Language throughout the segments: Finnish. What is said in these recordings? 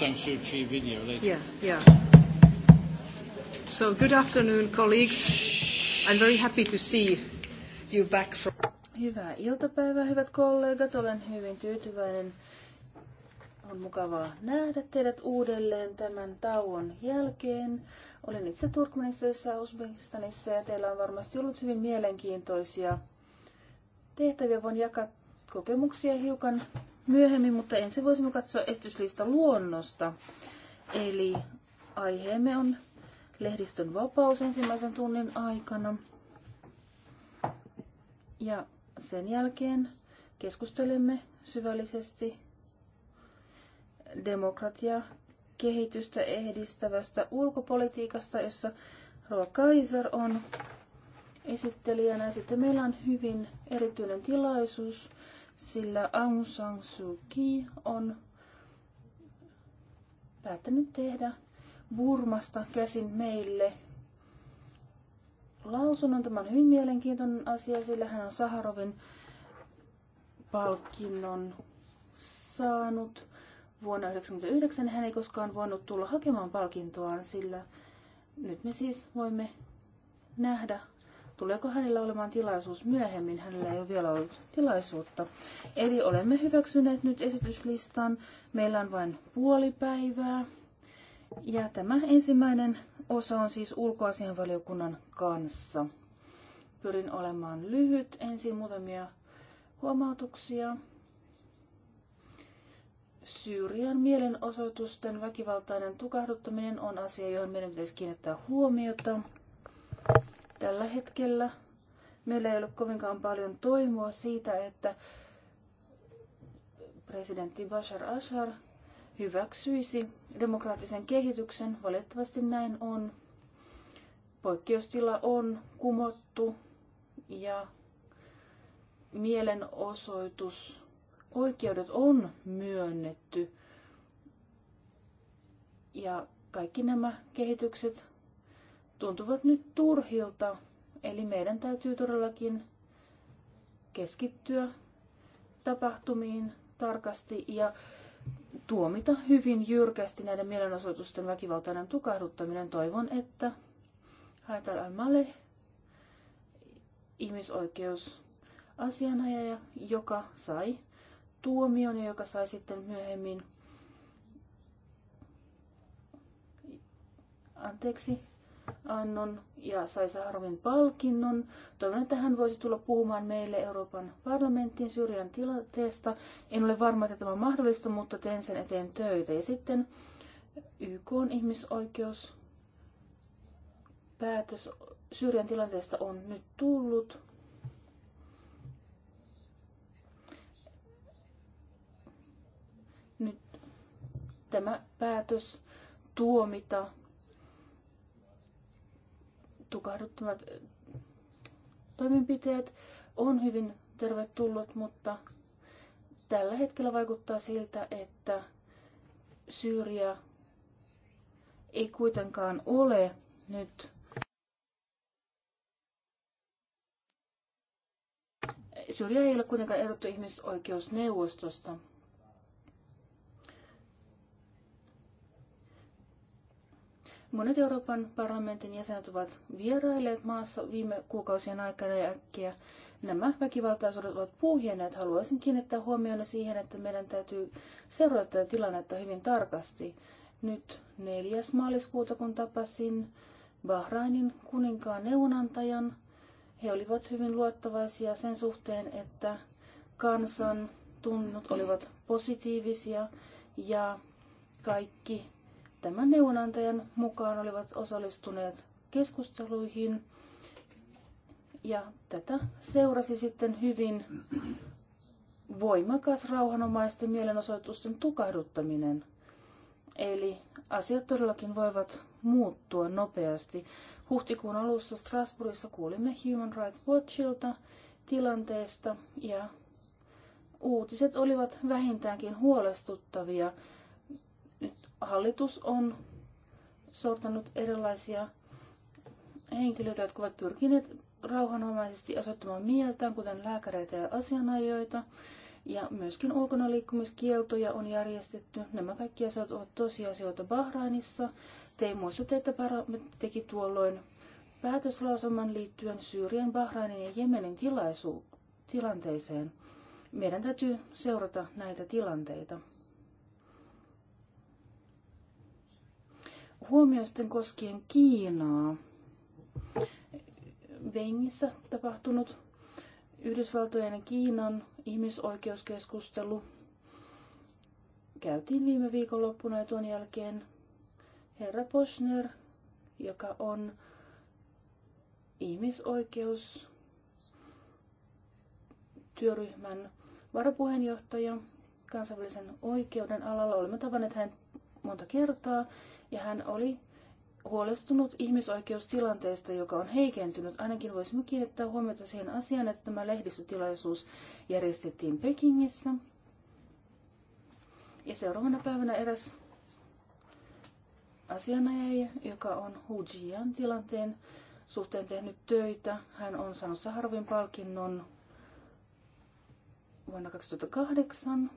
Aung San Suu Kyi video later. Yeah, yeah. So good afternoon, colleagues. I'm very happy to see you back from... Hyvää iltapäivää, hyvät kollegat. Olen hyvin tyytyväinen. On mukavaa nähdä teidät uudelleen tämän tauon jälkeen. Olen itse Turkmenistanissa ja Uzbekistanissa ja teillä on varmasti ollut hyvin mielenkiintoisia tehtäviä. Voin jakaa kokemuksia hiukan myöhemmin, mutta ensin voisimme katsoa esityslista luonnosta. Eli aiheemme on lehdistön vapaus ensimmäisen tunnin aikana. Ja sen jälkeen keskustelemme syvällisesti demokratia kehitystä edistävästä ulkopolitiikasta, jossa Roa Kaiser on esittelijänä. Sitten meillä on hyvin erityinen tilaisuus sillä Aung San Suu Kyi on päättänyt tehdä Burmasta käsin meille lausunnon. Tämä on hyvin mielenkiintoinen asia, sillä hän on Saharovin palkinnon saanut vuonna 1999. Hän ei koskaan voinut tulla hakemaan palkintoaan, sillä nyt me siis voimme nähdä Tuleeko hänellä olemaan tilaisuus myöhemmin? Hänellä ei ole vielä ollut tilaisuutta. Eli olemme hyväksyneet nyt esityslistan. Meillä on vain puoli päivää. Ja tämä ensimmäinen osa on siis ulkoasianvaliokunnan kanssa. Pyrin olemaan lyhyt. Ensin muutamia huomautuksia. Syyrian mielenosoitusten väkivaltainen tukahduttaminen on asia, johon meidän pitäisi kiinnittää huomiota. Tällä hetkellä meillä ei ole kovinkaan paljon toimoa siitä, että presidentti Bashar Assar hyväksyisi demokraattisen kehityksen. Valitettavasti näin on. Poikkeustila on kumottu ja mielenosoitus oikeudet on myönnetty. Ja kaikki nämä kehitykset tuntuvat nyt turhilta. Eli meidän täytyy todellakin keskittyä tapahtumiin tarkasti ja tuomita hyvin jyrkästi näiden mielenosoitusten väkivaltainen tukahduttaminen. Toivon, että Haitar al-Male, ihmisoikeusasianajaja, joka sai tuomion ja joka sai sitten myöhemmin anteeksi annon ja sai Saharovin palkinnon. Toivon, että hän voisi tulla puhumaan meille Euroopan parlamenttiin Syyrian tilanteesta. En ole varma, että tämä on mahdollista, mutta teen sen eteen töitä. Ja sitten YK on ihmisoikeus. Päätös Syyrian tilanteesta on nyt tullut. Nyt tämä päätös tuomita tukahduttavat toimenpiteet on hyvin tervetullut, mutta tällä hetkellä vaikuttaa siltä, että Syyria ei kuitenkaan ole nyt Syyria ei ole kuitenkaan erottu ihmisoikeusneuvostosta. Monet Euroopan parlamentin jäsenet ovat vierailleet maassa viime kuukausien aikana ja äkkiä. Nämä väkivaltaisuudet ovat puhjenneet. Haluaisin kiinnittää huomioon siihen, että meidän täytyy seurata tätä tilannetta hyvin tarkasti. Nyt 4. maaliskuuta, kun tapasin Bahrainin kuninkaan neuvonantajan, he olivat hyvin luottavaisia sen suhteen, että kansan tunnut olivat positiivisia ja kaikki Tämän neuvonantajan mukaan olivat osallistuneet keskusteluihin ja tätä seurasi sitten hyvin voimakas rauhanomaisten mielenosoitusten tukahduttaminen. Eli asiat todellakin voivat muuttua nopeasti. Huhtikuun alussa Strasbourgissa kuulimme Human Rights Watchilta tilanteesta ja uutiset olivat vähintäänkin huolestuttavia hallitus on sortanut erilaisia henkilöitä, jotka ovat pyrkineet rauhanomaisesti osoittamaan mieltään, kuten lääkäreitä ja asianajoita. Ja myöskin ulkona liikkumiskieltoja on järjestetty. Nämä kaikki asiat ovat tosiasioita Bahrainissa. Te muistatte, että teki tuolloin päätöslauselman liittyen Syyrian, Bahrainin ja Jemenin tilaisu- tilanteeseen. Meidän täytyy seurata näitä tilanteita. Huomio sitten koskien Kiinaa. Vengissä tapahtunut Yhdysvaltojen ja Kiinan ihmisoikeuskeskustelu käytiin viime viikonloppuna ja tuon jälkeen herra Posner, joka on ihmisoikeus työryhmän varapuheenjohtaja kansainvälisen oikeuden alalla. Olemme tavanneet hänet monta kertaa ja hän oli huolestunut ihmisoikeustilanteesta, joka on heikentynyt. Ainakin voisimme kiinnittää huomiota siihen asiaan, että tämä lehdistötilaisuus järjestettiin Pekingissä. Ja seuraavana päivänä eräs asianajaja, joka on Hu Jian tilanteen suhteen tehnyt töitä. Hän on saanut Saharovin palkinnon vuonna 2008.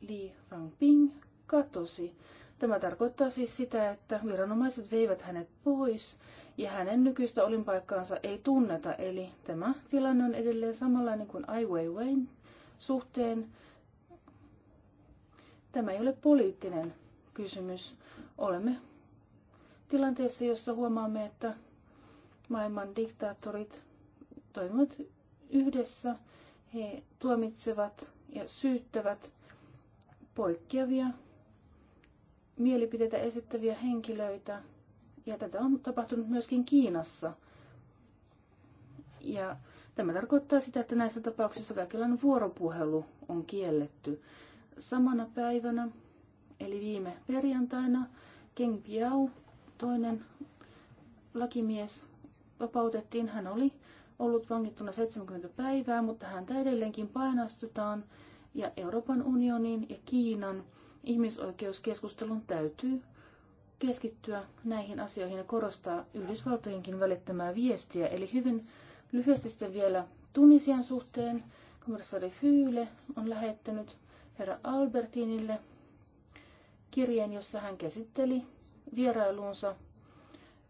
Li Rangping katosi. Tämä tarkoittaa siis sitä, että viranomaiset veivät hänet pois ja hänen nykyistä olinpaikkaansa ei tunneta, eli tämä tilanne on edelleen samanlainen kuin Ai Weiwein suhteen. Tämä ei ole poliittinen kysymys. Olemme tilanteessa, jossa huomaamme, että maailman diktaattorit toimivat yhdessä. He tuomitsevat ja syyttävät poikkeavia mielipiteitä esittäviä henkilöitä. Ja tätä on tapahtunut myöskin Kiinassa. Ja tämä tarkoittaa sitä, että näissä tapauksissa kaikenlainen vuoropuhelu on kielletty. Samana päivänä, eli viime perjantaina, Keng Biao, toinen lakimies, vapautettiin. Hän oli ollut vangittuna 70 päivää, mutta häntä edelleenkin painostetaan ja Euroopan unionin ja Kiinan Ihmisoikeuskeskustelun täytyy keskittyä näihin asioihin ja korostaa Yhdysvaltojenkin välittämää viestiä. Eli hyvin lyhyesti sitten vielä Tunisian suhteen. Komissaari Fyyle on lähettänyt herra Albertinille kirjeen, jossa hän käsitteli vierailuunsa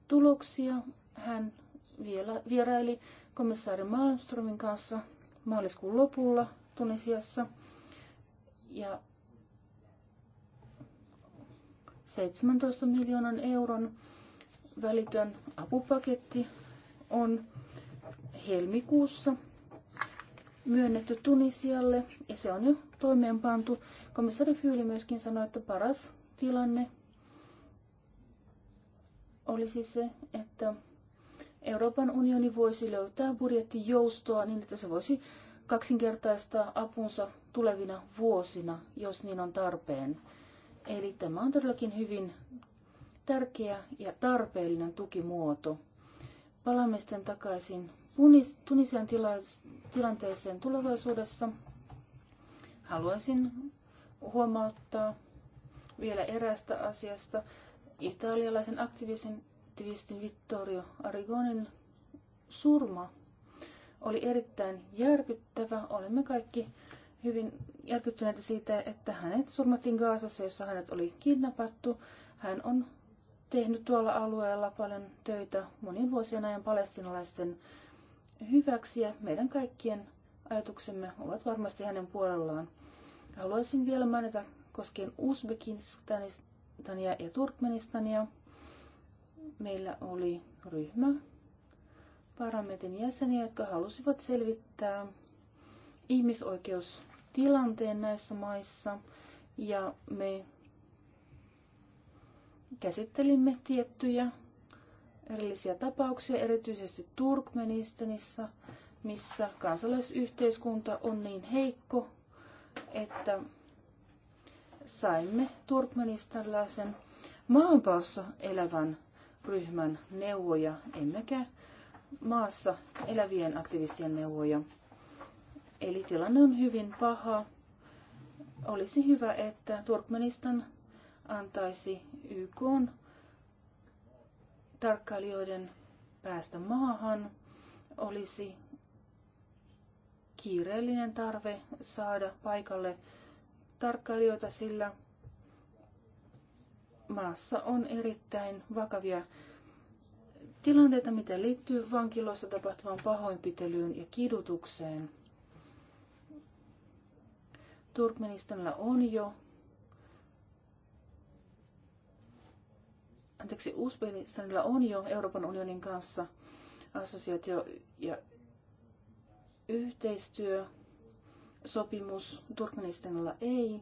tuloksia. Hän vielä vieraili komissaari Malmströmin kanssa maaliskuun lopulla Tunisiassa. Ja 17 miljoonan euron välitön apupaketti on helmikuussa myönnetty Tunisialle ja se on jo toimeenpantu. Komissari Fyyli myöskin sanoi, että paras tilanne olisi se, että Euroopan unioni voisi löytää budjettijoustoa niin, että se voisi kaksinkertaistaa apunsa tulevina vuosina, jos niin on tarpeen. Eli tämä on todellakin hyvin tärkeä ja tarpeellinen tukimuoto. Palaamme sitten takaisin Tunisian tila- tilanteeseen tulevaisuudessa. Haluaisin huomauttaa vielä erästä asiasta. Italialaisen aktivistin, Vittorio Arigonin surma oli erittäin järkyttävä. Olemme kaikki hyvin järkyttyneitä siitä, että hänet surmattiin Gaasassa, jossa hänet oli kidnappattu. Hän on tehnyt tuolla alueella paljon töitä monien vuosien ajan palestinalaisten hyväksi ja meidän kaikkien ajatuksemme ovat varmasti hänen puolellaan. Haluaisin vielä mainita koskien Uzbekistania ja Turkmenistania. Meillä oli ryhmä parlamentin jäseniä, jotka halusivat selvittää ihmisoikeus tilanteen näissä maissa ja me käsittelimme tiettyjä erillisiä tapauksia, erityisesti Turkmenistanissa, missä kansalaisyhteiskunta on niin heikko, että saimme turkmenistanlaisen maanpaossa elävän ryhmän neuvoja, emmekä maassa elävien aktivistien neuvoja. Eli tilanne on hyvin paha. Olisi hyvä, että Turkmenistan antaisi YK tarkkailijoiden päästä maahan. Olisi kiireellinen tarve saada paikalle tarkkailijoita, sillä maassa on erittäin vakavia tilanteita, mitä liittyy vankiloissa tapahtuvaan pahoinpitelyyn ja kidutukseen. Turkmenistanilla on jo anteeksi, Uzbekistanilla on jo Euroopan unionin kanssa assosiaatio- ja yhteistyö sopimus Turkmenistanilla ei.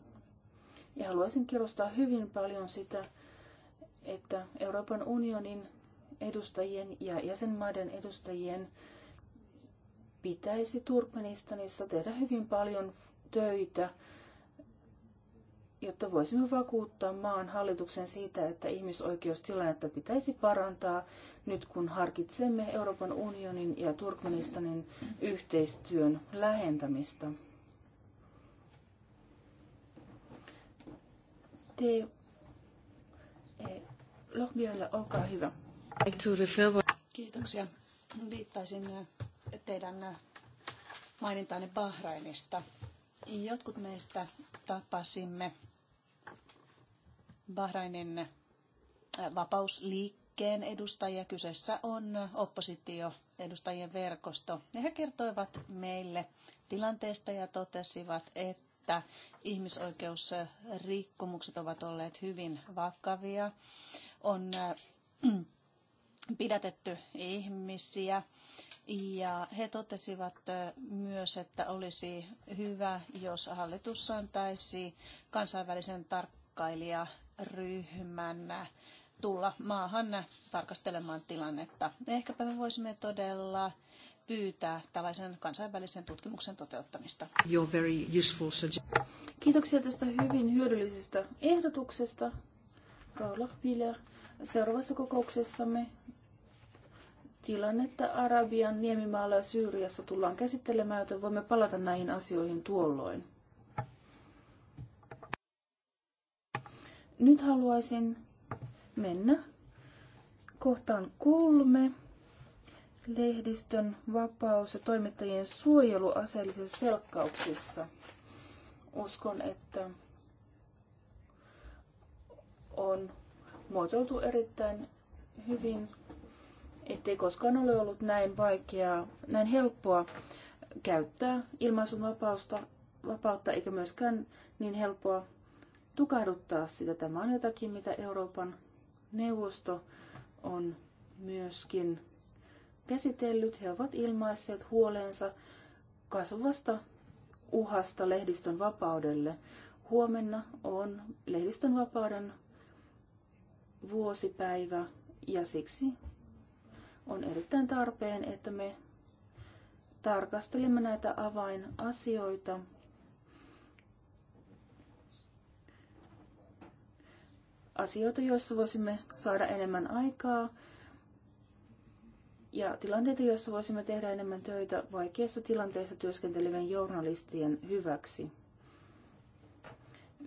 Ja haluaisin kerrostaa hyvin paljon sitä, että Euroopan unionin edustajien ja jäsenmaiden edustajien pitäisi Turkmenistanissa tehdä hyvin paljon töitä, jotta voisimme vakuuttaa maan hallituksen siitä, että ihmisoikeustilannetta pitäisi parantaa nyt kun harkitsemme Euroopan unionin ja Turkmenistanin yhteistyön lähentämistä. Te, eh, Lohbjörle, olkaa hyvä. Kiitoksia. Viittaisin eh, teidän eh, mainintaanne Bahrainista. Jotkut meistä tapasimme Bahrainin äh, vapausliikkeen edustajia. Kyseessä on oppositio edustajien verkosto. Ja he kertoivat meille tilanteesta ja totesivat, että ihmisoikeusrikkomukset ovat olleet hyvin vakavia. On äh, pidätetty ihmisiä ja he totesivat myös, että olisi hyvä, jos hallitus antaisi kansainvälisen tarkkailijaryhmän tulla maahan tarkastelemaan tilannetta. Ehkäpä me voisimme todella pyytää tällaisen kansainvälisen tutkimuksen toteuttamista. very useful Kiitoksia tästä hyvin hyödyllisestä ehdotuksesta. seuraavassa kokouksessamme tilannetta Arabian niemimaalla ja Syyriassa tullaan käsittelemään, joten voimme palata näihin asioihin tuolloin. Nyt haluaisin mennä kohtaan kolme. Lehdistön vapaus ja toimittajien suojelu aseellisessa selkkauksessa. Uskon, että on muotoiltu erittäin hyvin ettei koskaan ole ollut näin vaikeaa, näin helppoa käyttää ilmaisun vapausta, vapautta eikä myöskään niin helppoa tukahduttaa sitä. Tämä on jotakin, mitä Euroopan neuvosto on myöskin käsitellyt. He ovat ilmaisseet huoleensa kasvavasta uhasta lehdistön vapaudelle. Huomenna on lehdistön vapauden vuosipäivä ja siksi on erittäin tarpeen, että me tarkastelemme näitä avainasioita. Asioita, joissa voisimme saada enemmän aikaa ja tilanteita, joissa voisimme tehdä enemmän töitä vaikeissa tilanteissa työskentelevien journalistien hyväksi.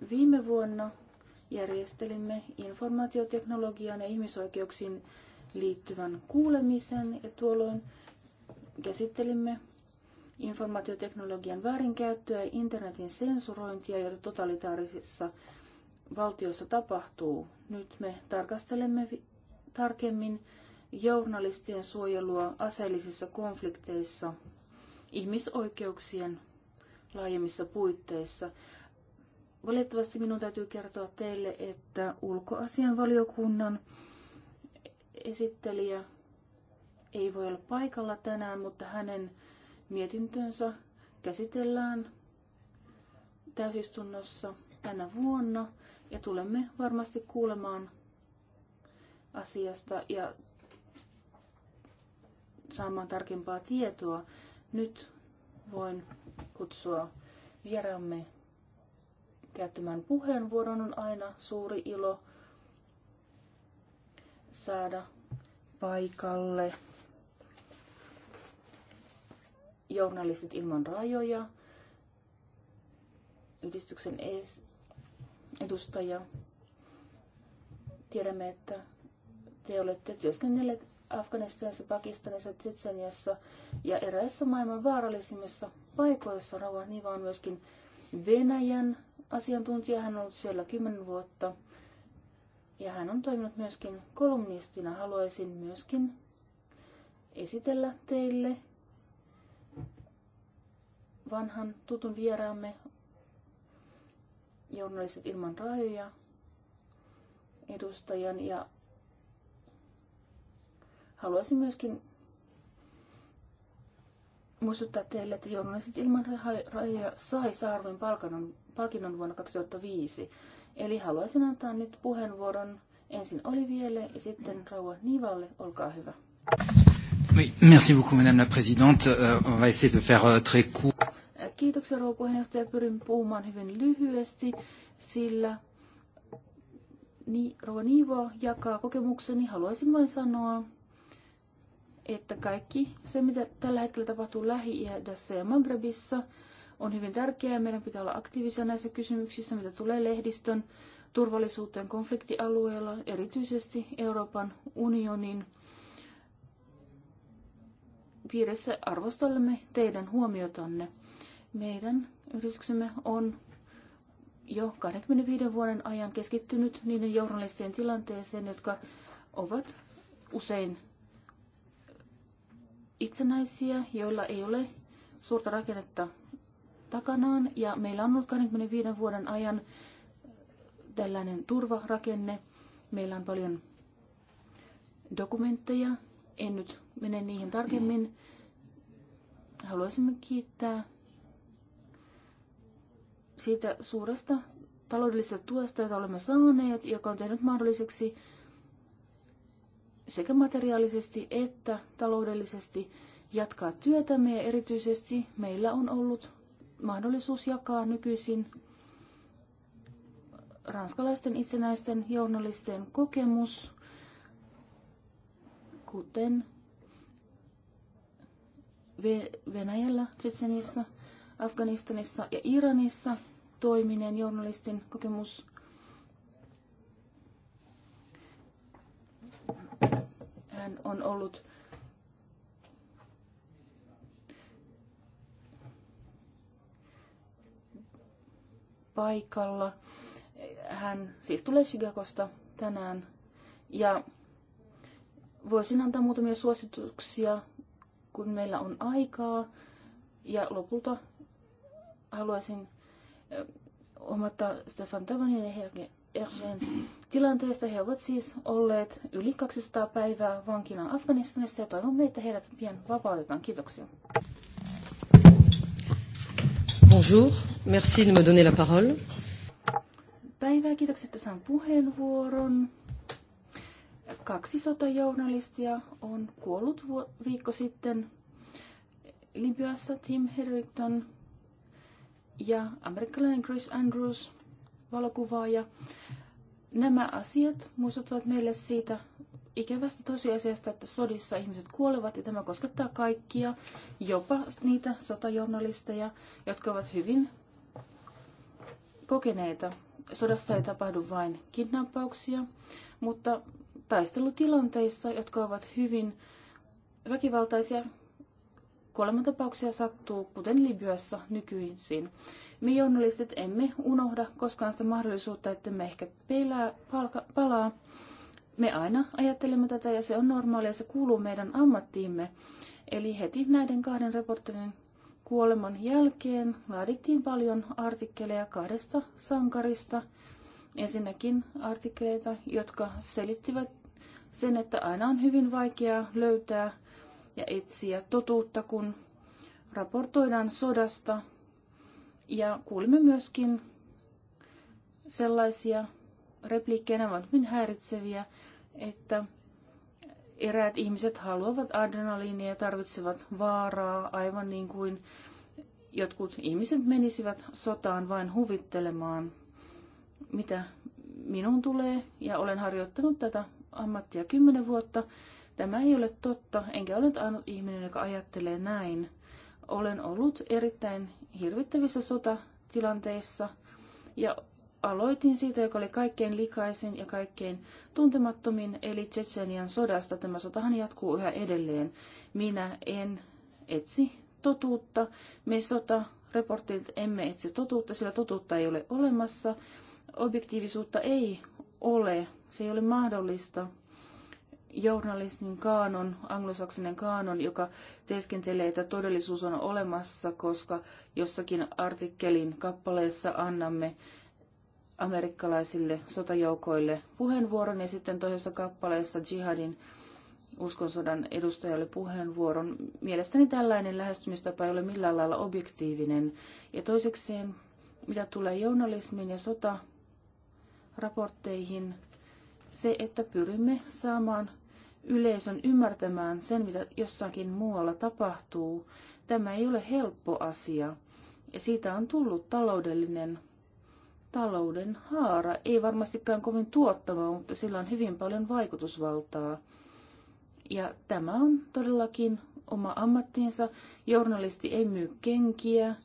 Viime vuonna järjestelimme informaatioteknologian ja ihmisoikeuksiin liittyvän kuulemisen ja tuolloin käsittelimme informaatioteknologian väärinkäyttöä ja internetin sensurointia, jota totalitaarisissa valtiossa tapahtuu. Nyt me tarkastelemme tarkemmin journalistien suojelua aseellisissa konflikteissa ihmisoikeuksien laajemmissa puitteissa. Valitettavasti minun täytyy kertoa teille, että ulkoasian valiokunnan esittelijä ei voi olla paikalla tänään, mutta hänen mietintönsä käsitellään täysistunnossa tänä vuonna ja tulemme varmasti kuulemaan asiasta ja saamaan tarkempaa tietoa. Nyt voin kutsua vieraamme käyttämään puheenvuoron. On aina suuri ilo saada paikalle journalistit ilman rajoja, yhdistyksen edustaja. Tiedämme, että te olette työskennelleet Afganistanissa, Pakistanissa, Tsetseniassa ja eräissä maailman vaarallisimmissa paikoissa. Rauha Niva on myöskin Venäjän asiantuntija. Hän on ollut siellä kymmenen vuotta ja hän on toiminut myöskin kolumnistina. Haluaisin myöskin esitellä teille vanhan tutun vieraamme journalistit ilman rajoja edustajan ja haluaisin myöskin muistuttaa teille, että journalistit ilman rajoja sai Saarvin palkinnon, palkinnon vuonna 2005. Eli haluaisin antaa nyt puheenvuoron ensin Olivielle ja sitten rouva Nivalle. Olkaa hyvä. Oui, merci beaucoup, madame la présidente. Euh, on va essayer de faire euh, très court. Kiitoksia, rouva puheenjohtaja. Pyrin puhumaan hyvin lyhyesti, sillä niin, rouva Niivo jakaa kokemukseni. Haluaisin vain sanoa, että kaikki se, mitä tällä hetkellä tapahtuu Lähi-idässä ja Magrebissa – on hyvin tärkeää. Meidän pitää olla aktiivisia näissä kysymyksissä, mitä tulee lehdistön turvallisuuteen konfliktialueella, erityisesti Euroopan unionin piirissä arvostelemme teidän huomiotanne. Meidän yrityksemme on jo 25 vuoden ajan keskittynyt niiden journalistien tilanteeseen, jotka ovat usein itsenäisiä, joilla ei ole suurta rakennetta takanaan ja meillä on ollut 25 vuoden ajan tällainen turvarakenne. Meillä on paljon dokumentteja. En nyt mene niihin tarkemmin. Haluaisimme kiittää siitä suuresta taloudellisesta tuesta, jota olemme saaneet, joka on tehnyt mahdolliseksi sekä materiaalisesti että taloudellisesti jatkaa työtämme ja erityisesti meillä on ollut mahdollisuus jakaa nykyisin ranskalaisten itsenäisten journalistien kokemus, kuten Venäjällä, Tsetsenissä, Afganistanissa ja Iranissa toimineen journalistin kokemus. Hän on ollut paikalla. Hän siis tulee Chicagosta tänään ja voisin antaa muutamia suosituksia, kun meillä on aikaa. Ja lopulta haluaisin omata Stefan Tavanin ja Herge Ergen tilanteesta. He ovat siis olleet yli 200 päivää vankina Afganistanissa ja toivomme, että heidät pian vapautetaan. Kiitoksia. Bonjour, merci de me donner la parole. Päivää, kiitokset, että saan puheenvuoron. Kaksi sotajournalistia on kuollut viikko sitten Libyassa Tim Herrington ja amerikkalainen Chris Andrews, valokuvaaja. Nämä asiat muistuttavat meille siitä ikävästä tosiasiasta, että sodissa ihmiset kuolevat ja tämä koskettaa kaikkia, jopa niitä sotajournalisteja, jotka ovat hyvin kokeneita. Sodassa ei tapahdu vain kidnappauksia, mutta taistelutilanteissa, jotka ovat hyvin väkivaltaisia, kuolemantapauksia sattuu, kuten Libyassa nykyisin. Me journalistit emme unohda koskaan sitä mahdollisuutta, että me ehkä pelää, palka, palaa me aina ajattelemme tätä ja se on normaalia, se kuuluu meidän ammattiimme. Eli heti näiden kahden reporterin kuoleman jälkeen laadittiin paljon artikkeleja kahdesta sankarista. Ensinnäkin artikkeleita, jotka selittivät sen, että aina on hyvin vaikeaa löytää ja etsiä totuutta, kun raportoidaan sodasta. Ja kuulimme myöskin sellaisia repliikkejä, ne ovat hyvin häiritseviä, että eräät ihmiset haluavat adrenaliinia ja tarvitsevat vaaraa, aivan niin kuin jotkut ihmiset menisivät sotaan vain huvittelemaan, mitä minun tulee, ja olen harjoittanut tätä ammattia kymmenen vuotta. Tämä ei ole totta, enkä ole ainut ihminen, joka ajattelee näin. Olen ollut erittäin hirvittävissä sotatilanteissa, ja aloitin siitä, joka oli kaikkein likaisin ja kaikkein tuntemattomin, eli Tsetsenian sodasta. Tämä sotahan jatkuu yhä edelleen. Minä en etsi totuutta. Me sota reportit emme etsi totuutta, sillä totuutta ei ole olemassa. Objektiivisuutta ei ole. Se ei ole mahdollista. Journalistin kaanon, anglosaksinen kaanon, joka teeskentelee, että todellisuus on olemassa, koska jossakin artikkelin kappaleessa annamme amerikkalaisille sotajoukoille puheenvuoron ja sitten toisessa kappaleessa jihadin uskonsodan edustajalle puheenvuoron. Mielestäni tällainen lähestymistapa ei ole millään lailla objektiivinen. Ja toisekseen, mitä tulee journalismiin ja sotaraportteihin, se, että pyrimme saamaan yleisön ymmärtämään sen, mitä jossakin muualla tapahtuu, tämä ei ole helppo asia. Ja siitä on tullut taloudellinen talouden haara. Ei varmastikaan kovin tuottava, mutta sillä on hyvin paljon vaikutusvaltaa. Ja tämä on todellakin oma ammattinsa. Journalisti ei myy kenkiä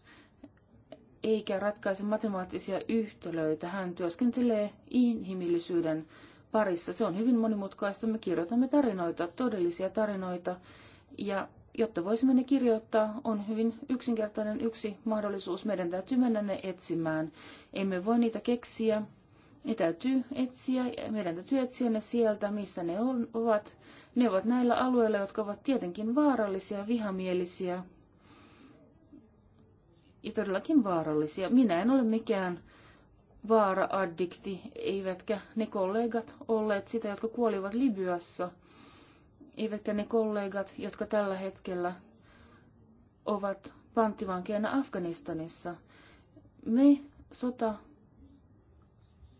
eikä ratkaise matemaattisia yhtälöitä. Hän työskentelee inhimillisyyden parissa. Se on hyvin monimutkaista. Me kirjoitamme tarinoita, todellisia tarinoita. Ja jotta voisimme ne kirjoittaa, on hyvin yksinkertainen yksi mahdollisuus. Meidän täytyy mennä ne etsimään. Emme voi niitä keksiä. Ne täytyy etsiä, meidän täytyy etsiä ne sieltä, missä ne on, ovat. Ne ovat näillä alueilla, jotka ovat tietenkin vaarallisia, vihamielisiä ja todellakin vaarallisia. Minä en ole mikään vaara-addikti, eivätkä ne kollegat olleet sitä, jotka kuolivat Libyassa – eivätkä ne kollegat, jotka tällä hetkellä ovat panttivankeina Afganistanissa. Me sota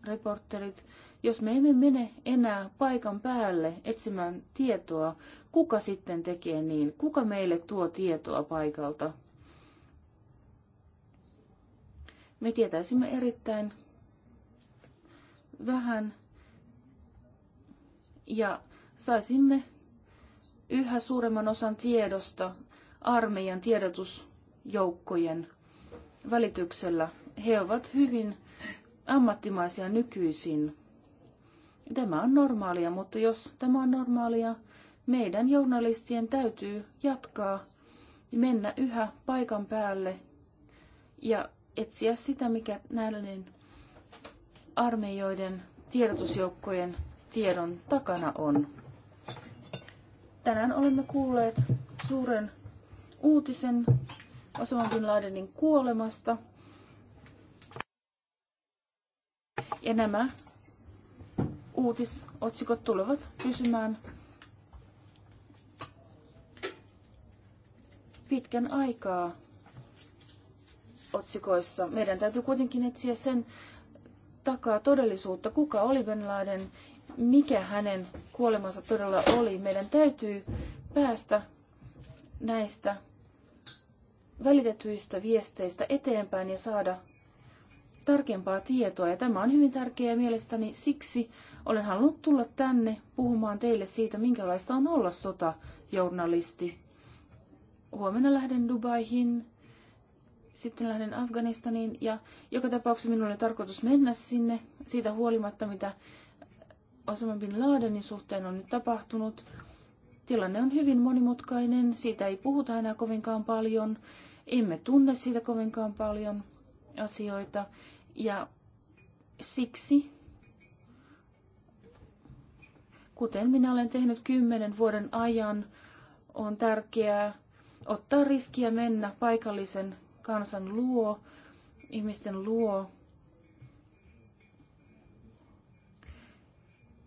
reporterit, jos me emme mene enää paikan päälle etsimään tietoa, kuka sitten tekee niin? Kuka meille tuo tietoa paikalta? Me tietäisimme erittäin vähän ja saisimme yhä suuremman osan tiedosta armeijan tiedotusjoukkojen välityksellä. He ovat hyvin ammattimaisia nykyisin. Tämä on normaalia, mutta jos tämä on normaalia, meidän journalistien täytyy jatkaa ja mennä yhä paikan päälle ja etsiä sitä, mikä näiden armeijoiden tiedotusjoukkojen tiedon takana on. Tänään olemme kuulleet suuren uutisen Osama Bin Ladenin kuolemasta. Ja nämä uutisotsikot tulevat pysymään pitkän aikaa otsikoissa. Meidän täytyy kuitenkin etsiä sen takaa todellisuutta, kuka oli Bin Laden mikä hänen kuolemansa todella oli. Meidän täytyy päästä näistä välitetyistä viesteistä eteenpäin ja saada tarkempaa tietoa. Ja tämä on hyvin tärkeää mielestäni siksi olen halunnut tulla tänne puhumaan teille siitä, minkälaista on olla sotajournalisti. Huomenna lähden Dubaihin, sitten lähden Afganistaniin ja joka tapauksessa minulla oli tarkoitus mennä sinne siitä huolimatta, mitä Osama Bin Ladenin suhteen on nyt tapahtunut. Tilanne on hyvin monimutkainen, siitä ei puhuta enää kovinkaan paljon, emme tunne siitä kovinkaan paljon asioita ja siksi, kuten minä olen tehnyt kymmenen vuoden ajan, on tärkeää ottaa riskiä mennä paikallisen kansan luo, ihmisten luo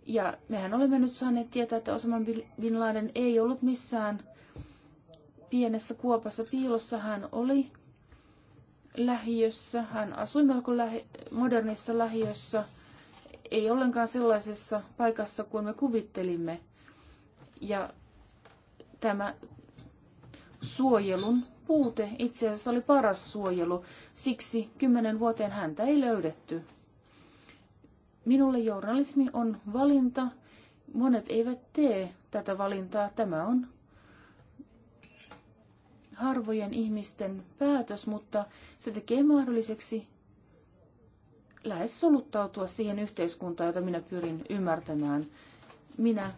Ja mehän olemme nyt saaneet tietää, että Osama Bin Laden ei ollut missään pienessä kuopassa piilossa. Hän oli lähiössä, hän asui melko lähi- modernissa lähiössä, ei ollenkaan sellaisessa paikassa kuin me kuvittelimme. Ja tämä suojelun puute itse asiassa oli paras suojelu, siksi kymmenen vuoteen häntä ei löydetty. Minulle journalismi on valinta. Monet eivät tee tätä valintaa. Tämä on harvojen ihmisten päätös, mutta se tekee mahdolliseksi lähes soluttautua siihen yhteiskuntaan, jota minä pyrin ymmärtämään. Minä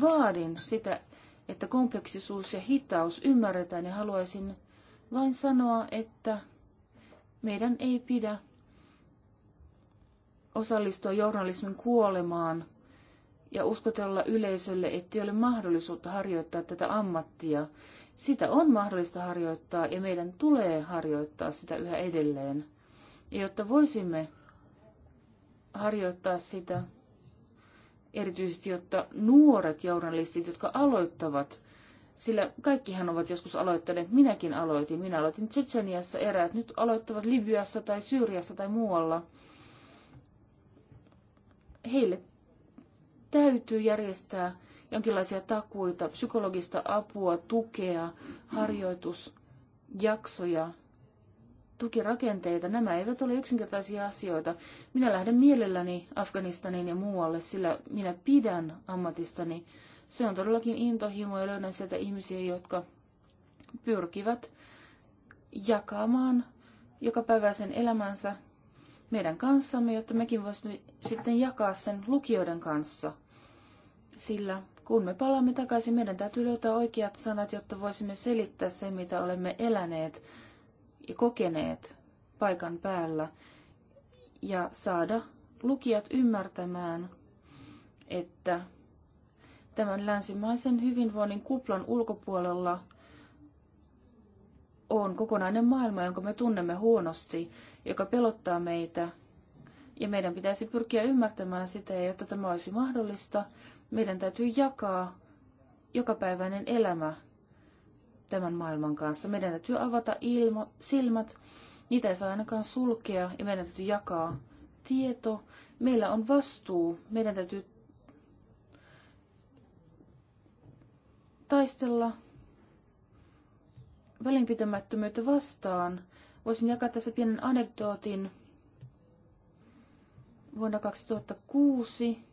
vaadin sitä, että kompleksisuus ja hitaus ymmärretään ja haluaisin vain sanoa, että meidän ei pidä osallistua journalismin kuolemaan ja uskotella yleisölle, ettei ole mahdollisuutta harjoittaa tätä ammattia. Sitä on mahdollista harjoittaa ja meidän tulee harjoittaa sitä yhä edelleen. Ja jotta voisimme harjoittaa sitä, erityisesti jotta nuoret journalistit, jotka aloittavat, sillä kaikkihan ovat joskus aloittaneet, minäkin aloitin, minä aloitin Tsetseniassa eräät, nyt aloittavat Libyassa tai Syyriassa tai muualla – heille täytyy järjestää jonkinlaisia takuita, psykologista apua, tukea, harjoitusjaksoja, tukirakenteita. Nämä eivät ole yksinkertaisia asioita. Minä lähden mielelläni Afganistaniin ja muualle, sillä minä pidän ammatistani. Se on todellakin intohimo ja löydän sieltä ihmisiä, jotka pyrkivät jakamaan joka sen elämänsä meidän kanssamme, jotta mekin voisimme sitten jakaa sen lukijoiden kanssa. Sillä kun me palaamme takaisin, meidän täytyy löytää oikeat sanat, jotta voisimme selittää sen, mitä olemme eläneet ja kokeneet paikan päällä ja saada lukijat ymmärtämään, että tämän länsimaisen hyvinvoinnin kuplan ulkopuolella on kokonainen maailma, jonka me tunnemme huonosti joka pelottaa meitä. Ja meidän pitäisi pyrkiä ymmärtämään sitä, ja jotta tämä olisi mahdollista, meidän täytyy jakaa jokapäiväinen elämä tämän maailman kanssa. Meidän täytyy avata ilma, silmät, niitä ei saa ainakaan sulkea, ja meidän täytyy jakaa tieto. Meillä on vastuu, meidän täytyy taistella välinpitämättömyyttä vastaan Voisin jakaa tässä pienen anekdootin. Vuonna 2006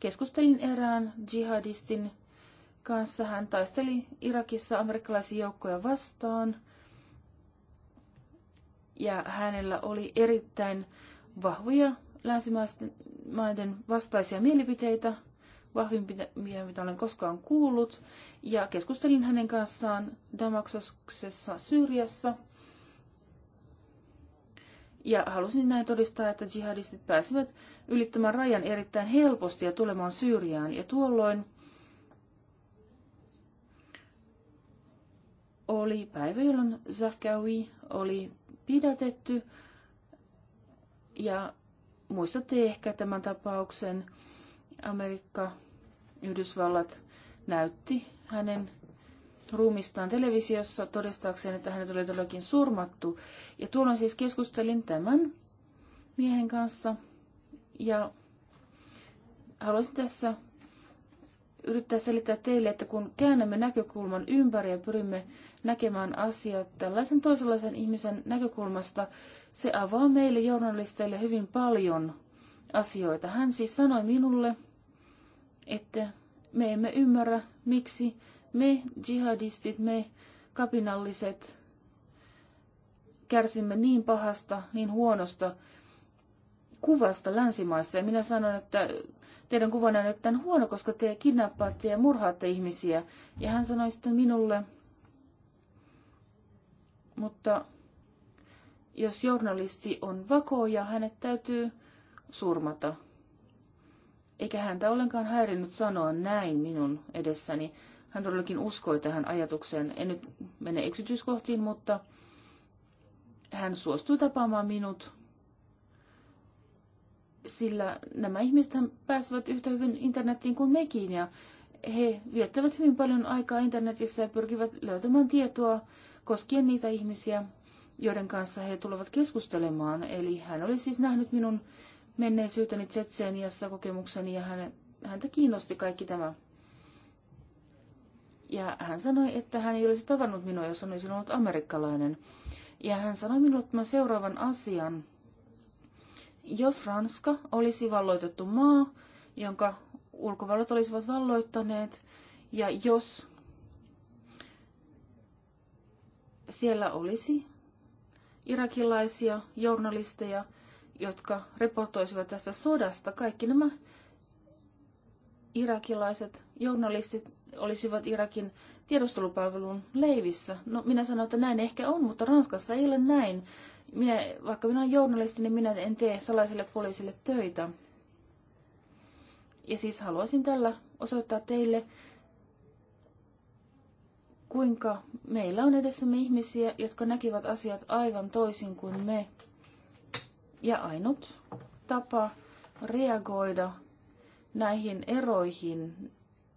keskustelin erään jihadistin kanssa. Hän taisteli Irakissa amerikkalaisia joukkoja vastaan. Ja hänellä oli erittäin vahvoja länsimaiden vastaisia mielipiteitä, vahvimpia, mitä olen koskaan kuullut. Ja keskustelin hänen kanssaan Damaksoksessa Syyriassa – ja halusin näin todistaa, että jihadistit pääsivät ylittämään rajan erittäin helposti ja tulemaan Syyriaan. Ja tuolloin oli päivä, jolloin Zahkawi oli pidätetty. Ja muistatte ehkä tämän tapauksen. Amerikka, Yhdysvallat näytti hänen ruumistaan televisiossa todistaakseen, että hänet oli todellakin surmattu. Ja tuolloin siis keskustelin tämän miehen kanssa ja haluaisin tässä yrittää selittää teille, että kun käännämme näkökulman ympäri ja pyrimme näkemään asiat tällaisen toisenlaisen ihmisen näkökulmasta, se avaa meille journalisteille hyvin paljon asioita. Hän siis sanoi minulle, että me emme ymmärrä, miksi me, jihadistit, me kapinalliset, kärsimme niin pahasta, niin huonosta kuvasta länsimaissa. Ja minä sanon, että teidän kuvanne on tämän huono, koska te kidnappaatte ja murhaatte ihmisiä. Ja hän sanoi sitten minulle, mutta jos journalisti on vakoja, hänet täytyy surmata. Eikä häntä ollenkaan häirinnyt sanoa näin minun edessäni hän todellakin uskoi tähän ajatukseen. En nyt mene yksityiskohtiin, mutta hän suostui tapaamaan minut, sillä nämä ihmiset pääsevät yhtä hyvin internettiin kuin mekin ja he viettävät hyvin paljon aikaa internetissä ja pyrkivät löytämään tietoa koskien niitä ihmisiä, joiden kanssa he tulevat keskustelemaan. Eli hän oli siis nähnyt minun menneisyyteni Tsetseeniassa kokemukseni ja hän, häntä kiinnosti kaikki tämä. Ja hän sanoi, että hän ei olisi tavannut minua, jos hän olisi ollut amerikkalainen. Ja hän sanoi minulle tämän seuraavan asian. Jos Ranska olisi valloitettu maa, jonka ulkovallat olisivat valloittaneet, ja jos siellä olisi irakilaisia journalisteja, jotka reportoisivat tästä sodasta, kaikki nämä irakilaiset journalistit olisivat Irakin tiedustelupalvelun leivissä. No minä sanoin, että näin ehkä on, mutta Ranskassa ei ole näin. Minä, vaikka minä olen journalisti, niin minä en tee salaiselle poliisille töitä. Ja siis haluaisin tällä osoittaa teille, kuinka meillä on edessämme ihmisiä, jotka näkivät asiat aivan toisin kuin me. Ja ainut tapa reagoida näihin eroihin,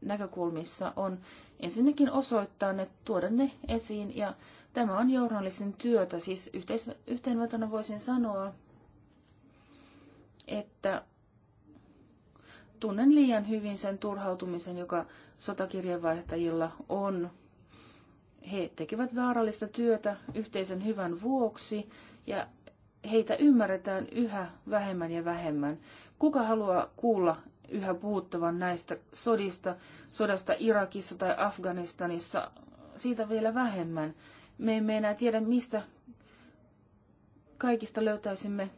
näkökulmissa on ensinnäkin osoittaa ne, tuoda ne esiin. Ja tämä on journalistin työtä. Siis yhteis- yhteenvetona voisin sanoa, että tunnen liian hyvin sen turhautumisen, joka sotakirjeenvaihtajilla on. He tekevät vaarallista työtä yhteisen hyvän vuoksi ja heitä ymmärretään yhä vähemmän ja vähemmän. Kuka haluaa kuulla yhä puhuttavan näistä sodista, sodasta Irakissa tai Afganistanissa, siitä vielä vähemmän. Me emme enää tiedä, mistä kaikista löytäisimme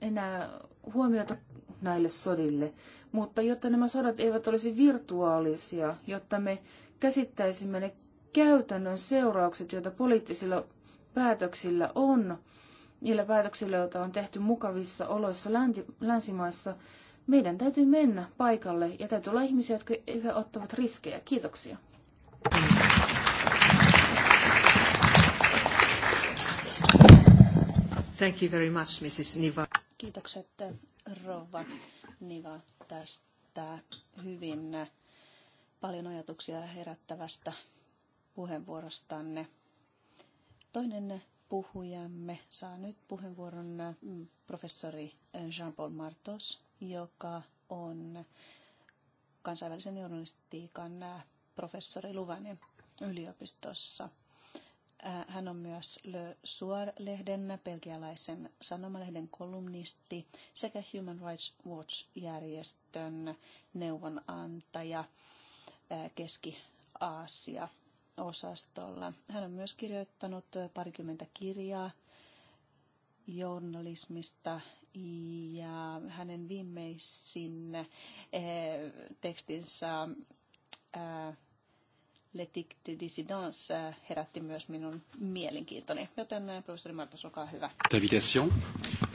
enää huomiota näille sodille. Mutta jotta nämä sodat eivät olisi virtuaalisia, jotta me käsittäisimme ne käytännön seuraukset, joita poliittisilla päätöksillä on, niillä päätöksillä, joita on tehty mukavissa oloissa länti, länsimaissa, meidän täytyy mennä paikalle ja täytyy olla ihmisiä, jotka yhä ottavat riskejä. Kiitoksia. Thank you very much, Mrs. Niva. Kiitokset Rova Niva tästä hyvin paljon ajatuksia herättävästä puheenvuorostanne. Toinen puhujamme saa nyt puheenvuoron mm, professori Jean-Paul Martos, joka on kansainvälisen journalistiikan äh, professori Luvanin yliopistossa. Äh, hän on myös Le Soir-lehden, belgialaisen sanomalehden kolumnisti sekä Human Rights Watch-järjestön neuvonantaja äh, Keski-Aasia osastolla. Hän on myös kirjoittanut parikymmentä kirjaa journalismista ja hänen viimeisin äh, tekstinsä äh, Letik de Dissidence herätti myös minun mielenkiintoni. Joten professori Martas, olkaa hyvä. Invitation.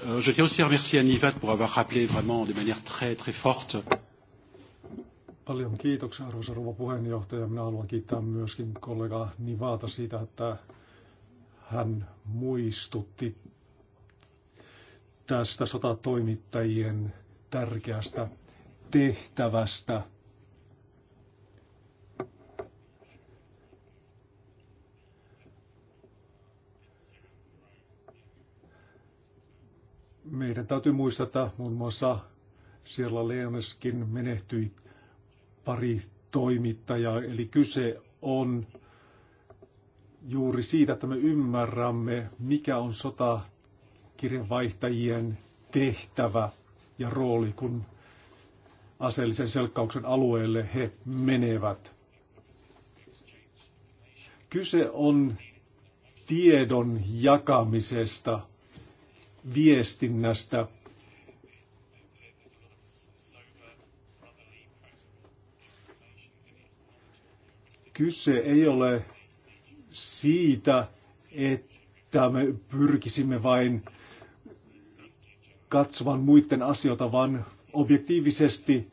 Euh, je tiens aussi à remercier Annivat pour avoir rappelé vraiment de manière très très forte Paljon kiitoksia, arvoisa rouva puheenjohtaja. Minä haluan kiittää myöskin kollega Nivaata siitä, että hän muistutti tästä sotatoimittajien tärkeästä tehtävästä. Meidän täytyy muistaa, että muun muassa siellä Leoneskin menehtyi pari toimittajaa, eli kyse on juuri siitä, että me ymmärrämme, mikä on sotakirjanvaihtajien tehtävä ja rooli, kun aseellisen selkkauksen alueelle he menevät. Kyse on tiedon jakamisesta, viestinnästä Kyse ei ole siitä, että me pyrkisimme vain katsomaan muiden asioita, vaan objektiivisesti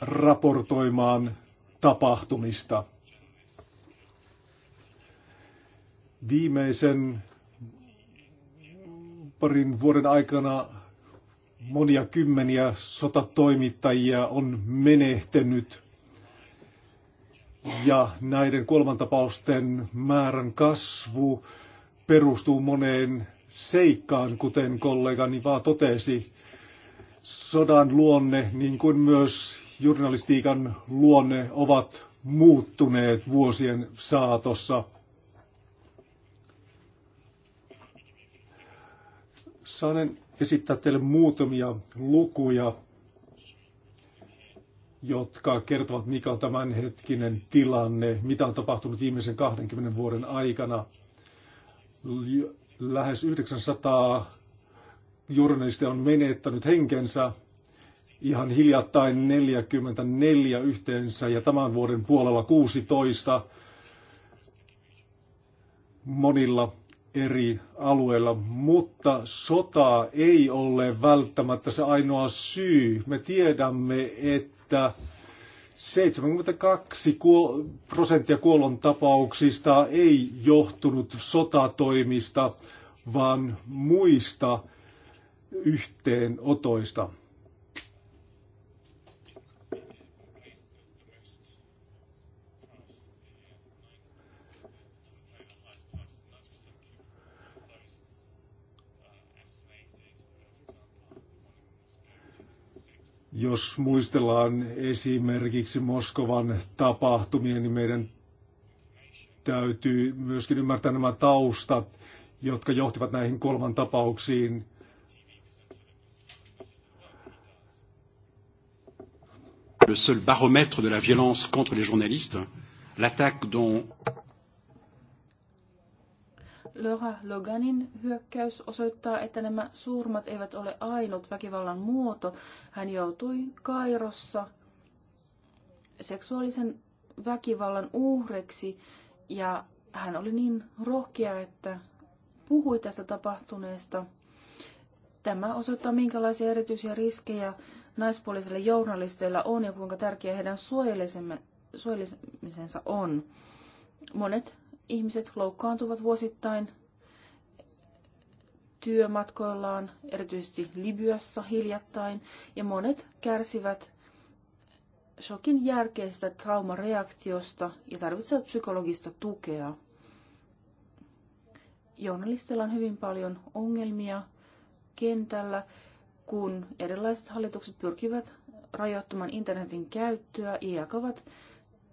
raportoimaan tapahtumista. Viimeisen parin vuoden aikana monia kymmeniä sotatoimittajia on menehtynyt ja näiden kuolemantapausten määrän kasvu perustuu moneen seikkaan, kuten kollegani vaan totesi. Sodan luonne, niin kuin myös journalistiikan luonne, ovat muuttuneet vuosien saatossa. Saanen esittää teille muutamia lukuja jotka kertovat, mikä on tämänhetkinen tilanne, mitä on tapahtunut viimeisen 20 vuoden aikana. Lähes 900 journalistia on menettänyt henkensä ihan hiljattain 44 yhteensä ja tämän vuoden puolella 16 monilla eri alueilla, mutta sota ei ole välttämättä se ainoa syy. Me tiedämme, että että 72 prosenttia kuollon tapauksista ei johtunut sotatoimista, vaan muista yhteenotoista. Jos muistellaan esimerkiksi Moskovan tapahtumia, niin meidän täytyy myöskin ymmärtää nämä taustat, jotka johtivat näihin kolman tapauksiin. Le seul baromètre de la violence contre les journalistes, l'attaque dont Laura Loganin hyökkäys osoittaa, että nämä surmat eivät ole ainut väkivallan muoto. Hän joutui Kairossa seksuaalisen väkivallan uhreksi ja hän oli niin rohkea, että puhui tästä tapahtuneesta. Tämä osoittaa, minkälaisia erityisiä riskejä naispuolisilla journalisteilla on ja kuinka tärkeää heidän suojelemisensa on. Monet ihmiset loukkaantuvat vuosittain työmatkoillaan, erityisesti Libyassa hiljattain, ja monet kärsivät shokin järkeistä traumareaktiosta ja tarvitsevat psykologista tukea. Journalistilla on hyvin paljon ongelmia kentällä, kun erilaiset hallitukset pyrkivät rajoittamaan internetin käyttöä ja jakavat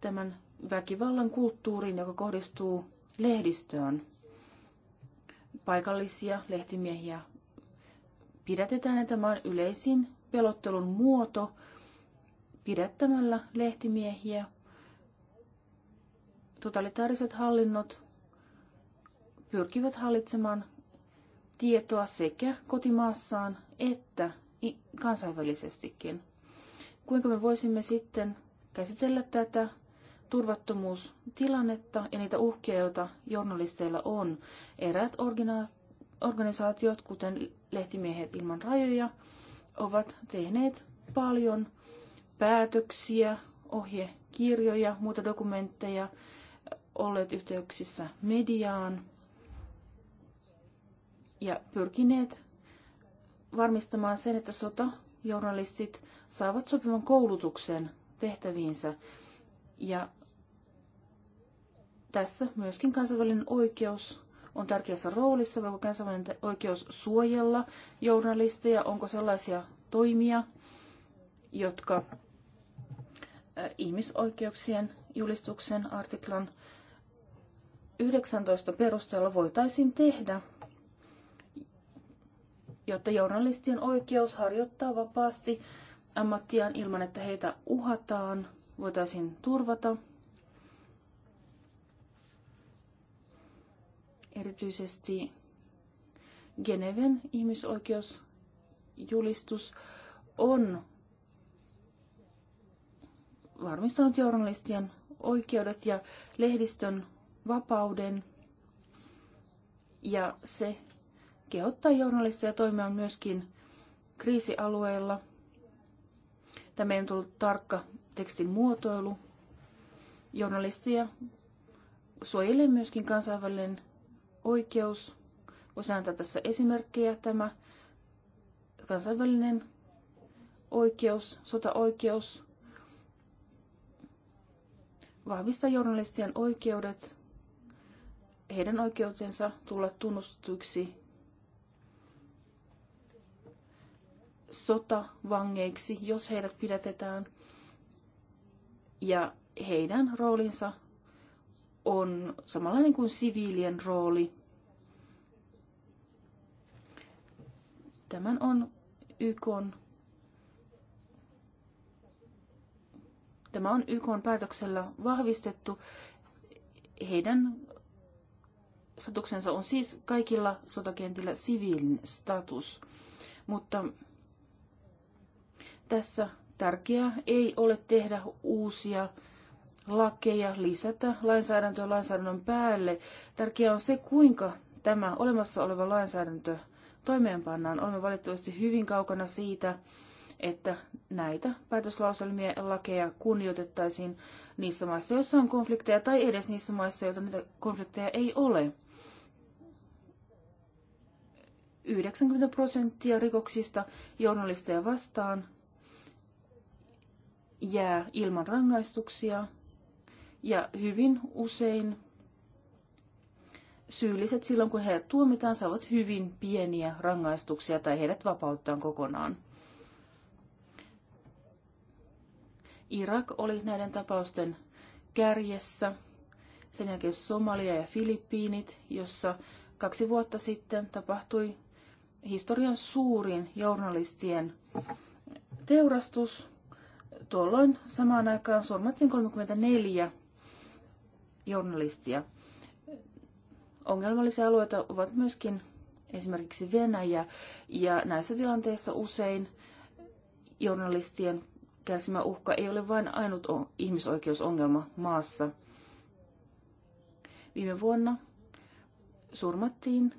tämän väkivallan kulttuuriin, joka kohdistuu lehdistöön. Paikallisia lehtimiehiä pidätetään ja tämä on yleisin pelottelun muoto pidättämällä lehtimiehiä. Totalitaariset hallinnot pyrkivät hallitsemaan tietoa sekä kotimaassaan että kansainvälisestikin. Kuinka me voisimme sitten käsitellä tätä turvattomuustilannetta ja niitä uhkia, joita journalisteilla on. Eräät organisaatiot, kuten Lehtimiehet ilman rajoja, ovat tehneet paljon päätöksiä, ohjekirjoja, muita dokumentteja, olleet yhteyksissä mediaan ja pyrkineet varmistamaan sen, että sotajournalistit saavat sopivan koulutuksen tehtäviinsä. Ja tässä myöskin kansainvälinen oikeus on tärkeässä roolissa, voiko kansainvälinen oikeus suojella journalisteja, onko sellaisia toimia, jotka ihmisoikeuksien julistuksen artiklan 19 perusteella voitaisiin tehdä, jotta journalistien oikeus harjoittaa vapaasti ammattiaan ilman, että heitä uhataan, voitaisiin turvata – Erityisesti Geneven ihmisoikeusjulistus on varmistanut journalistien oikeudet ja lehdistön vapauden. Ja se kehottaa journalisteja toimimaan myöskin kriisialueilla. Tämä on tullut tarkka tekstin muotoilu. Journalistia suojelee myöskin kansainvälinen oikeus. Voisi antaa tässä esimerkkejä. Tämä kansainvälinen oikeus, sotaoikeus, vahvista journalistien oikeudet, heidän oikeutensa tulla tunnustetuiksi sotavangeiksi, jos heidät pidätetään, ja heidän roolinsa on samanlainen kuin siviilien rooli. Tämän on YK Tämä on YK päätöksellä vahvistettu. Heidän statuksensa on siis kaikilla sotakentillä siviilin status. Mutta tässä tärkeää ei ole tehdä uusia lakeja, lisätä lainsäädäntöä lainsäädännön päälle. Tärkeää on se, kuinka tämä olemassa oleva lainsäädäntö toimeenpannaan. Olemme valitettavasti hyvin kaukana siitä, että näitä päätöslauselmia ja lakeja kunnioitettaisiin niissä maissa, joissa on konflikteja, tai edes niissä maissa, joita niitä konflikteja ei ole. 90 prosenttia rikoksista journalisteja vastaan jää ilman rangaistuksia. Ja hyvin usein syylliset silloin, kun heidät tuomitaan, saavat hyvin pieniä rangaistuksia tai heidät vapauttaan kokonaan. Irak oli näiden tapausten kärjessä. Sen jälkeen Somalia ja Filippiinit, jossa kaksi vuotta sitten tapahtui historian suurin journalistien teurastus. Tuolloin samaan aikaan surmattiin 34 journalistia. Ongelmallisia alueita ovat myöskin esimerkiksi Venäjä, ja näissä tilanteissa usein journalistien kärsimä uhka ei ole vain ainut ihmisoikeusongelma maassa. Viime vuonna surmattiin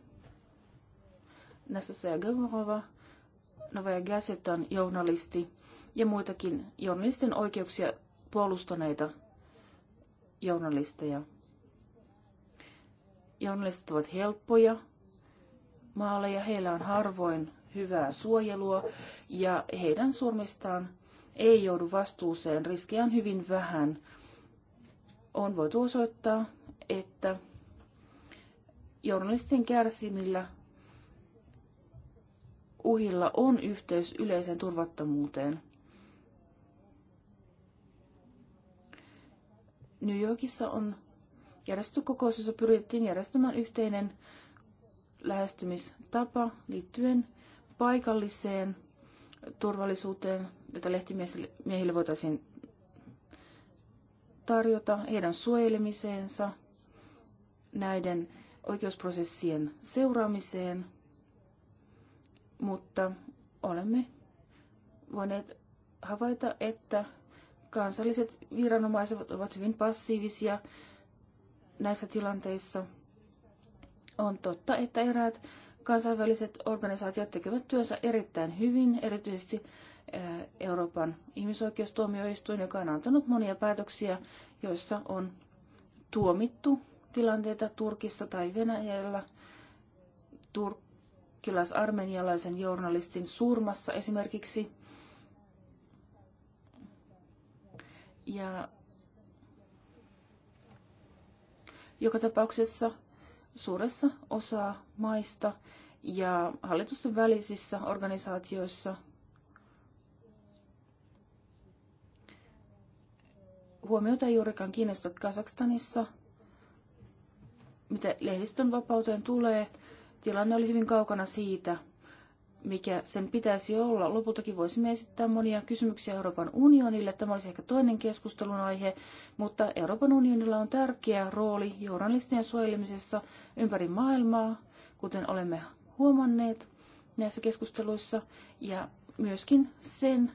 ja Gavarova, Novaya Gazetan journalisti ja muitakin journalistien oikeuksia puolustaneita journalisteja. Journalistit ovat helppoja maaleja, heillä on harvoin hyvää suojelua ja heidän surmistaan ei joudu vastuuseen. Riskejä on hyvin vähän. On voitu osoittaa, että journalistin kärsimillä uhilla on yhteys yleiseen turvattomuuteen. New Yorkissa on järjestetty kokous, jossa pyrittiin järjestämään yhteinen lähestymistapa liittyen paikalliseen turvallisuuteen, jota lehtimiehille voitaisiin tarjota heidän suojelemiseensa, näiden oikeusprosessien seuraamiseen, mutta olemme voineet havaita, että kansalliset viranomaiset ovat hyvin passiivisia näissä tilanteissa. On totta, että eräät kansainväliset organisaatiot tekevät työnsä erittäin hyvin, erityisesti eh, Euroopan ihmisoikeustuomioistuin, joka on antanut monia päätöksiä, joissa on tuomittu tilanteita Turkissa tai Venäjällä turkkilais-armenialaisen journalistin surmassa esimerkiksi. Ja joka tapauksessa suuressa osa maista ja hallitusten välisissä organisaatioissa huomiota ei juurikaan kiinnosta Kazakstanissa. Mitä lehdistön vapauteen tulee, tilanne oli hyvin kaukana siitä – mikä sen pitäisi olla. Lopultakin voisimme esittää monia kysymyksiä Euroopan unionille. Tämä olisi ehkä toinen keskustelun aihe, mutta Euroopan unionilla on tärkeä rooli journalistien suojelemisessa ympäri maailmaa, kuten olemme huomanneet näissä keskusteluissa, ja myöskin sen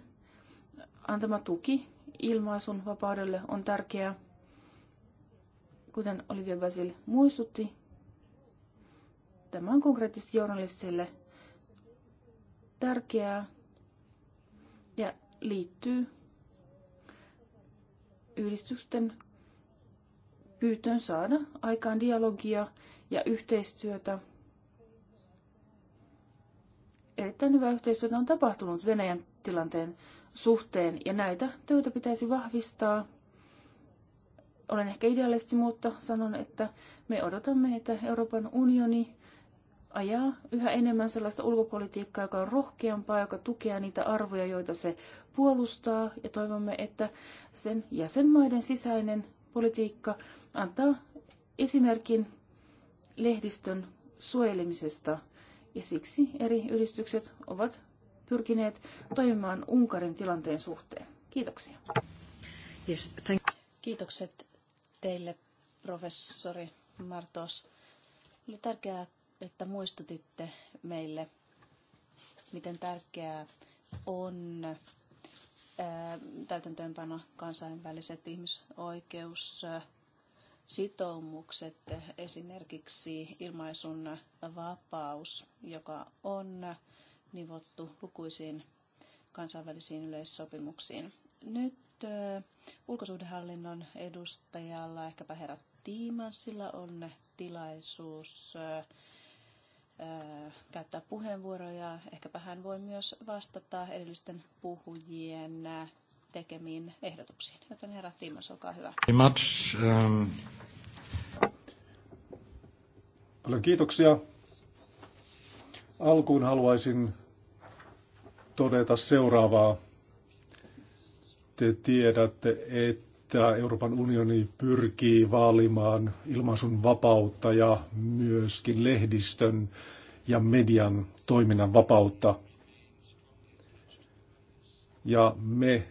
antama tuki ilmaisun vapaudelle on tärkeää. Kuten Olivia Basil muistutti, tämä on konkreettisesti journalistille tärkeää ja liittyy yhdistysten pyytön saada aikaan dialogia ja yhteistyötä. Erittäin hyvä yhteistyötä on tapahtunut Venäjän tilanteen suhteen ja näitä töitä pitäisi vahvistaa. Olen ehkä idealisti, mutta sanon, että me odotamme, että Euroopan unioni ajaa yhä enemmän sellaista ulkopolitiikkaa, joka on rohkeampaa, joka tukee niitä arvoja, joita se puolustaa. Ja toivomme, että sen jäsenmaiden sisäinen politiikka antaa esimerkin lehdistön suojelemisesta. Ja siksi eri yhdistykset ovat pyrkineet toimimaan Unkarin tilanteen suhteen. Kiitoksia. Yes, thank Kiitokset teille, professori Martos. Oli tärkeää että muistutitte meille, miten tärkeää on täytäntöönpano kansainväliset ihmisoikeussitoumukset, esimerkiksi ilmaisun vapaus, joka on nivottu lukuisiin kansainvälisiin yleissopimuksiin. Nyt ulkosuhdehallinnon edustajalla, ehkäpä herra Tiimansilla, on tilaisuus käyttää puheenvuoroja. Ehkäpä hän voi myös vastata edellisten puhujien tekemiin ehdotuksiin. Joten herra Timos, olkaa hyvä. Much, um... Paljon kiitoksia. Alkuun haluaisin todeta seuraavaa. Te tiedätte, että että Euroopan unioni pyrkii vaalimaan ilmaisun vapautta ja myöskin lehdistön ja median toiminnan vapautta. Ja me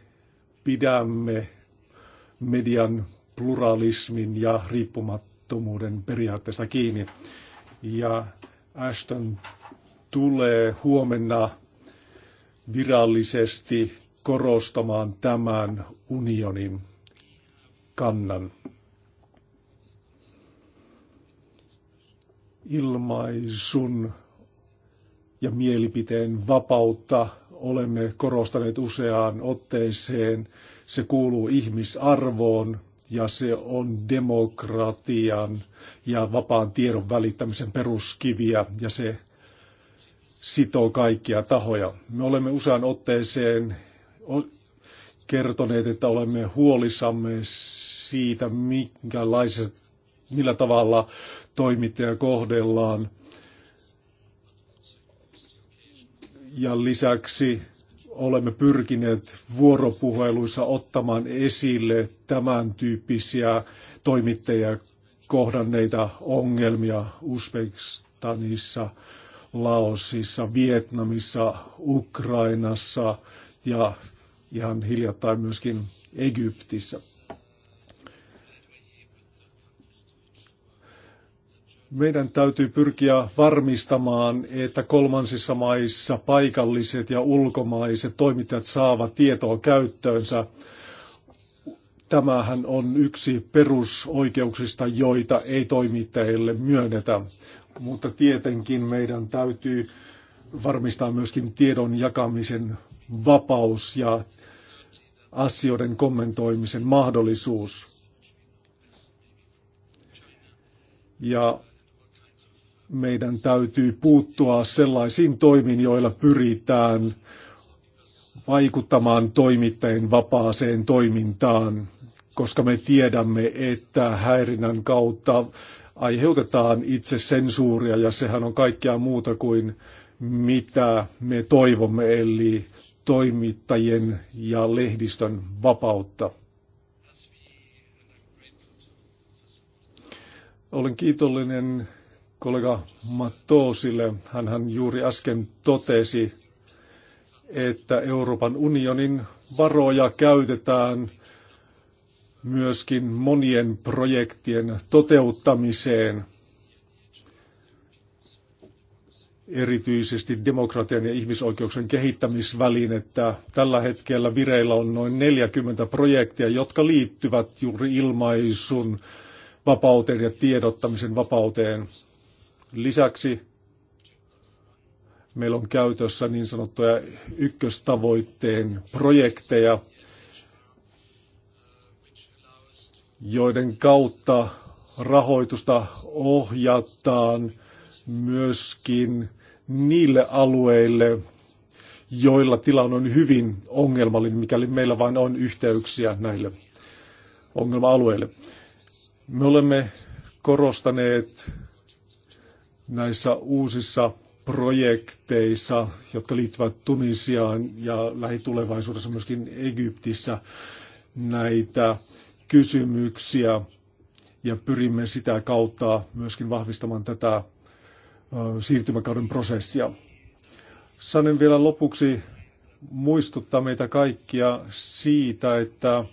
pidämme median pluralismin ja riippumattomuuden periaatteesta kiinni. Ja Ashton tulee huomenna virallisesti korostamaan tämän unionin kannan. Ilmaisun ja mielipiteen vapautta olemme korostaneet useaan otteeseen. Se kuuluu ihmisarvoon ja se on demokratian ja vapaan tiedon välittämisen peruskiviä ja se sitoo kaikkia tahoja. Me olemme usean otteeseen kertoneet, että olemme huolissamme siitä, minkälaisessa, millä tavalla toimittaja kohdellaan. Ja lisäksi olemme pyrkineet vuoropuheluissa ottamaan esille tämän tyyppisiä toimittajia kohdanneita ongelmia Uzbekistanissa, Laosissa, Vietnamissa, Ukrainassa ja ihan hiljattain myöskin Egyptissä. Meidän täytyy pyrkiä varmistamaan, että kolmansissa maissa paikalliset ja ulkomaiset toimittajat saavat tietoa käyttöönsä. Tämähän on yksi perusoikeuksista, joita ei toimittajille myönnetä. Mutta tietenkin meidän täytyy varmistaa myöskin tiedon jakamisen vapaus ja asioiden kommentoimisen mahdollisuus. Ja meidän täytyy puuttua sellaisiin toimiin, joilla pyritään vaikuttamaan toimittajien vapaaseen toimintaan, koska me tiedämme, että häirinnän kautta aiheutetaan itse sensuuria ja sehän on kaikkea muuta kuin mitä me toivomme, eli toimittajien ja lehdistön vapautta. Olen kiitollinen kollega Matosille. hän juuri äsken totesi, että Euroopan unionin varoja käytetään myöskin monien projektien toteuttamiseen – erityisesti demokratian ja ihmisoikeuksien kehittämisvälinettä. Tällä hetkellä vireillä on noin 40 projektia, jotka liittyvät juuri ilmaisun vapauteen ja tiedottamisen vapauteen. Lisäksi meillä on käytössä niin sanottuja ykköstavoitteen projekteja, joiden kautta rahoitusta ohjataan myöskin niille alueille, joilla tilanne on hyvin ongelmallinen, mikäli meillä vain on yhteyksiä näille ongelma-alueille. Me olemme korostaneet näissä uusissa projekteissa, jotka liittyvät Tunisiaan ja lähitulevaisuudessa myöskin Egyptissä näitä kysymyksiä ja pyrimme sitä kautta myöskin vahvistamaan tätä siirtymäkauden prosessia. Sanen vielä lopuksi muistuttaa meitä kaikkia siitä, että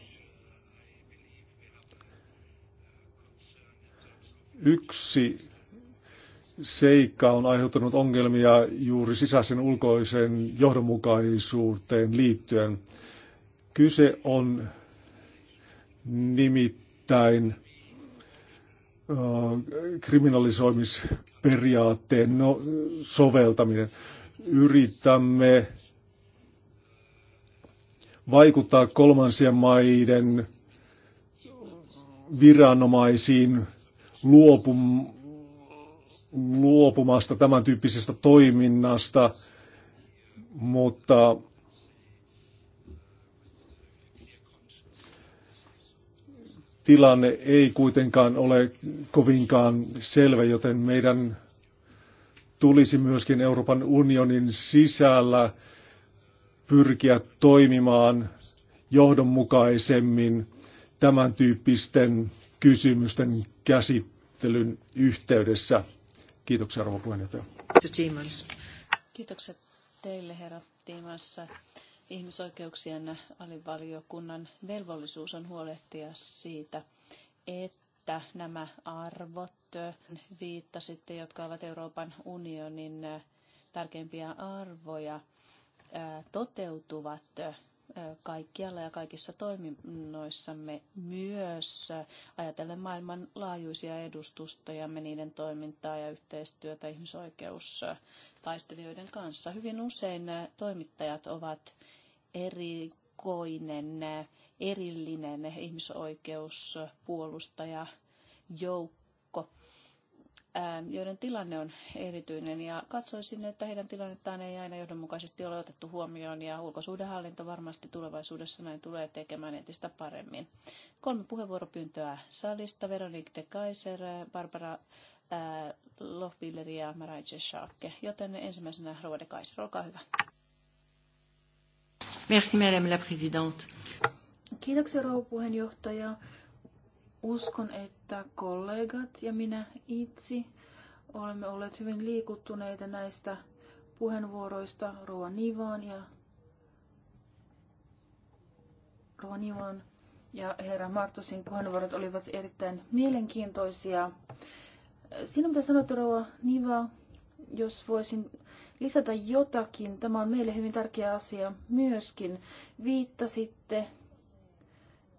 yksi seikka on aiheuttanut ongelmia juuri sisäisen ulkoisen johdonmukaisuuteen liittyen. Kyse on nimittäin kriminalisoimis periaatteen no, soveltaminen. Yritämme vaikuttaa kolmansien maiden viranomaisiin luopum, luopumasta tämän tyyppisestä toiminnasta, mutta tilanne ei kuitenkaan ole kovinkaan selvä, joten meidän tulisi myöskin Euroopan unionin sisällä pyrkiä toimimaan johdonmukaisemmin tämän tyyppisten kysymysten käsittelyn yhteydessä. Kiitoksia, rouva puheenjohtaja. Kiitokset teille, herra Tiimassa ihmisoikeuksien alivaliokunnan velvollisuus on huolehtia siitä, että nämä arvot viittasitte, jotka ovat Euroopan unionin tärkeimpiä arvoja, toteutuvat kaikkialla ja kaikissa toiminnoissamme myös ajatellen maailman edustustoja me niiden toimintaa ja yhteistyötä ihmisoikeustaistelijoiden kanssa. Hyvin usein toimittajat ovat erikoinen, erillinen ihmisoikeuspuolustaja joukko ähm, joiden tilanne on erityinen ja katsoisin, että heidän tilannettaan ei aina johdonmukaisesti ole otettu huomioon ja ulkosuhdehallinto varmasti tulevaisuudessa näin tulee tekemään entistä paremmin. Kolme puheenvuoropyyntöä salista, Veronique de Kaiser, Barbara äh, Lohbiller ja Marajce Schalke, joten ensimmäisenä Rova de Kaiser, olkaa hyvä. Merci, Madame la Présidente. Kiitoksia, rouva puheenjohtaja. Uskon, että kollegat ja minä itse olemme olleet hyvin liikuttuneita näistä puheenvuoroista rouva ja Rova ja herra Martosin puheenvuorot olivat erittäin mielenkiintoisia. Sinun mitä sanoit Rova Niva, jos voisin lisätä jotakin. Tämä on meille hyvin tärkeä asia myöskin. Viittasitte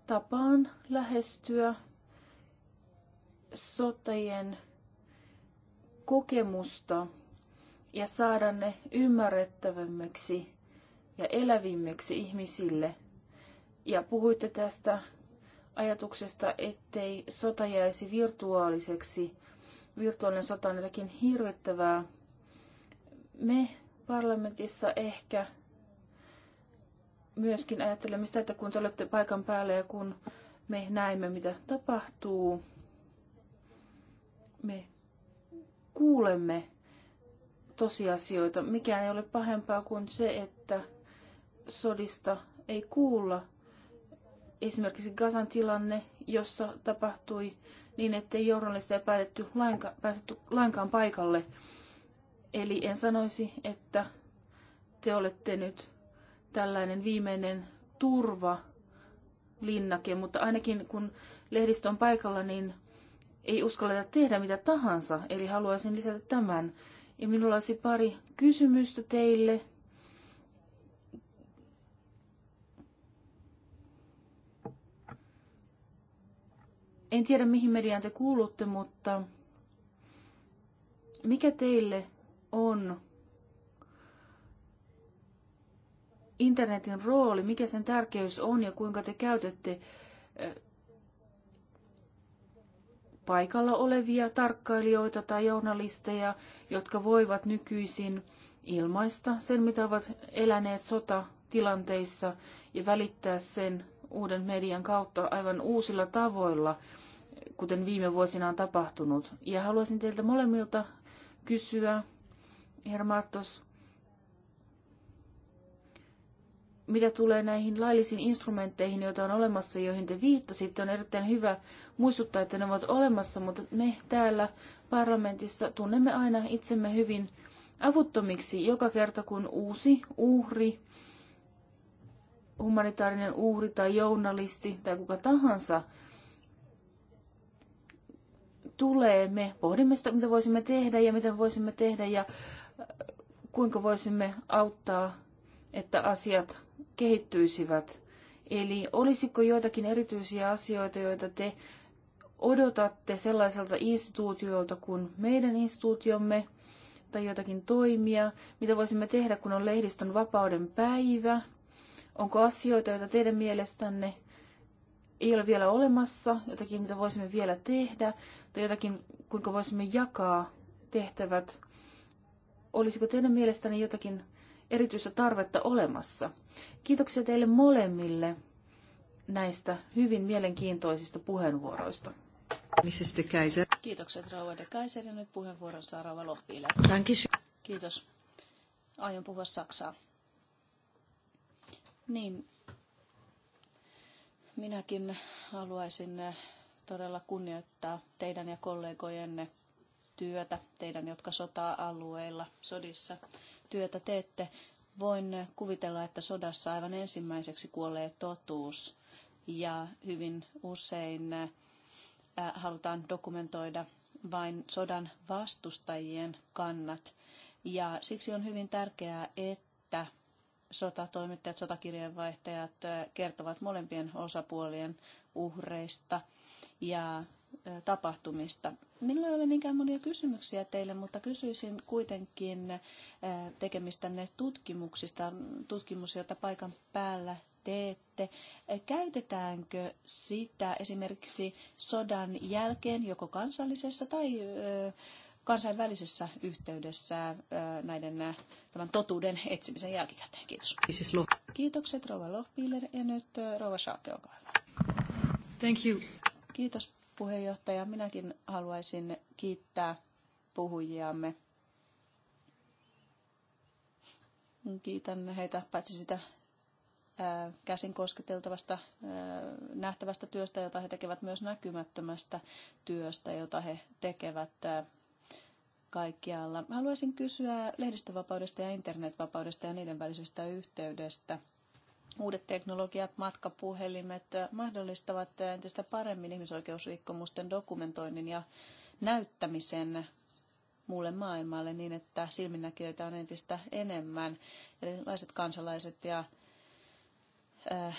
tapaan lähestyä sotajien kokemusta ja saada ne ymmärrettävämmäksi ja elävimmiksi ihmisille. Ja puhuitte tästä ajatuksesta, ettei sota jäisi virtuaaliseksi. Virtuaalinen sota on jotakin hirvittävää, me parlamentissa ehkä myöskin ajattelemme sitä, että kun te olette paikan päällä ja kun me näemme, mitä tapahtuu, me kuulemme tosiasioita. Mikään ei ole pahempaa kuin se, että sodista ei kuulla. Esimerkiksi Gazan tilanne, jossa tapahtui niin, ettei journalista ei päätetty lainka, päästetty lainkaan paikalle Eli en sanoisi, että te olette nyt tällainen viimeinen turva linnake, mutta ainakin kun lehdistö on paikalla, niin ei uskalleta tehdä mitä tahansa. Eli haluaisin lisätä tämän. Ja minulla olisi pari kysymystä teille. En tiedä, mihin mediaan te kuulutte, mutta mikä teille on internetin rooli, mikä sen tärkeys on ja kuinka te käytätte paikalla olevia tarkkailijoita tai journalisteja, jotka voivat nykyisin ilmaista sen, mitä ovat eläneet sotatilanteissa ja välittää sen uuden median kautta aivan uusilla tavoilla, kuten viime vuosina on tapahtunut. Ja haluaisin teiltä molemmilta kysyä, herra mitä tulee näihin laillisiin instrumentteihin, joita on olemassa, joihin te viittasitte, on erittäin hyvä muistuttaa, että ne ovat olemassa, mutta me täällä parlamentissa tunnemme aina itsemme hyvin avuttomiksi joka kerta, kun uusi uhri, humanitaarinen uhri tai journalisti tai kuka tahansa tulee, me pohdimme sitä, mitä voisimme tehdä ja mitä voisimme tehdä ja kuinka voisimme auttaa, että asiat kehittyisivät. Eli olisiko joitakin erityisiä asioita, joita te odotatte sellaiselta instituutiolta kuin meidän instituutiomme, tai jotakin toimia, mitä voisimme tehdä, kun on lehdistön vapauden päivä, onko asioita, joita teidän mielestänne ei ole vielä olemassa, jotakin, mitä voisimme vielä tehdä, tai jotakin, kuinka voisimme jakaa tehtävät Olisiko teidän mielestänne jotakin erityistä tarvetta olemassa? Kiitoksia teille molemmille näistä hyvin mielenkiintoisista puheenvuoroista. Mrs. De Kaiser. Kiitokset Rauha de Kaiser ja nyt puheenvuoron saa Rauha Lohpiilä. Kiitos. Aion puhua saksaa. Niin, minäkin haluaisin todella kunnioittaa teidän ja kollegojenne työtä, teidän, jotka sota-alueilla, sodissa työtä teette. Voin kuvitella, että sodassa aivan ensimmäiseksi kuolee totuus ja hyvin usein äh, halutaan dokumentoida vain sodan vastustajien kannat. Ja siksi on hyvin tärkeää, että sotatoimittajat, sotakirjeenvaihtajat äh, kertovat molempien osapuolien uhreista ja tapahtumista. Minulla ei ole niinkään monia kysymyksiä teille, mutta kysyisin kuitenkin tekemistänne tutkimuksista, tutkimus, jota paikan päällä teette. Käytetäänkö sitä esimerkiksi sodan jälkeen joko kansallisessa tai kansainvälisessä yhteydessä näiden tämän totuuden etsimisen jälkikäteen? Kiitos. Kiitokset Rova Lohpiler ja nyt Rova Schaake, olkaa hyvä. Thank you. Kiitos puheenjohtaja. Minäkin haluaisin kiittää puhujiamme. Kiitän heitä paitsi sitä käsin kosketeltavasta nähtävästä työstä, jota he tekevät, myös näkymättömästä työstä, jota he tekevät kaikkialla. Haluaisin kysyä lehdistövapaudesta ja internetvapaudesta ja niiden välisestä yhteydestä – uudet teknologiat, matkapuhelimet äh, mahdollistavat äh, entistä paremmin ihmisoikeusrikkomusten dokumentoinnin ja näyttämisen muulle maailmalle niin, että silminnäkijöitä on entistä enemmän. Erilaiset kansalaiset ja äh,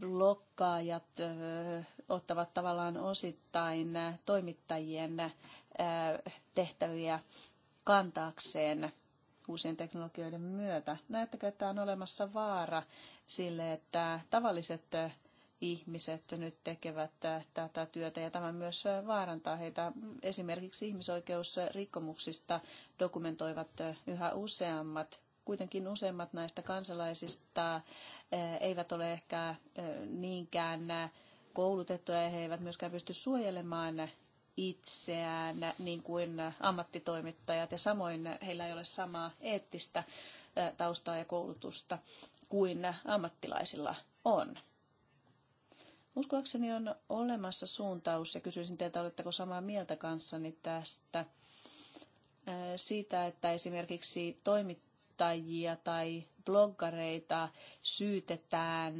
blokkaajat äh, ottavat tavallaan osittain äh, toimittajien äh, tehtäviä kantaakseen uusien teknologioiden myötä. Näettekö, että on olemassa vaara sille, että tavalliset äh, ihmiset nyt tekevät äh, tätä työtä ja tämä myös äh, vaarantaa heitä. Esimerkiksi ihmisoikeusrikkomuksista dokumentoivat yhä useammat. Kuitenkin useimmat näistä kansalaisista eivät ole ehkä niinkään koulutettuja ja he eivät myöskään pysty suojelemaan itseään niin kuin ammattitoimittajat ja samoin heillä ei ole samaa eettistä taustaa ja koulutusta kuin ammattilaisilla on. Uskoakseni on olemassa suuntaus ja kysyisin teiltä, oletteko samaa mieltä kanssani tästä siitä, että esimerkiksi toimittajia tai bloggareita syytetään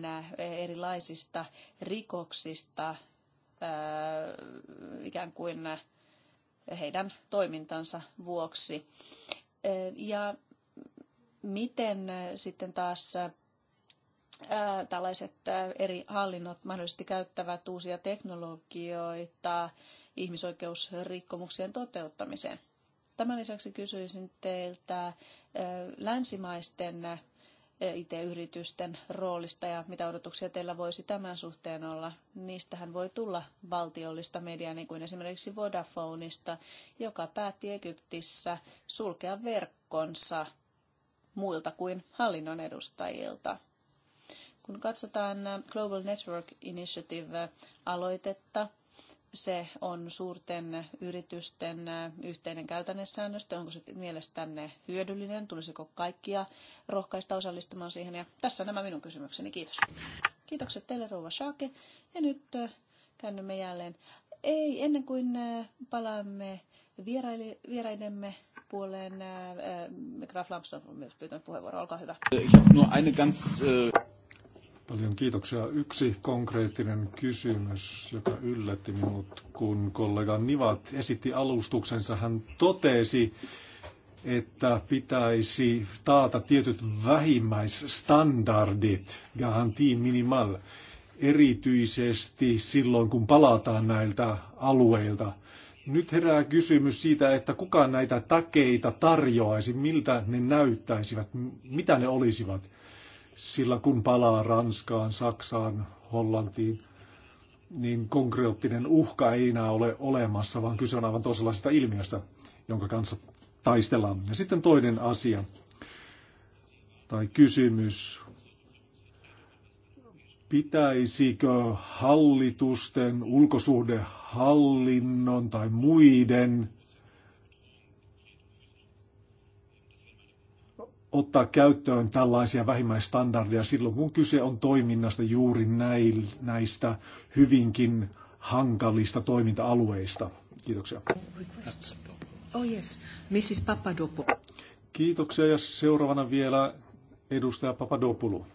erilaisista rikoksista ikään kuin heidän toimintansa vuoksi. Ja miten sitten taas tällaiset eri hallinnot mahdollisesti käyttävät uusia teknologioita ihmisoikeusrikkomuksien toteuttamiseen. Tämän lisäksi kysyisin teiltä länsimaisten E IT-yritysten roolista ja mitä odotuksia teillä voisi tämän suhteen olla. Niistähän voi tulla valtiollista mediaa, niin kuin esimerkiksi Vodafoneista, joka päätti Egyptissä sulkea verkkonsa muilta kuin hallinnon edustajilta. Kun katsotaan Global Network Initiative-aloitetta, se on suurten yritysten yhteinen säännöstö, Onko se mielestänne hyödyllinen? Tulisiko kaikkia rohkaista osallistumaan siihen? Ja tässä nämä minun kysymykseni. Kiitos. Kiitokset teille, Rouva Shake. Ja nyt käännymme jälleen. Ei, ennen kuin palaamme vieraidemme puoleen, Graf Lambsdorff on myös pyytänyt puheenvuoroa. Olkaa hyvä. Äh, ich habe nur eine ganz, äh... Paljon kiitoksia. Yksi konkreettinen kysymys, joka yllätti minut, kun kollega Nivat esitti alustuksensa. Hän totesi, että pitäisi taata tietyt vähimmäisstandardit, garanti minimal, erityisesti silloin, kun palataan näiltä alueilta. Nyt herää kysymys siitä, että kuka näitä takeita tarjoaisi, miltä ne näyttäisivät, mitä ne olisivat sillä kun palaa Ranskaan, Saksaan, Hollantiin, niin konkreettinen uhka ei enää ole olemassa, vaan kyse on aivan toisenlaisesta ilmiöstä, jonka kanssa taistellaan. Ja sitten toinen asia tai kysymys. Pitäisikö hallitusten, ulkosuhdehallinnon tai muiden ottaa käyttöön tällaisia vähimmäistandardeja silloin, kun kyse on toiminnasta juuri näistä hyvinkin hankalista toiminta-alueista. Kiitoksia. Oh yes, Mrs. Papadopoulou. Kiitoksia ja seuraavana vielä edustaja Papadopoulou.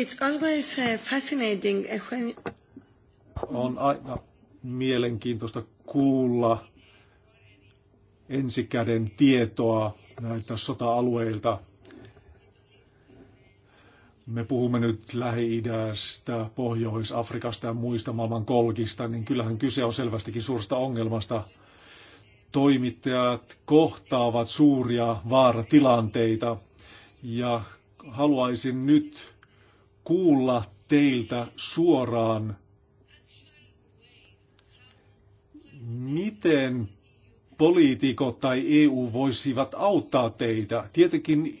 It's always uh, fascinating uh, when... On aina mielenkiintoista kuulla ensikäden tietoa näiltä sota-alueilta. Me puhumme nyt Lähi-idästä, Pohjois-Afrikasta ja muista maailman kolkista, niin kyllähän kyse on selvästikin suurista ongelmasta. Toimittajat kohtaavat suuria vaaratilanteita ja haluaisin nyt kuulla teiltä suoraan, miten poliitikot tai EU voisivat auttaa teitä. Tietenkin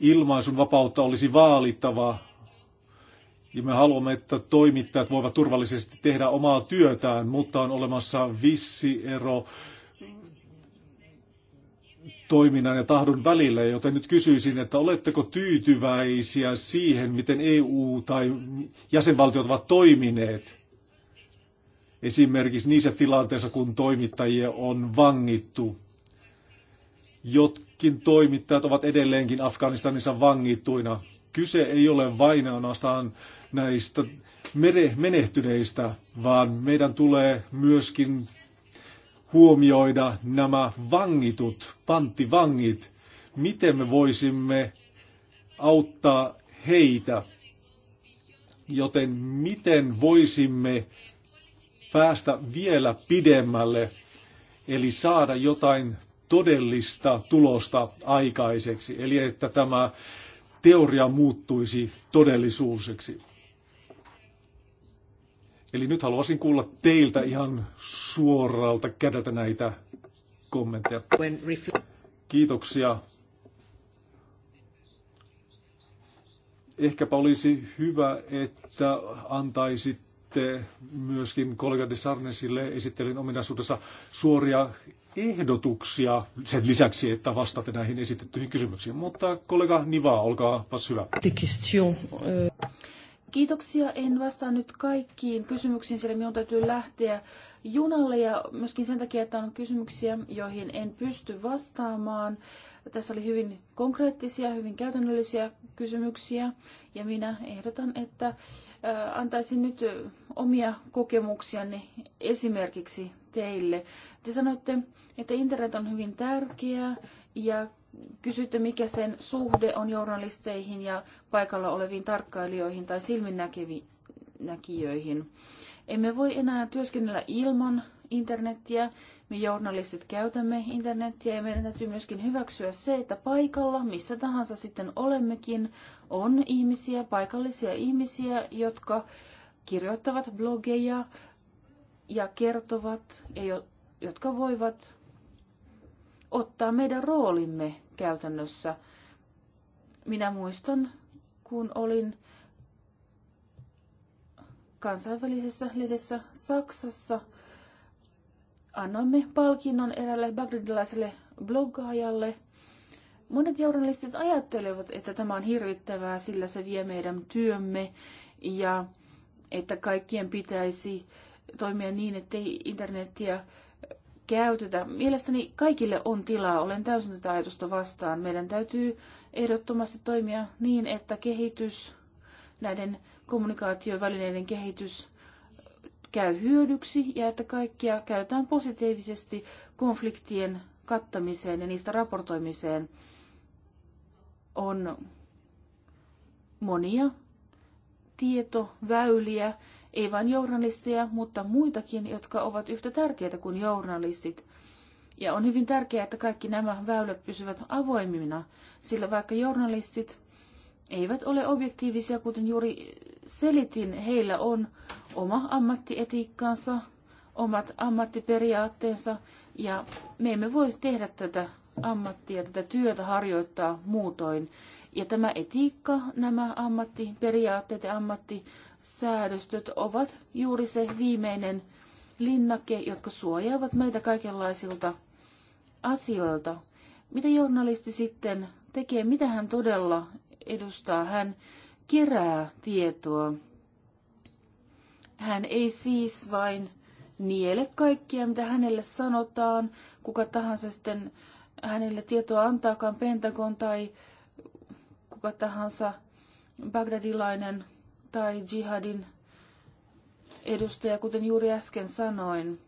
ilmaisun vapautta olisi vaalittava, ja me haluamme, että toimittajat voivat turvallisesti tehdä omaa työtään, mutta on olemassa vissi ero toiminnan ja tahdon välillä, joten nyt kysyisin, että oletteko tyytyväisiä siihen, miten EU tai jäsenvaltiot ovat toimineet? esimerkiksi niissä tilanteissa, kun toimittajia on vangittu. Jotkin toimittajat ovat edelleenkin Afganistanissa vangittuina. Kyse ei ole vain ainoastaan näistä menehtyneistä, vaan meidän tulee myöskin huomioida nämä vangitut, panttivangit, miten me voisimme auttaa heitä. Joten miten voisimme päästä vielä pidemmälle, eli saada jotain todellista tulosta aikaiseksi, eli että tämä teoria muuttuisi todellisuuseksi. Eli nyt haluaisin kuulla teiltä ihan suoralta kädeltä näitä kommentteja. Kiitoksia. Ehkäpä olisi hyvä, että antaisit esititte myöskin de Sarnesille esittelin ominaisuudessa suoria ehdotuksia sen lisäksi, että vastaatte näihin esitettyihin kysymyksiin. Mutta kollega Niva, olkaa hyvä. Euh. Kiitoksia. En vastaa nyt kaikkiin kysymyksiin, sillä minun täytyy lähteä junalle ja myöskin sen takia, että on kysymyksiä, joihin en pysty vastaamaan. Tässä oli hyvin konkreettisia, hyvin käytännöllisiä kysymyksiä ja minä ehdotan, että antaisin nyt omia kokemuksiani esimerkiksi teille. Te sanoitte, että internet on hyvin tärkeä ja kysytte, mikä sen suhde on journalisteihin ja paikalla oleviin tarkkailijoihin tai silminnäkijöihin. Emme voi enää työskennellä ilman internettiä. Me journalistit käytämme internettiä ja meidän täytyy myöskin hyväksyä se, että paikalla, missä tahansa sitten olemmekin, on ihmisiä, paikallisia ihmisiä, jotka kirjoittavat blogeja ja kertovat, ja jo, jotka voivat ottaa meidän roolimme käytännössä. Minä muistan, kun olin kansainvälisessä lehdessä Saksassa, annoimme palkinnon erälle bagdadilaiselle bloggaajalle. Monet journalistit ajattelevat, että tämä on hirvittävää, sillä se vie meidän työmme ja että kaikkien pitäisi toimia niin, ettei internetiä käytetä. Mielestäni kaikille on tilaa. Olen täysin tätä ajatusta vastaan. Meidän täytyy ehdottomasti toimia niin, että kehitys, näiden kommunikaatiovälineiden kehitys käy hyödyksi ja että kaikkia käytetään positiivisesti konfliktien kattamiseen ja niistä raportoimiseen on monia tietoväyliä, ei vain journalisteja, mutta muitakin, jotka ovat yhtä tärkeitä kuin journalistit. Ja on hyvin tärkeää, että kaikki nämä väylät pysyvät avoimina, sillä vaikka journalistit eivät ole objektiivisia, kuten juuri selitin. Heillä on oma ammattietiikkaansa, omat ammattiperiaatteensa ja me emme voi tehdä tätä ammattia, tätä työtä harjoittaa muutoin. Ja tämä etiikka, nämä ammattiperiaatteet ja ammattisäädöstöt ovat juuri se viimeinen linnake, jotka suojaavat meitä kaikenlaisilta asioilta. Mitä journalisti sitten tekee, mitä hän todella edustaa. Hän kerää tietoa. Hän ei siis vain niele kaikkia, mitä hänelle sanotaan, kuka tahansa sitten hänelle tietoa antaakaan Pentagon tai kuka tahansa bagdadilainen tai jihadin edustaja, kuten juuri äsken sanoin.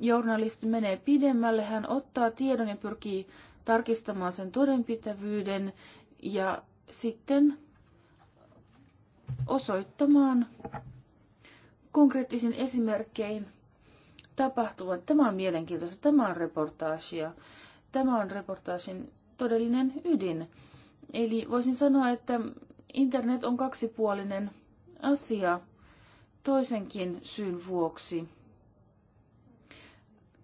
Journalisti menee pidemmälle, hän ottaa tiedon ja pyrkii tarkistamaan sen todenpitävyyden ja sitten osoittamaan konkreettisin esimerkkein tapahtuvan. Tämä on mielenkiintoista, tämä on reportaasia. Tämä on reportaasin todellinen ydin. Eli voisin sanoa, että internet on kaksipuolinen asia toisenkin syyn vuoksi.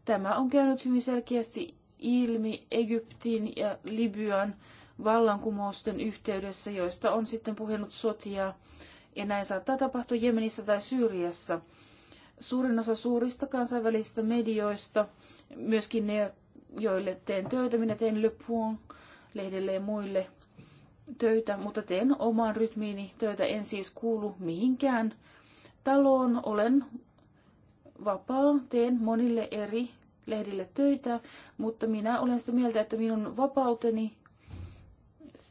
Tämä on käynyt hyvin selkeästi ilmi Egyptin ja Libyan vallankumousten yhteydessä, joista on sitten puhunut sotia, ja näin saattaa tapahtua Jemenissä tai Syyriassa. Suurin osa suurista kansainvälisistä medioista, myöskin ne, joille teen töitä, minä teen Le Point lehdelle ja muille töitä, mutta teen omaan rytmiini töitä, en siis kuulu mihinkään taloon, olen vapaa, teen monille eri lehdille töitä, mutta minä olen sitä mieltä, että minun vapauteni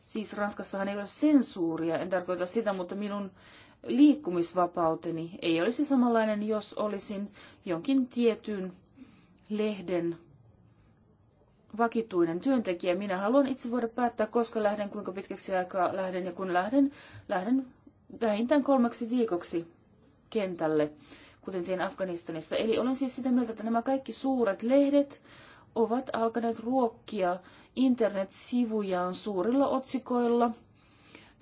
Siis Ranskassahan ei ole sensuuria, en tarkoita sitä, mutta minun liikkumisvapauteni ei olisi samanlainen, jos olisin jonkin tietyn lehden vakituinen työntekijä. Minä haluan itse voida päättää, koska lähden, kuinka pitkäksi aikaa lähden ja kun lähden, lähden vähintään kolmeksi viikoksi kentälle, kuten tein Afganistanissa. Eli olen siis sitä mieltä, että nämä kaikki suuret lehdet ovat alkaneet ruokkia internetsivujaan suurilla otsikoilla,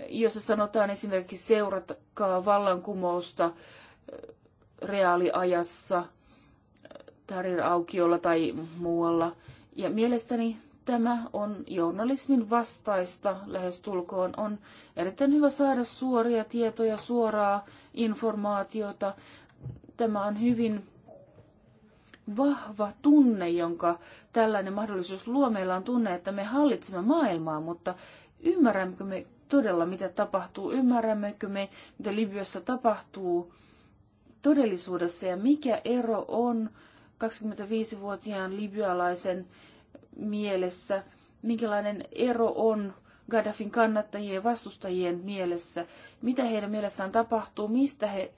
jossa sanotaan esimerkiksi seuratkaa vallankumousta eh, reaaliajassa, eh, Tarin aukiolla tai muualla. Ja mielestäni tämä on journalismin vastaista lähestulkoon. On erittäin hyvä saada suoria tietoja, suoraa informaatiota. Tämä on hyvin vahva tunne, jonka tällainen mahdollisuus luo. Meillä on tunne, että me hallitsemme maailmaa, mutta ymmärrämmekö me todella, mitä tapahtuu? Ymmärrämmekö me, mitä Libyassa tapahtuu todellisuudessa ja mikä ero on 25-vuotiaan libyalaisen mielessä? Minkälainen ero on Gaddafin kannattajien ja vastustajien mielessä? Mitä heidän mielessään tapahtuu? Mistä he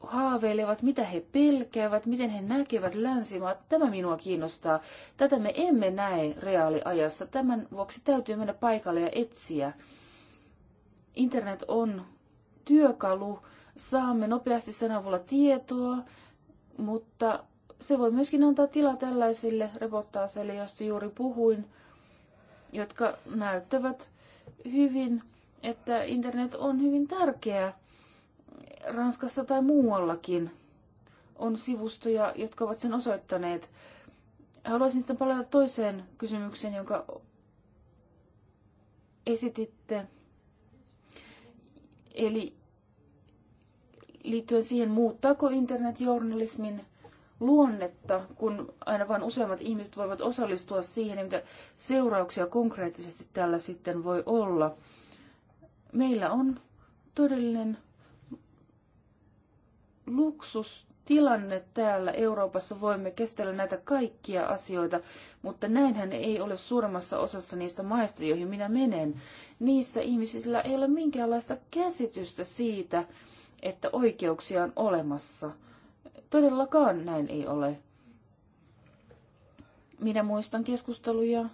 haaveilevat, mitä he pelkäävät, miten he näkevät länsimaat. Tämä minua kiinnostaa. Tätä me emme näe reaaliajassa. Tämän vuoksi täytyy mennä paikalle ja etsiä. Internet on työkalu. Saamme nopeasti sen avulla tietoa, mutta se voi myöskin antaa tilaa tällaisille reportaaseille, joista juuri puhuin, jotka näyttävät hyvin, että internet on hyvin tärkeä Ranskassa tai muuallakin on sivustoja, jotka ovat sen osoittaneet. Haluaisin sitten palata toiseen kysymykseen, jonka esititte. Eli liittyen siihen, muuttaako internetjournalismin luonnetta, kun aina vain useammat ihmiset voivat osallistua siihen, mitä seurauksia konkreettisesti tällä sitten voi olla. Meillä on todellinen luksustilanne täällä Euroopassa. Voimme kestellä näitä kaikkia asioita, mutta näinhän ei ole suuremmassa osassa niistä maista, joihin minä menen. Niissä ihmisillä ei ole minkäänlaista käsitystä siitä, että oikeuksia on olemassa. Todellakaan näin ei ole. Minä muistan keskusteluja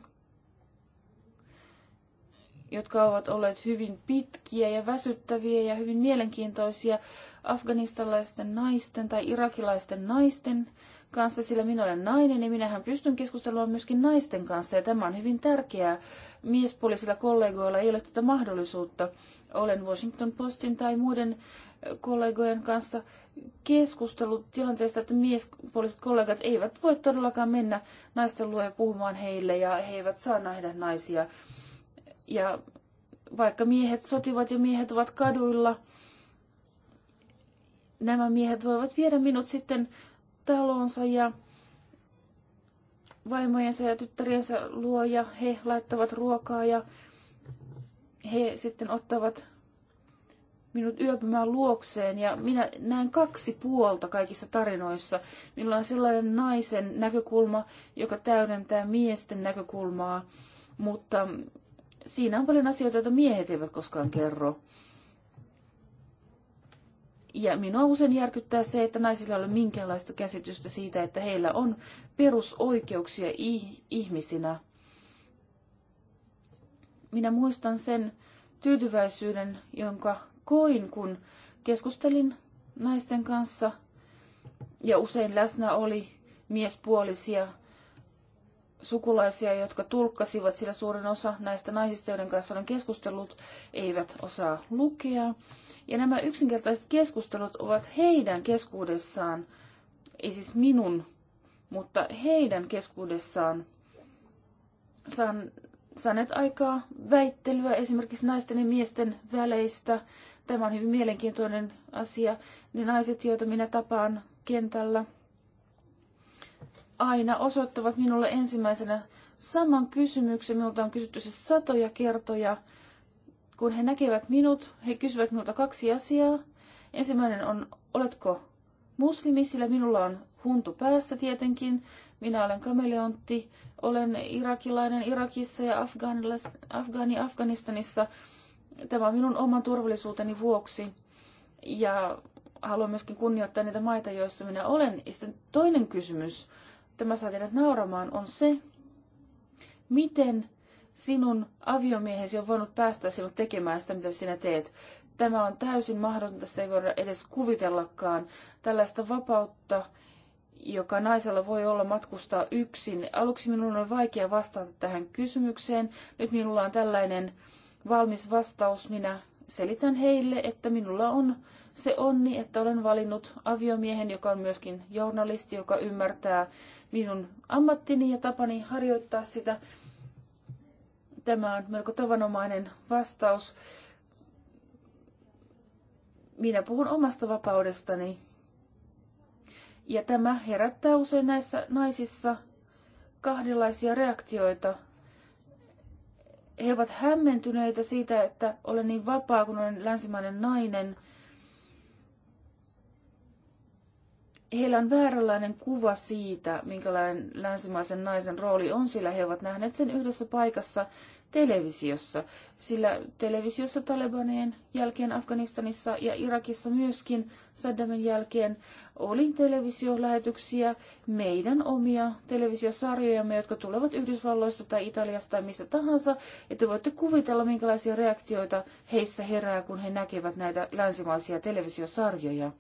jotka ovat olleet hyvin pitkiä ja väsyttäviä ja hyvin mielenkiintoisia afganistalaisten naisten tai irakilaisten naisten kanssa, sillä minä olen nainen ja minähän pystyn keskustelemaan myöskin naisten kanssa ja tämä on hyvin tärkeää. Miespuolisilla kollegoilla ei ole tätä mahdollisuutta. Olen Washington Postin tai muiden kollegojen kanssa keskustellut tilanteesta, että miespuoliset kollegat eivät voi todellakaan mennä naisten luo puhumaan heille ja he eivät saa nähdä naisia ja vaikka miehet sotivat ja miehet ovat kaduilla, nämä miehet voivat viedä minut sitten talonsa ja vaimojensa ja tyttäriensä luo ja he laittavat ruokaa ja he sitten ottavat minut yöpymään luokseen ja minä näen kaksi puolta kaikissa tarinoissa. Minulla on sellainen naisen näkökulma, joka täydentää miesten näkökulmaa, mutta siinä on paljon asioita, joita miehet eivät koskaan kerro. Ja minua usein järkyttää se, että naisilla ei ole minkäänlaista käsitystä siitä, että heillä on perusoikeuksia ihmisinä. Minä muistan sen tyytyväisyyden, jonka koin, kun keskustelin naisten kanssa ja usein läsnä oli miespuolisia sukulaisia, jotka tulkkasivat, sillä suurin osa näistä naisista, joiden kanssa olen keskustellut, eivät osaa lukea. Ja nämä yksinkertaiset keskustelut ovat heidän keskuudessaan, ei siis minun, mutta heidän keskuudessaan saan, saaneet aikaa väittelyä esimerkiksi naisten ja miesten väleistä. Tämä on hyvin mielenkiintoinen asia. Ne naiset, joita minä tapaan kentällä, aina osoittavat minulle ensimmäisenä saman kysymyksen. Minulta on kysytty se satoja kertoja. Kun he näkevät minut, he kysyvät minulta kaksi asiaa. Ensimmäinen on, oletko muslimi, sillä minulla on huntu päässä tietenkin. Minä olen kameleontti, olen irakilainen Irakissa ja Afgaani Afganistanissa. Tämä on minun oman turvallisuuteni vuoksi. Ja haluan myöskin kunnioittaa niitä maita, joissa minä olen. Ja sitten toinen kysymys tämä saa teidät nauramaan, on se, miten sinun aviomiehesi on voinut päästä sinut tekemään sitä, mitä sinä teet. Tämä on täysin mahdotonta, sitä ei voida edes kuvitellakaan. Tällaista vapautta, joka naisella voi olla matkustaa yksin. Aluksi minun on vaikea vastata tähän kysymykseen. Nyt minulla on tällainen valmis vastaus. Minä selitän heille, että minulla on se onni, että olen valinnut aviomiehen, joka on myöskin journalisti, joka ymmärtää minun ammattini ja tapani harjoittaa sitä. Tämä on melko tavanomainen vastaus. Minä puhun omasta vapaudestani. Ja tämä herättää usein näissä naisissa kahdenlaisia reaktioita. He ovat hämmentyneitä siitä, että olen niin vapaa, kun olen länsimainen nainen – heillä on vääränlainen kuva siitä, minkälainen länsimaisen naisen rooli on, sillä he ovat nähneet sen yhdessä paikassa televisiossa. Sillä televisiossa Talebanien jälkeen Afganistanissa ja Irakissa myöskin Saddamin jälkeen oli televisiolähetyksiä, meidän omia televisiosarjojamme, jotka tulevat Yhdysvalloista tai Italiasta tai missä tahansa. Ja te voitte kuvitella, minkälaisia reaktioita heissä herää, kun he näkevät näitä länsimaisia televisiosarjoja.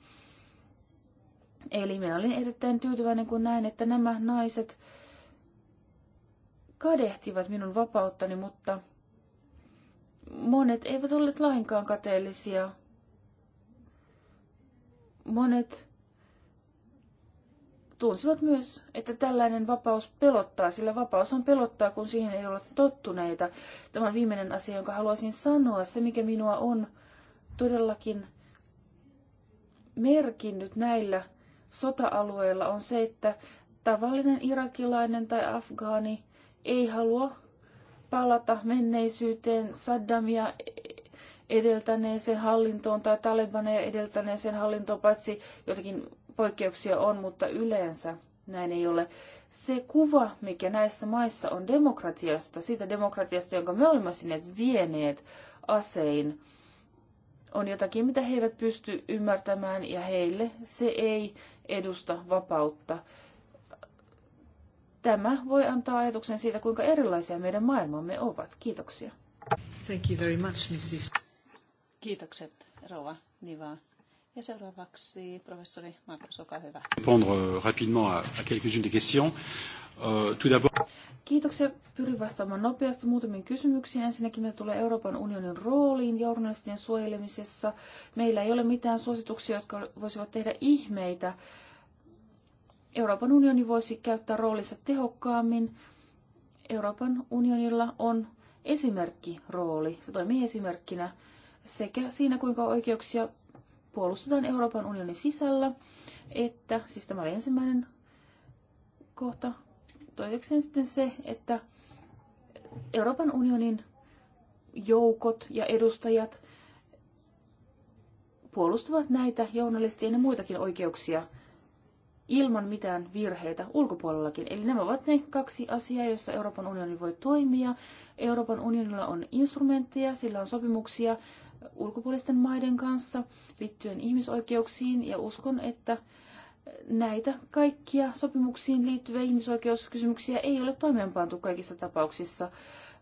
Eli minä olin erittäin tyytyväinen, kun näin, että nämä naiset kadehtivat minun vapauttani, mutta monet eivät olleet lainkaan kateellisia. Monet tunsivat myös, että tällainen vapaus pelottaa, sillä vapaus on pelottaa, kun siihen ei ole tottuneita. Tämä on viimeinen asia, jonka haluaisin sanoa. Se, mikä minua on todellakin merkinnyt näillä sota-alueella on se, että tavallinen irakilainen tai afgaani ei halua palata menneisyyteen Saddamia edeltäneeseen hallintoon tai Talibaneja edeltäneeseen hallintoon, paitsi jotakin poikkeuksia on, mutta yleensä näin ei ole. Se kuva, mikä näissä maissa on demokratiasta, siitä demokratiasta, jonka me olemme sinne vieneet asein, on jotakin, mitä he eivät pysty ymmärtämään ja heille se ei edusta vapautta. Tämä voi antaa ajatuksen siitä, kuinka erilaisia meidän maailmamme ovat. Kiitoksia. Thank you very much, Mrs. Kiitokset, Rova Niva. Ja seuraavaksi professori Markus, olkaa hyvä. Euh, euh, Kiitoksia. Pyrin vastaamaan nopeasti muutamiin kysymyksiin. Ensinnäkin mitä tulee Euroopan unionin rooliin journalistien suojelemisessa. Meillä ei ole mitään suosituksia, jotka voisivat tehdä ihmeitä. Euroopan unioni voisi käyttää roolinsa tehokkaammin. Euroopan unionilla on esimerkkirooli. Se toimii esimerkkinä sekä siinä, kuinka oikeuksia puolustetaan Euroopan unionin sisällä, että, siis tämä oli ensimmäinen kohta, toisekseen sitten se, että Euroopan unionin joukot ja edustajat puolustavat näitä journalistien ja muitakin oikeuksia ilman mitään virheitä ulkopuolellakin. Eli nämä ovat ne kaksi asiaa, joissa Euroopan unioni voi toimia. Euroopan unionilla on instrumentteja, sillä on sopimuksia, ulkopuolisten maiden kanssa liittyen ihmisoikeuksiin ja uskon, että näitä kaikkia sopimuksiin liittyviä ihmisoikeuskysymyksiä ei ole toimeenpantu kaikissa tapauksissa,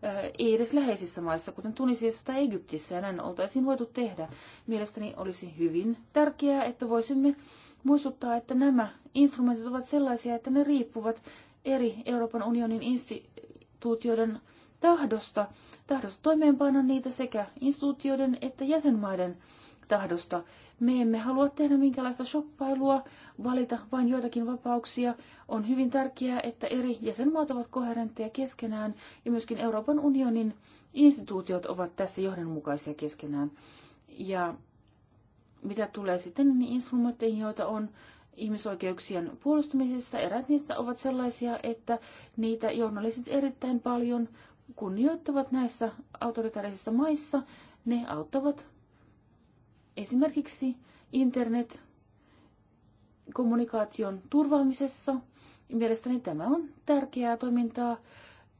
eh, ei edes läheisissä maissa, kuten Tunisiassa tai Egyptissä, ja näin oltaisiin voitu tehdä. Mielestäni olisi hyvin tärkeää, että voisimme muistuttaa, että nämä instrumentit ovat sellaisia, että ne riippuvat eri Euroopan unionin instituutioiden tahdosta, tahdosta toimeenpanna niitä sekä instituutioiden että jäsenmaiden tahdosta. Me emme halua tehdä minkälaista shoppailua, valita vain joitakin vapauksia. On hyvin tärkeää, että eri jäsenmaat ovat koherentteja keskenään ja myöskin Euroopan unionin instituutiot ovat tässä johdonmukaisia keskenään. Ja mitä tulee sitten niin instrumentteihin, joita on ihmisoikeuksien puolustamisessa, erät niistä ovat sellaisia, että niitä journalistit erittäin paljon kunnioittavat näissä autoritaarisissa maissa, ne auttavat esimerkiksi internet kommunikaation turvaamisessa. Mielestäni tämä on tärkeää toimintaa.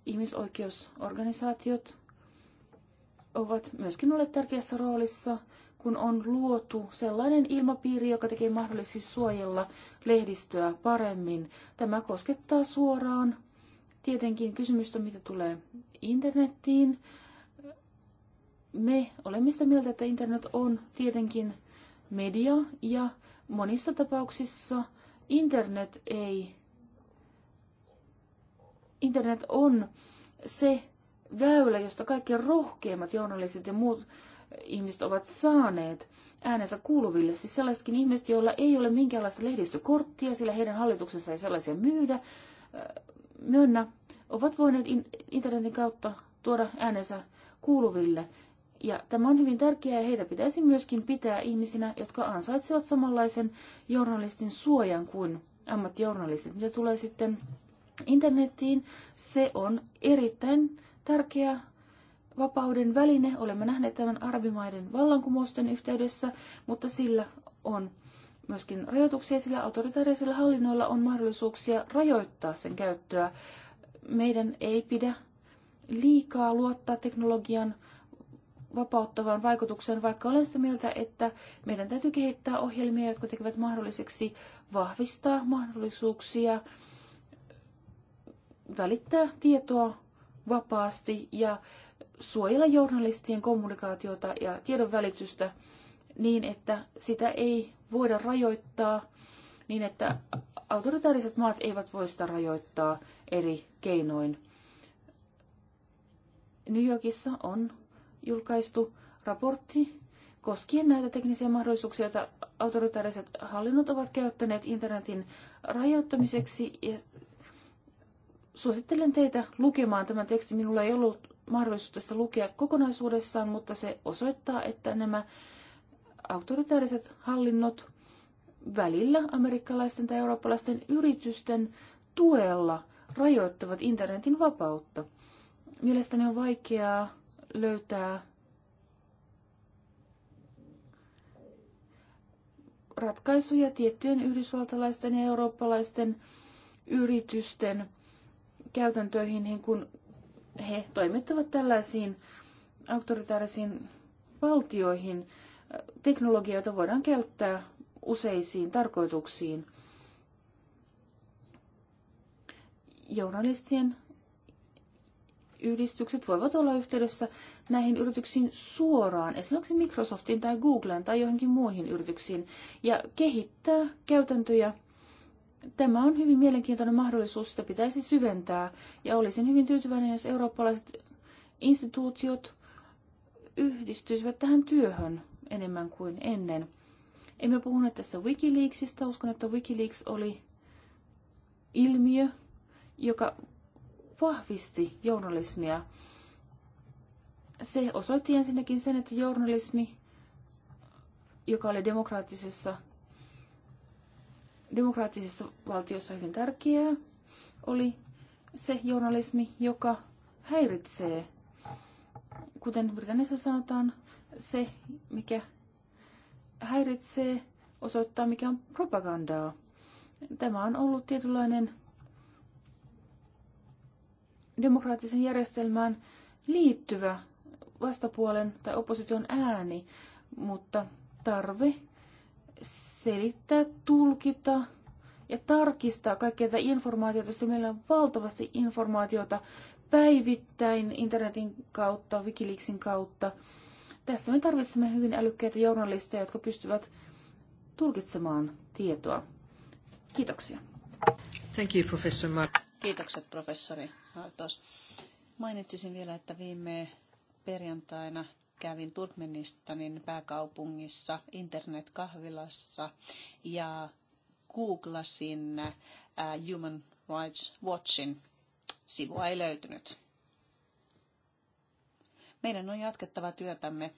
Ihmisoikeusorganisaatiot ovat myöskin olleet tärkeässä roolissa, kun on luotu sellainen ilmapiiri, joka tekee mahdolliseksi suojella lehdistöä paremmin. Tämä koskettaa suoraan Tietenkin kysymystä, mitä tulee internettiin. Me olemme sitä mieltä, että internet on tietenkin media ja monissa tapauksissa internet ei internet on se väylä, josta kaikki rohkeimmat journalistit ja muut ihmiset ovat saaneet äänensä kuuluville. Siis sellaisetkin ihmiset, joilla ei ole minkäänlaista lehdistökorttia, sillä heidän hallituksensa ei sellaisia myydä, myönnä ovat voineet internetin kautta tuoda äänensä kuuluville. Ja tämä on hyvin tärkeää ja heitä pitäisi myöskin pitää ihmisinä, jotka ansaitsevat samanlaisen journalistin suojan kuin ammattijournalistit. Mitä tulee sitten internettiin, se on erittäin tärkeä vapauden väline. Olemme nähneet tämän arabimaiden vallankumousten yhteydessä, mutta sillä on myöskin rajoituksia, sillä autoritaarisilla hallinnoilla on mahdollisuuksia rajoittaa sen käyttöä. Meidän ei pidä liikaa luottaa teknologian vapauttavaan vaikutukseen, vaikka olen sitä mieltä, että meidän täytyy kehittää ohjelmia, jotka tekevät mahdolliseksi vahvistaa mahdollisuuksia välittää tietoa vapaasti ja suojella journalistien kommunikaatiota ja tiedon välitystä niin, että sitä ei voida rajoittaa niin, että autoritaariset maat eivät voi sitä rajoittaa eri keinoin. New Yorkissa on julkaistu raportti koskien näitä teknisiä mahdollisuuksia, joita autoritaariset hallinnot ovat käyttäneet internetin rajoittamiseksi. Ja suosittelen teitä lukemaan tämän tekstin. Minulla ei ollut mahdollisuutta sitä lukea kokonaisuudessaan, mutta se osoittaa, että nämä autoritaariset hallinnot välillä amerikkalaisten tai eurooppalaisten yritysten tuella rajoittavat internetin vapautta. Mielestäni on vaikeaa löytää ratkaisuja tiettyjen yhdysvaltalaisten ja eurooppalaisten yritysten käytäntöihin, niin kun he toimittavat tällaisiin autoritaarisiin valtioihin teknologioita voidaan käyttää useisiin tarkoituksiin. Journalistien yhdistykset voivat olla yhteydessä näihin yrityksiin suoraan, esimerkiksi Microsoftin tai Googlen tai johonkin muihin yrityksiin, ja kehittää käytäntöjä. Tämä on hyvin mielenkiintoinen mahdollisuus, sitä pitäisi syventää, ja olisin hyvin tyytyväinen, jos eurooppalaiset instituutiot yhdistyisivät tähän työhön enemmän kuin ennen. Emme puhuneet tässä Wikileaksista. Uskon, että Wikileaks oli ilmiö, joka vahvisti journalismia. Se osoitti ensinnäkin sen, että journalismi, joka oli demokraattisessa, demokraattisessa valtiossa hyvin tärkeää, oli se journalismi, joka häiritsee. Kuten Britanniassa sanotaan, se, mikä häiritsee, osoittaa, mikä on propagandaa. Tämä on ollut tietynlainen demokraattisen järjestelmään liittyvä vastapuolen tai opposition ääni, mutta tarve selittää, tulkita ja tarkistaa kaikkea tätä informaatiota, Sitten meillä on valtavasti informaatiota päivittäin internetin kautta, Wikileaksin kautta. Tässä me tarvitsemme hyvin älykkäitä journalisteja, jotka pystyvät tulkitsemaan tietoa. Kiitoksia. Thank you, professor Mar- Kiitokset, professori Martos. Mainitsisin vielä, että viime perjantaina kävin Turkmenistanin pääkaupungissa internetkahvilassa ja googlasin äh, Human Rights Watchin sivua ei löytynyt. Meidän on jatkettava työtämme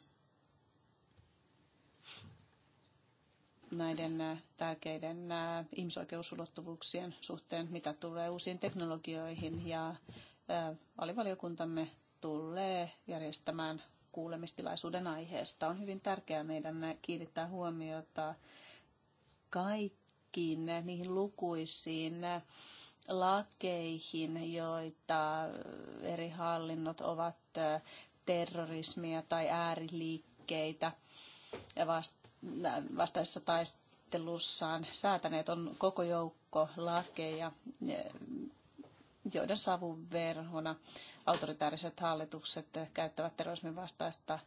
näiden äh, tärkeiden äh, ihmisoikeusulottuvuuksien suhteen, mitä tulee uusiin teknologioihin. Ja äh, alivaliokuntamme tulee järjestämään kuulemistilaisuuden aiheesta. On hyvin tärkeää meidän kiinnittää huomiota kaikkiin niihin lukuisiin lakeihin, joita eri hallinnot ovat terrorismia tai ääriliikkeitä vastaisessa taistelussaan säätäneet on koko joukko lakeja, eh, joiden savuverhona autoritaariset hallitukset käyttävät terrorismin vastaista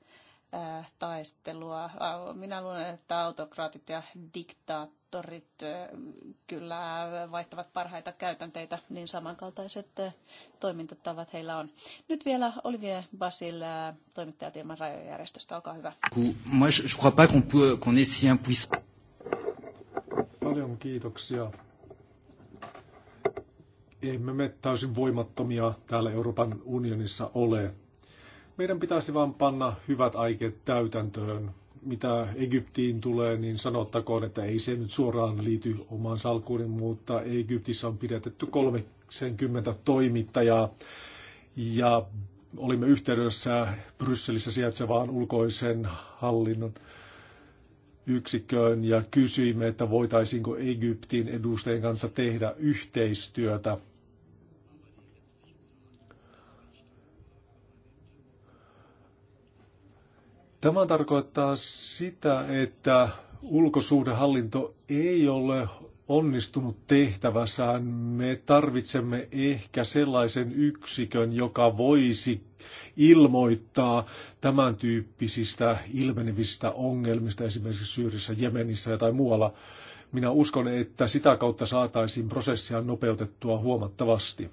eh, taistelua. Minä luulen, että autokraatit ja diktaattorit koordinaattorit kyllä vaihtavat parhaita käytänteitä, niin samankaltaiset toimintatavat heillä on. Nyt vielä Olivier Basil, toimittaja ilman rajojärjestöstä, olkaa hyvä. Paljon kiitoksia. Emme me täysin voimattomia täällä Euroopan unionissa ole. Meidän pitäisi vain panna hyvät aikeet täytäntöön mitä Egyptiin tulee, niin sanottakoon, että ei se nyt suoraan liity omaan salkuuni, mutta Egyptissä on pidätetty 30 toimittajaa ja olimme yhteydessä Brysselissä sijaitsevaan ulkoisen hallinnon yksikköön ja kysyimme, että voitaisiinko Egyptin edustajien kanssa tehdä yhteistyötä – Tämä tarkoittaa sitä, että ulkosuhdehallinto ei ole onnistunut tehtävässään. Me tarvitsemme ehkä sellaisen yksikön, joka voisi ilmoittaa tämän tyyppisistä ilmenevistä ongelmista esimerkiksi Syyrissä, Jemenissä tai muualla. Minä uskon, että sitä kautta saataisiin prosessia nopeutettua huomattavasti.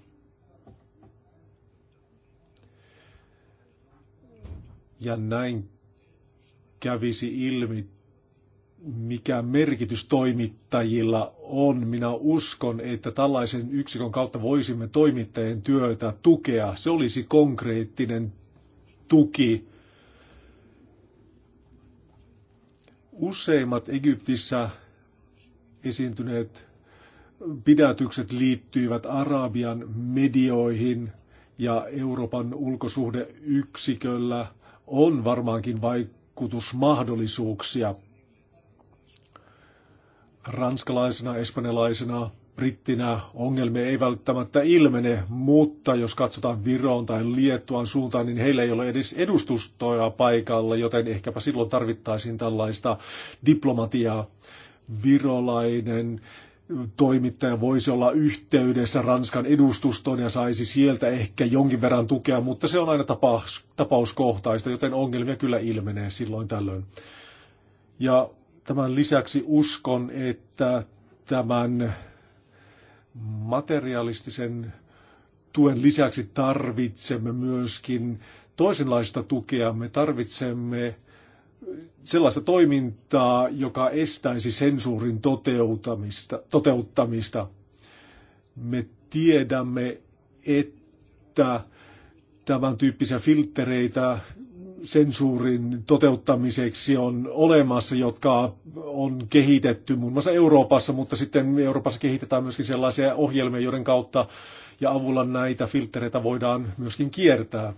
Ja näin kävisi ilmi, mikä merkitys toimittajilla on. Minä uskon, että tällaisen yksikön kautta voisimme toimittajien työtä tukea. Se olisi konkreettinen tuki. Useimmat Egyptissä esiintyneet pidätykset liittyivät Arabian medioihin ja Euroopan ulkosuhdeyksiköllä on varmaankin vaikka vaikutusmahdollisuuksia. Ranskalaisena, espanjalaisena, brittinä ongelmia ei välttämättä ilmene, mutta jos katsotaan Viroon tai Liettuan suuntaan, niin heillä ei ole edes edustustoja paikalla, joten ehkäpä silloin tarvittaisiin tällaista diplomatiaa. Virolainen toimittaja voisi olla yhteydessä Ranskan edustustoon ja saisi sieltä ehkä jonkin verran tukea, mutta se on aina tapaus, tapauskohtaista, joten ongelmia kyllä ilmenee silloin tällöin. Ja tämän lisäksi uskon, että tämän materialistisen tuen lisäksi tarvitsemme myöskin toisenlaista tukea. Me tarvitsemme sellaista toimintaa, joka estäisi sensuurin toteutamista, toteuttamista. Me tiedämme, että tämän tyyppisiä filtereitä sensuurin toteuttamiseksi on olemassa, jotka on kehitetty muun muassa Euroopassa, mutta sitten Euroopassa kehitetään myöskin sellaisia ohjelmia, joiden kautta ja avulla näitä filtreitä voidaan myöskin kiertää.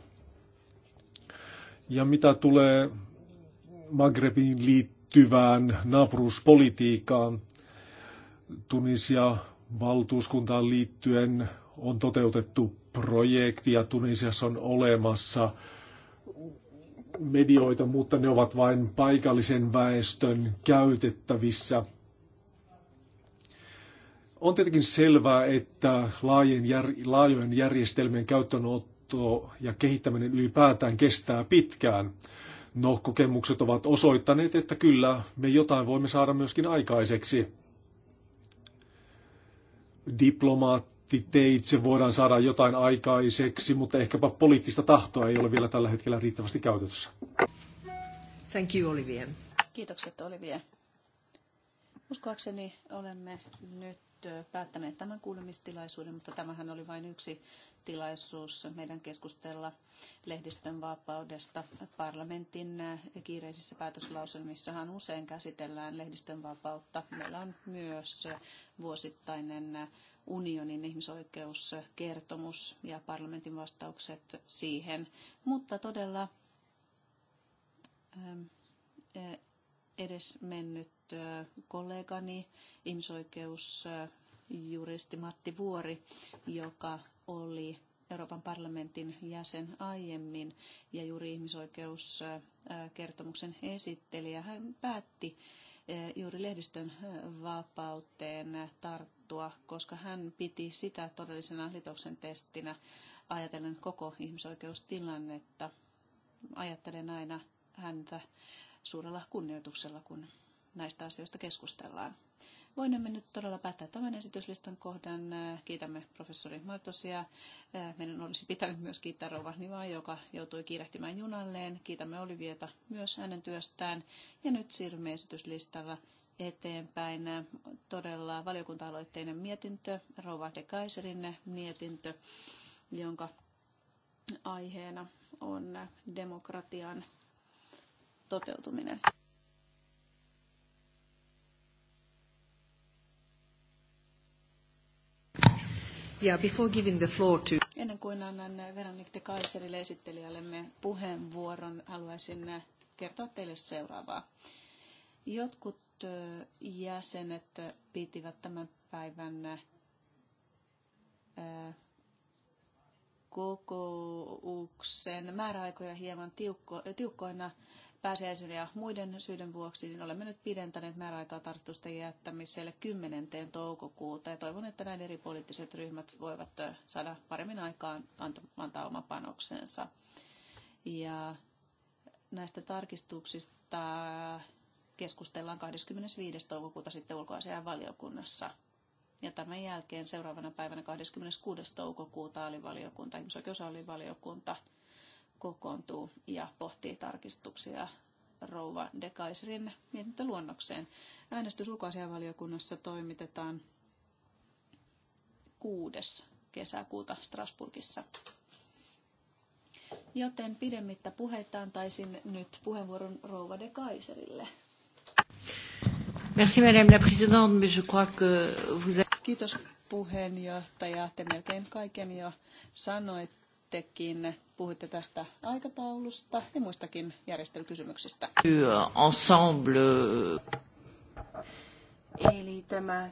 Ja mitä tulee Magrebiin liittyvään naapuruuspolitiikkaan Tunisia valtuuskuntaan liittyen on toteutettu projekti ja Tunisiassa on olemassa medioita, mutta ne ovat vain paikallisen väestön käytettävissä. On tietenkin selvää, että laajojen järjestelmien käyttöönotto ja kehittäminen ylipäätään kestää pitkään. No, kokemukset ovat osoittaneet, että kyllä me jotain voimme saada myöskin aikaiseksi. teitse voidaan saada jotain aikaiseksi, mutta ehkäpä poliittista tahtoa ei ole vielä tällä hetkellä riittävästi käytössä. Thank you, Olivier. Kiitokset, Olivier. Uskoakseni olemme nyt päättäneet tämän kuulemistilaisuuden, mutta tämähän oli vain yksi tilaisuus meidän keskustella lehdistön vapaudesta. Parlamentin äh, kiireisissä päätöslauselmissahan usein käsitellään lehdistön vapautta. Meillä on myös äh, vuosittainen äh, unionin ihmisoikeuskertomus ja parlamentin vastaukset siihen, mutta todella ähm, edes mennyt kollegani, ihmisoikeusjuristi Matti Vuori, joka oli Euroopan parlamentin jäsen aiemmin ja juuri ihmisoikeuskertomuksen esittelijä. Hän päätti juuri lehdistön vapauteen tarttua, koska hän piti sitä todellisena litoksen testinä ajatellen koko ihmisoikeustilannetta. Ajattelen aina häntä suurella kunnioituksella, kun näistä asioista keskustellaan. Voimme nyt todella päättää tämän esityslistan kohdan. Kiitämme professori Martosia. Meidän olisi pitänyt myös kiittää Rova Nivaa, joka joutui kiirehtimään junalleen. Kiitämme Olivieta myös hänen työstään. Ja nyt siirrymme esityslistalla eteenpäin. Todella valiokunta-aloitteinen mietintö, Rova de Kaiserin mietintö, jonka aiheena on demokratian toteutuminen. before giving the floor to... Ennen kuin annan Veronique de Kaiserille esittelijällemme puheenvuoron, haluaisin kertoa teille seuraavaa. Jotkut jäsenet pitivät tämän päivän kokouksen määräaikoja hieman tiukko, tiukkoina pääsiäisen ja muiden syiden vuoksi, niin olemme nyt pidentäneet määräaikaa tarkistusten jättämiselle 10. toukokuuta ja toivon, että näin eri poliittiset ryhmät voivat äh, saada paremmin aikaan antaa oma panoksensa. Ja näistä tarkistuksista keskustellaan 25. toukokuuta sitten ulkoasian valiokunnassa. Ja tämän jälkeen seuraavana päivänä 26. toukokuuta alivaliokunta, ihmisoikeusalivaliokunta, valiokunta kokoontuu ja pohtii tarkistuksia rouva de Kaiserin mietintöluonnokseen. Äänestys ulkoasianvaliokunnassa toimitetaan 6. kesäkuuta Strasburgissa. Joten pidemmittä puheita antaisin nyt puheenvuoron rouva de Kaiserille. Merci madame la présidente, mais je crois que vous avez... Kiitos puheenjohtaja. Te melkein kaiken jo sanoittekin puhuitte tästä aikataulusta ja muistakin järjestelykysymyksistä. Ensemble. Eli tämä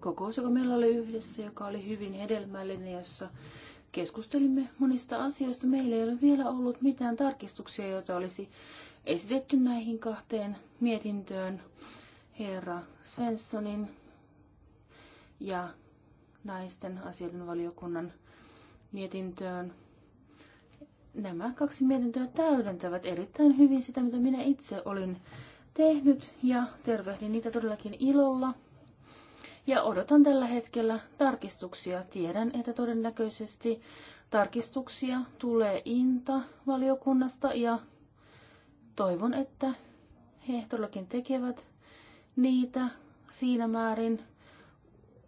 kokous, joka meillä oli yhdessä, joka oli hyvin hedelmällinen, jossa keskustelimme monista asioista. Meillä ei ole vielä ollut mitään tarkistuksia, joita olisi esitetty näihin kahteen mietintöön. Herra Svenssonin ja naisten asioiden valiokunnan mietintöön. Nämä kaksi mietintöä täydentävät erittäin hyvin sitä, mitä minä itse olin tehnyt ja tervehdin niitä todellakin ilolla. Ja odotan tällä hetkellä tarkistuksia. Tiedän, että todennäköisesti tarkistuksia tulee Inta valiokunnasta ja toivon, että he todellakin tekevät niitä siinä määrin,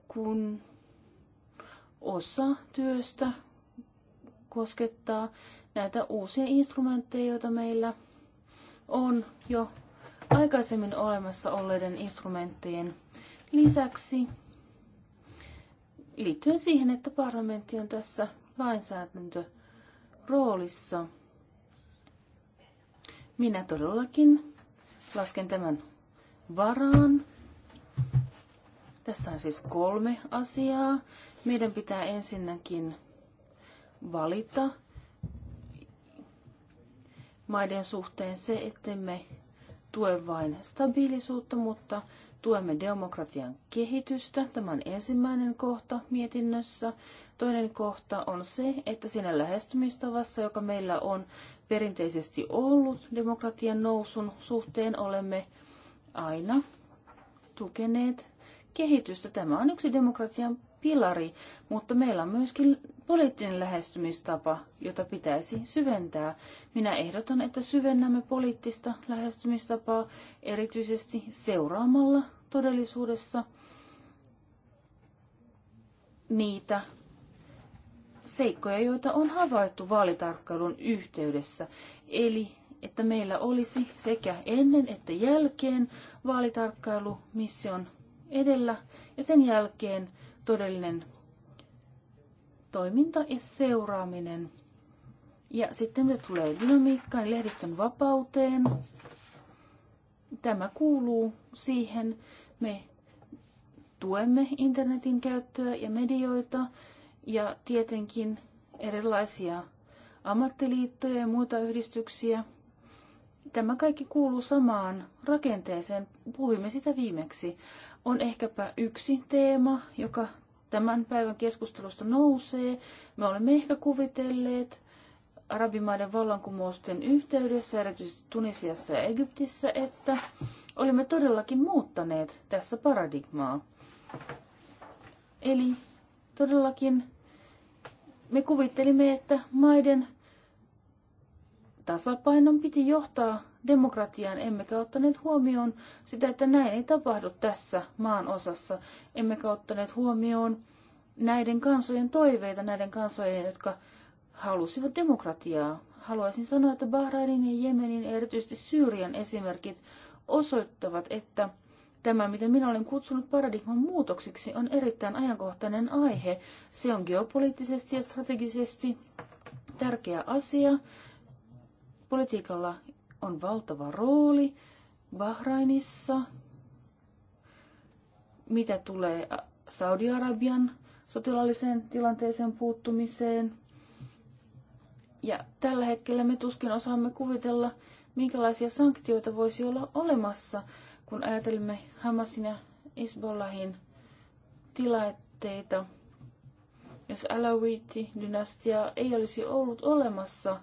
kun osa työstä koskettaa näitä uusia instrumentteja, joita meillä on jo aikaisemmin olemassa olleiden instrumenttien lisäksi liittyen siihen, että parlamentti on tässä lainsäädäntöroolissa. Minä todellakin lasken tämän varaan. Tässä on siis kolme asiaa. Meidän pitää ensinnäkin valita maiden suhteen se, ettemme tue vain stabiilisuutta, mutta tuemme demokratian kehitystä. Tämä on ensimmäinen kohta mietinnössä. Toinen kohta on se, että siinä lähestymistavassa, joka meillä on perinteisesti ollut demokratian nousun suhteen, olemme aina tukeneet kehitystä. Tämä on yksi demokratian pilari, mutta meillä on myöskin poliittinen lähestymistapa, jota pitäisi syventää. Minä ehdotan, että syvennämme poliittista lähestymistapaa erityisesti seuraamalla todellisuudessa niitä seikkoja, joita on havaittu vaalitarkkailun yhteydessä. Eli että meillä olisi sekä ennen että jälkeen vaalitarkkailumission edellä ja sen jälkeen todellinen toiminta ja seuraaminen. Ja sitten mitä tulee dynamiikkaan, lehdistön vapauteen, tämä kuuluu siihen. Me tuemme internetin käyttöä ja medioita ja tietenkin erilaisia ammattiliittoja ja muita yhdistyksiä. Tämä kaikki kuuluu samaan rakenteeseen. Puhuimme sitä viimeksi. On ehkäpä yksi teema, joka tämän päivän keskustelusta nousee. Me olemme ehkä kuvitelleet arabimaiden vallankumousten yhteydessä, erityisesti Tunisiassa ja Egyptissä, että olimme todellakin muuttaneet tässä paradigmaa. Eli todellakin me kuvittelimme, että maiden tasapainon piti johtaa demokratiaan, emmekä ottaneet huomioon sitä, että näin ei tapahdu tässä maan osassa. Emmekä ottaneet huomioon näiden kansojen toiveita, näiden kansojen, jotka halusivat demokratiaa. Haluaisin sanoa, että Bahrainin ja Jemenin, erityisesti Syyrian esimerkit osoittavat, että Tämä, mitä minä olen kutsunut paradigman muutoksiksi, on erittäin ajankohtainen aihe. Se on geopoliittisesti ja strategisesti tärkeä asia. Politiikalla on valtava rooli Bahrainissa, mitä tulee Saudi-Arabian sotilaalliseen tilanteeseen puuttumiseen. Ja tällä hetkellä me tuskin osaamme kuvitella, minkälaisia sanktioita voisi olla olemassa, kun ajatelemme Hamasin ja Isbollahin tilanteita. Jos Alawiti-dynastia ei olisi ollut olemassa,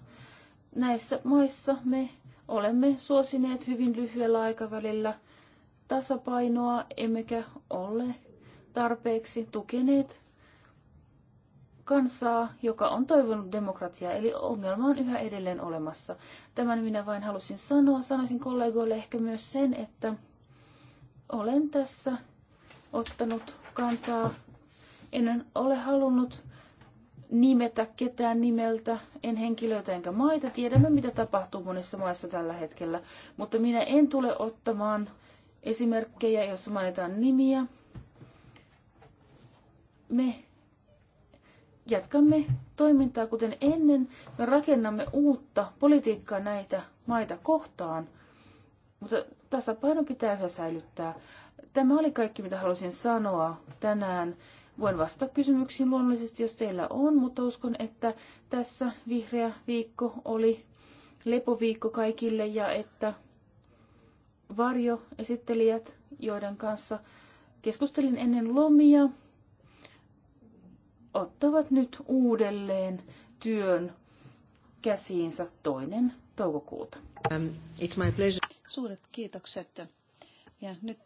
näissä maissa me olemme suosineet hyvin lyhyellä aikavälillä tasapainoa, emmekä ole tarpeeksi tukeneet kansaa, joka on toivonut demokratiaa, eli ongelma on yhä edelleen olemassa. Tämän minä vain halusin sanoa. Sanoisin kollegoille ehkä myös sen, että olen tässä ottanut kantaa. En ole halunnut nimetä ketään nimeltä, en henkilöitä enkä maita. Tiedämme, mitä tapahtuu monissa maissa tällä hetkellä, mutta minä en tule ottamaan esimerkkejä, joissa mainitaan nimiä. Me jatkamme toimintaa kuten ennen. Me rakennamme uutta politiikkaa näitä maita kohtaan, mutta tasapaino pitää yhä säilyttää. Tämä oli kaikki, mitä halusin sanoa tänään. Voin vastata kysymyksiin luonnollisesti, jos teillä on, mutta uskon, että tässä vihreä viikko oli lepoviikko kaikille ja että varjoesittelijät, joiden kanssa keskustelin ennen lomia, ottavat nyt uudelleen työn käsiinsä toinen toukokuuta. Um, it's my pleasure. Suuret kiitokset. Ja nyt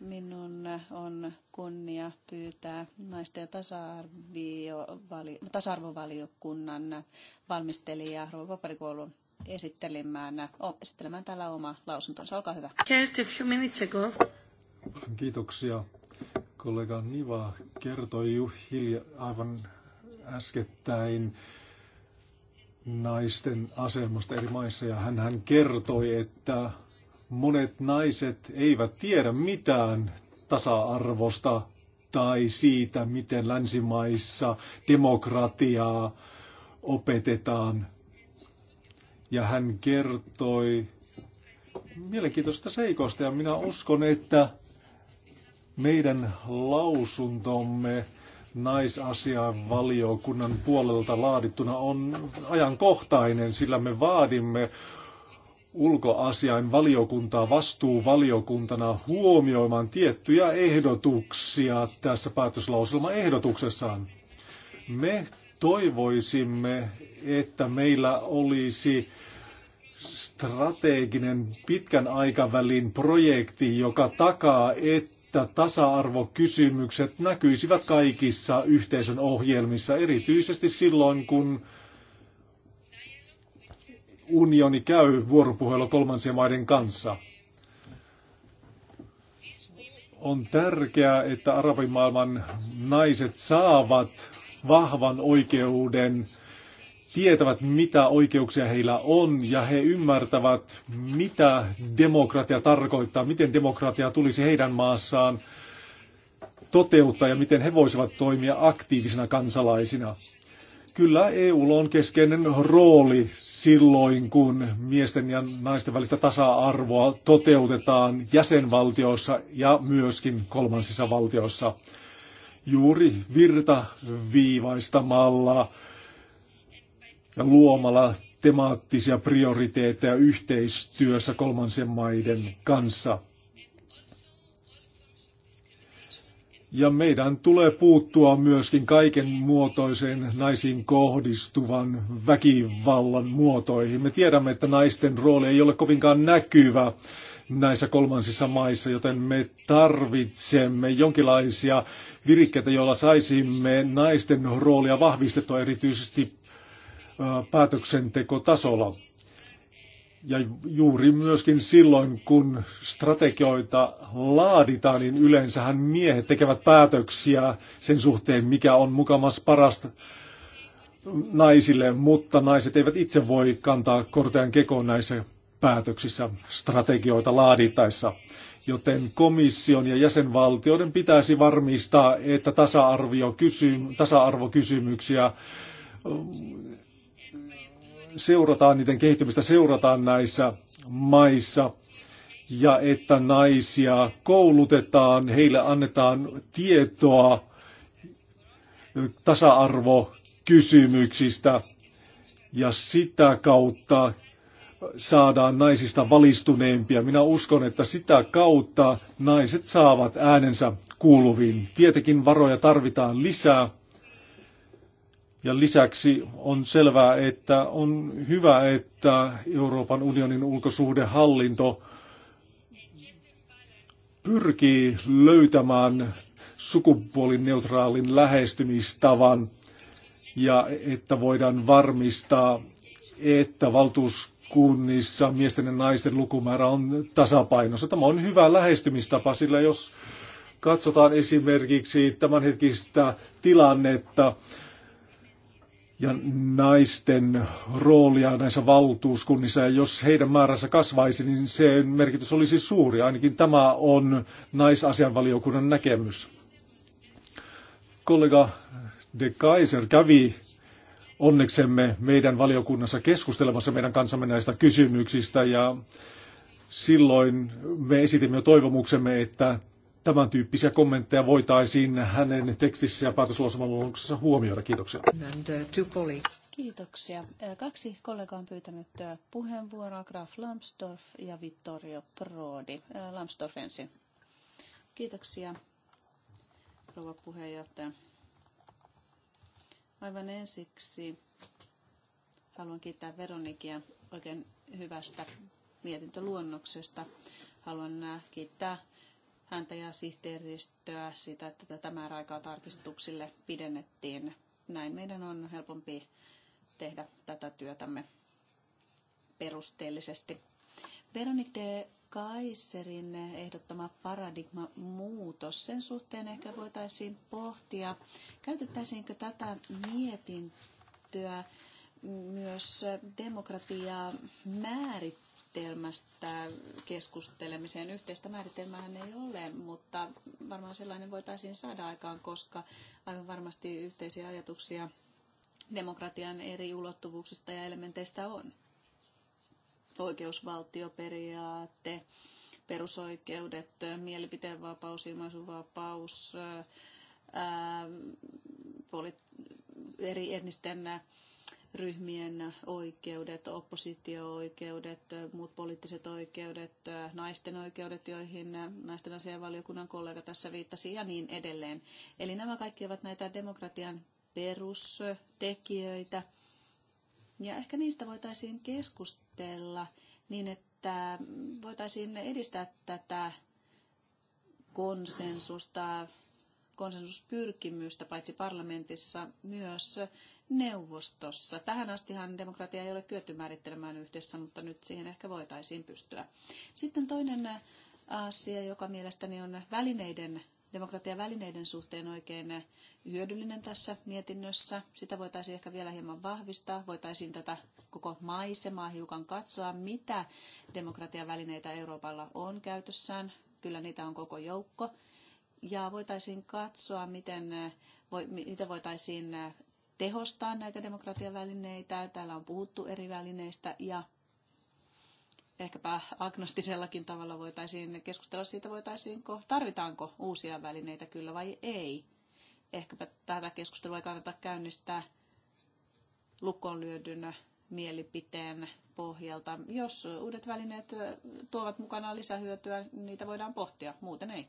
minun on kunnia pyytää naisten ja tasa-arvovaliokunnan valmistelija Rouva Parikoulun esittelemään, esittelemään täällä oma lausuntonsa. Olkaa hyvä. Just a few minutes ago. Kiitoksia. Kollega Niva kertoi ju hilja, aivan äskettäin naisten asemasta eri maissa ja hän, hän kertoi, että monet naiset eivät tiedä mitään tasa-arvosta tai siitä, miten länsimaissa demokratiaa opetetaan. Ja hän kertoi mielenkiintoista seikoista ja minä uskon, että meidän lausuntomme naisasian valiokunnan puolelta laadittuna on ajankohtainen, sillä me vaadimme ulkoasiain valiokuntaa vastuuvaliokuntana huomioimaan tiettyjä ehdotuksia tässä päätöslauselmaehdotuksessaan. Me toivoisimme, että meillä olisi strateginen pitkän aikavälin projekti, joka takaa, että tasa-arvokysymykset näkyisivät kaikissa yhteisön ohjelmissa, erityisesti silloin, kun unioni käy vuoropuhelua kolmansien maiden kanssa. On tärkeää, että arabimaailman naiset saavat vahvan oikeuden, tietävät mitä oikeuksia heillä on ja he ymmärtävät, mitä demokratia tarkoittaa, miten demokratia tulisi heidän maassaan toteuttaa ja miten he voisivat toimia aktiivisina kansalaisina kyllä EUlla on keskeinen rooli silloin, kun miesten ja naisten välistä tasa-arvoa toteutetaan jäsenvaltioissa ja myöskin kolmansissa valtioissa juuri virtaviivaistamalla ja luomalla temaattisia prioriteetteja yhteistyössä kolmansien maiden kanssa – Ja meidän tulee puuttua myöskin kaiken muotoiseen naisiin kohdistuvan väkivallan muotoihin. Me tiedämme, että naisten rooli ei ole kovinkaan näkyvä näissä kolmansissa maissa, joten me tarvitsemme jonkinlaisia virikkeitä, joilla saisimme naisten roolia vahvistettua erityisesti päätöksentekotasolla. Ja juuri myöskin silloin, kun strategioita laaditaan, niin yleensähän miehet tekevät päätöksiä sen suhteen, mikä on mukamas parasta naisille, mutta naiset eivät itse voi kantaa kortean kekoon näissä päätöksissä strategioita laadittaessa. Joten komission ja jäsenvaltioiden pitäisi varmistaa, että tasa-arvokysymyksiä tasa seurataan, niiden kehittymistä seurataan näissä maissa ja että naisia koulutetaan, heille annetaan tietoa tasa-arvokysymyksistä ja sitä kautta saadaan naisista valistuneempia. Minä uskon, että sitä kautta naiset saavat äänensä kuuluviin. Tietenkin varoja tarvitaan lisää, ja lisäksi on selvää, että on hyvä, että Euroopan unionin ulkosuhdehallinto pyrkii löytämään sukupuolineutraalin lähestymistavan ja että voidaan varmistaa, että valtuuskunnissa miesten ja naisten lukumäärä on tasapainossa. Tämä on hyvä lähestymistapa, sillä jos katsotaan esimerkiksi tämänhetkistä tilannetta, ja naisten roolia näissä valtuuskunnissa. Ja jos heidän määränsä kasvaisi, niin sen merkitys olisi suuri. Ainakin tämä on naisasianvaliokunnan näkemys. Kollega de Kaiser kävi onneksemme meidän valiokunnassa keskustelemassa meidän kanssamme näistä kysymyksistä ja silloin me esitimme toivomuksemme, että tämän tyyppisiä kommentteja voitaisiin hänen tekstissä ja päätöslausumaluonnoksessa huomioida. Kiitoksia. Uh, Kiitoksia. Kaksi kollegaa on pyytänyt puheenvuoroa, Graf Lambsdorff ja Vittorio Prodi. Lambsdorff ensin. Kiitoksia, rouva puheenjohtaja. Aivan ensiksi haluan kiittää Veronikia oikein hyvästä mietintöluonnoksesta. Haluan kiittää häntä ja sihteeristöä sitä, että tätä määräaikaa tarkistuksille pidennettiin. Näin meidän on helpompi tehdä tätä työtämme perusteellisesti. Veronique de Kaiserin ehdottama paradigma-muutos. Sen suhteen ehkä voitaisiin pohtia, käytettäisiinkö tätä mietintöä myös demokratiaa määrittämään määritelmästä keskustelemiseen. Yhteistä määritelmää ei ole, mutta varmaan sellainen voitaisiin saada aikaan, koska aivan varmasti yhteisiä ajatuksia demokratian eri ulottuvuuksista ja elementeistä on. Oikeusvaltioperiaate, perusoikeudet, mielipiteenvapaus, ilmaisuvapaus, ää, poli- eri etnisten ryhmien oikeudet, oppositio-oikeudet, muut poliittiset oikeudet, naisten oikeudet, joihin naisten asianvaliokunnan kollega tässä viittasi ja niin edelleen. Eli nämä kaikki ovat näitä demokratian perustekijöitä. Ja ehkä niistä voitaisiin keskustella niin, että voitaisiin edistää tätä konsensusta, konsensuspyrkimystä paitsi parlamentissa myös neuvostossa. Tähän astihan demokratia ei ole kyetty määrittelemään yhdessä, mutta nyt siihen ehkä voitaisiin pystyä. Sitten toinen äh, asia, joka mielestäni on välineiden demokratiavälineiden suhteen oikein hyödyllinen tässä mietinnössä. Sitä voitaisiin ehkä vielä hieman vahvistaa. Voitaisiin tätä koko maisemaa hiukan katsoa, mitä demokratiavälineitä Euroopalla on käytössään. Kyllä niitä on koko joukko. Ja voitaisiin katsoa, miten niitä äh, voitaisiin äh, tehostaa näitä demokratiavälineitä. Täällä on puhuttu eri välineistä ja ehkäpä agnostisellakin tavalla voitaisiin keskustella siitä, voitaisiinko, tarvitaanko uusia välineitä kyllä vai ei. Ehkäpä tätä keskustelua ei kannata käynnistää lukon lyödyn mielipiteen pohjalta. Jos uudet välineet tuovat mukanaan lisähyötyä, niitä voidaan pohtia, muuten ei.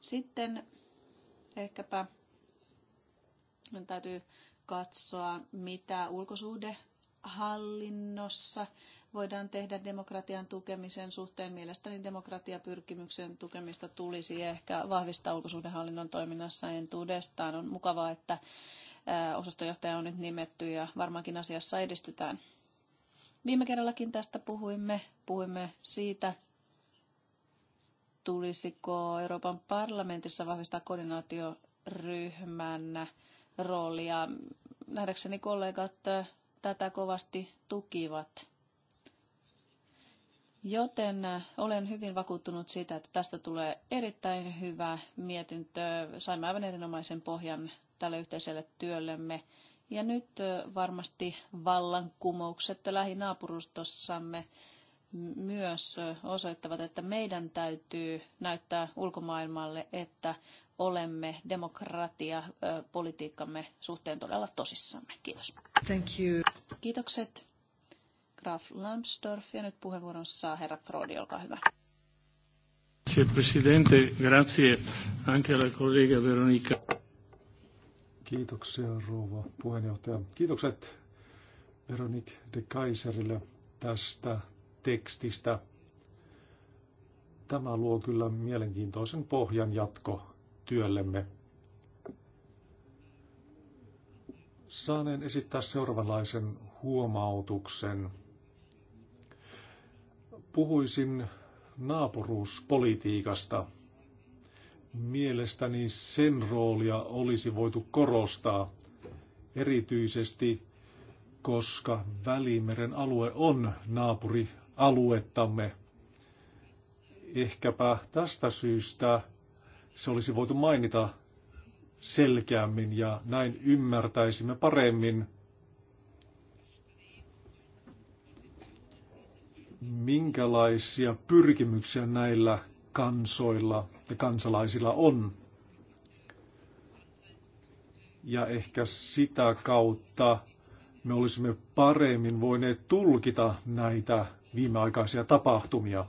Sitten ehkäpä Täytyy katsoa, mitä ulkosuhdehallinnossa voidaan tehdä demokratian tukemisen suhteen. Mielestäni demokratiapyrkimyksen tukemista tulisi ehkä vahvistaa ulkosuhdehallinnon toiminnassa entuudestaan. On mukavaa, että osastojohtaja on nyt nimetty ja varmaankin asiassa edistytään. Viime kerrallakin tästä puhuimme. Puhuimme siitä, tulisiko Euroopan parlamentissa vahvistaa koordinaatioryhmän roolia. Nähdäkseni kollegat tätä kovasti tukivat. Joten olen hyvin vakuuttunut siitä, että tästä tulee erittäin hyvä mietintö. Saimme aivan erinomaisen pohjan tälle yhteiselle työllemme. Ja nyt varmasti vallankumoukset lähinaapurustossamme myös osoittavat, että meidän täytyy näyttää ulkomaailmalle, että olemme demokratia politiikkamme suhteen todella tosissamme. Kiitos. Thank you. Kiitokset. Graf Lambsdorff ja nyt puheenvuoron saa herra Prodi, olkaa hyvä. Grazie Presidente, grazie anche alla collega Veronica. Kiitoksia rouva puheenjohtaja. Kiitokset Veronique de Kaiserille tästä tekstistä. Tämä luo kyllä mielenkiintoisen pohjan jatko työllemme. Saaneen esittää seuraavanlaisen huomautuksen. Puhuisin naapuruuspolitiikasta. Mielestäni sen roolia olisi voitu korostaa erityisesti, koska Välimeren alue on naapuri aluettamme. Ehkäpä tästä syystä se olisi voitu mainita selkeämmin ja näin ymmärtäisimme paremmin, minkälaisia pyrkimyksiä näillä kansoilla ja kansalaisilla on. Ja ehkä sitä kautta me olisimme paremmin voineet tulkita näitä viimeaikaisia tapahtumia.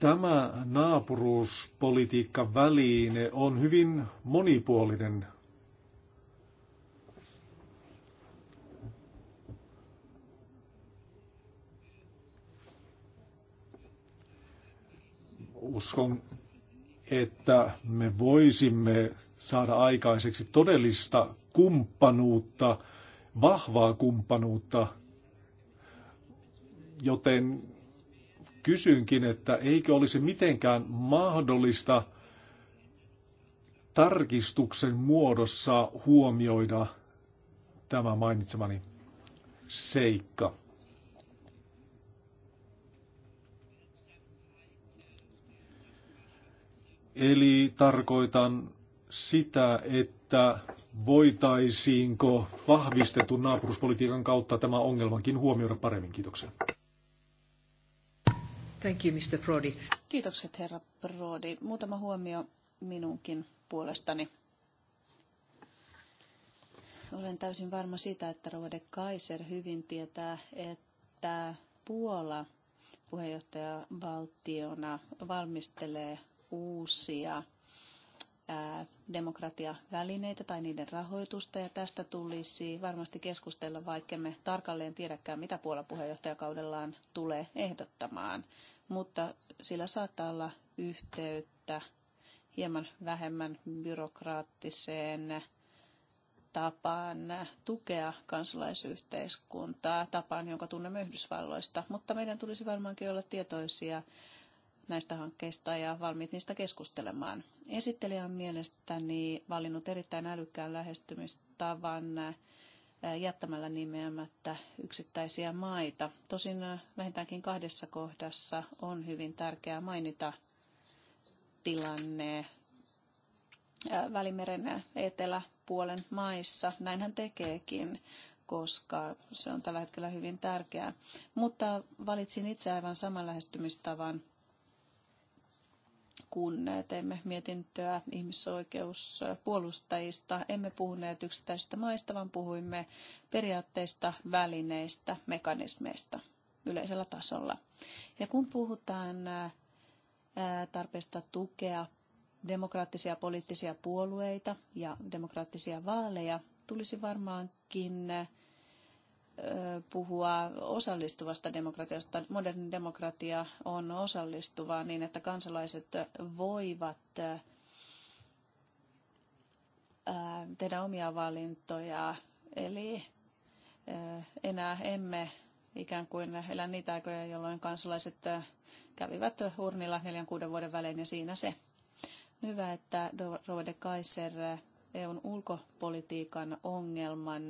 Tämä naapuruuspolitiikka väline on hyvin monipuolinen uskon, että me voisimme saada aikaiseksi todellista kumppanuutta, vahvaa kumppanuutta Joten kysynkin, että eikö olisi mitenkään mahdollista tarkistuksen muodossa huomioida tämä mainitsemani seikka. Eli tarkoitan sitä, että voitaisiinko vahvistetun naapuruspolitiikan kautta tämä ongelmakin huomioida paremmin. Kiitoksia. Thank you, Mr. Prodi. Kiitokset, herra Prodi. Muutama huomio minunkin puolestani. Olen täysin varma siitä, että Rode Kaiser hyvin tietää, että Puola puheenjohtajavaltiona valmistelee uusia demokratiavälineitä tai niiden rahoitusta ja tästä tulisi varmasti keskustella, vaikka me tarkalleen tiedäkään, mitä Puola puheenjohtajakaudellaan tulee ehdottamaan. Mutta sillä saattaa olla yhteyttä hieman vähemmän byrokraattiseen tapaan tukea kansalaisyhteiskuntaa, tapaan, jonka tunnemme Yhdysvalloista. Mutta meidän tulisi varmaankin olla tietoisia näistä hankkeista ja valmiit niistä keskustelemaan. Esittelijä on mielestäni valinnut erittäin älykkään lähestymistavan äh, jättämällä nimeämättä yksittäisiä maita. Tosin äh, vähintäänkin kahdessa kohdassa on hyvin tärkeää mainita tilanne äh, Välimeren eteläpuolen maissa. Näin hän tekeekin, koska se on tällä hetkellä hyvin tärkeää. Mutta valitsin itse aivan saman lähestymistavan kun teimme mietintöä ihmisoikeuspuolustajista, emme puhuneet yksittäisistä maista, vaan puhuimme periaatteista, välineistä, mekanismeista yleisellä tasolla. Ja kun puhutaan tarpeesta tukea demokraattisia poliittisia puolueita ja demokraattisia vaaleja, tulisi varmaankin puhua osallistuvasta demokratiasta. Moderni demokratia on osallistuvaa niin, että kansalaiset voivat tehdä omia valintoja. Eli enää emme ikään kuin elä niitä aikoja, jolloin kansalaiset kävivät urnilla neljän kuuden vuoden välein ja siinä se. Hyvä, että Rode Kaiser EUn ulkopolitiikan ongelman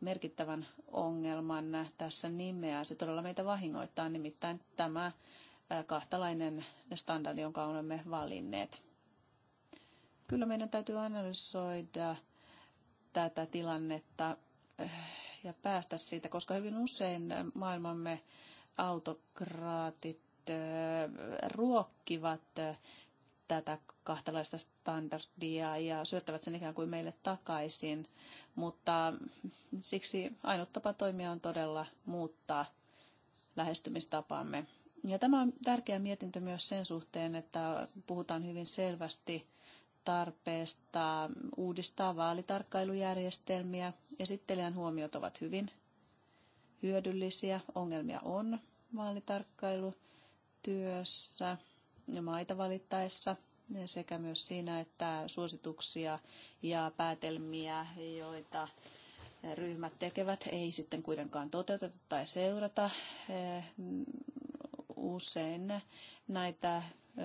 merkittävän ongelman tässä nimeä, Se todella meitä vahingoittaa, nimittäin tämä kahtalainen standardi, jonka olemme valinneet. Kyllä meidän täytyy analysoida tätä tilannetta ja päästä siitä, koska hyvin usein maailmamme autokraatit ruokkivat tätä kahtalaista standardia ja syöttävät sen ikään kuin meille takaisin. Mutta siksi ainut tapa toimia on todella muuttaa lähestymistapaamme. Ja tämä on tärkeä mietintö myös sen suhteen, että puhutaan hyvin selvästi tarpeesta uudistaa vaalitarkkailujärjestelmiä. Esittelijän huomiot ovat hyvin hyödyllisiä. Ongelmia on vaalitarkkailutyössä maita valittaessa sekä myös siinä, että suosituksia ja päätelmiä, joita ryhmät tekevät, ei sitten kuitenkaan toteuteta tai seurata. Eh, usein näitä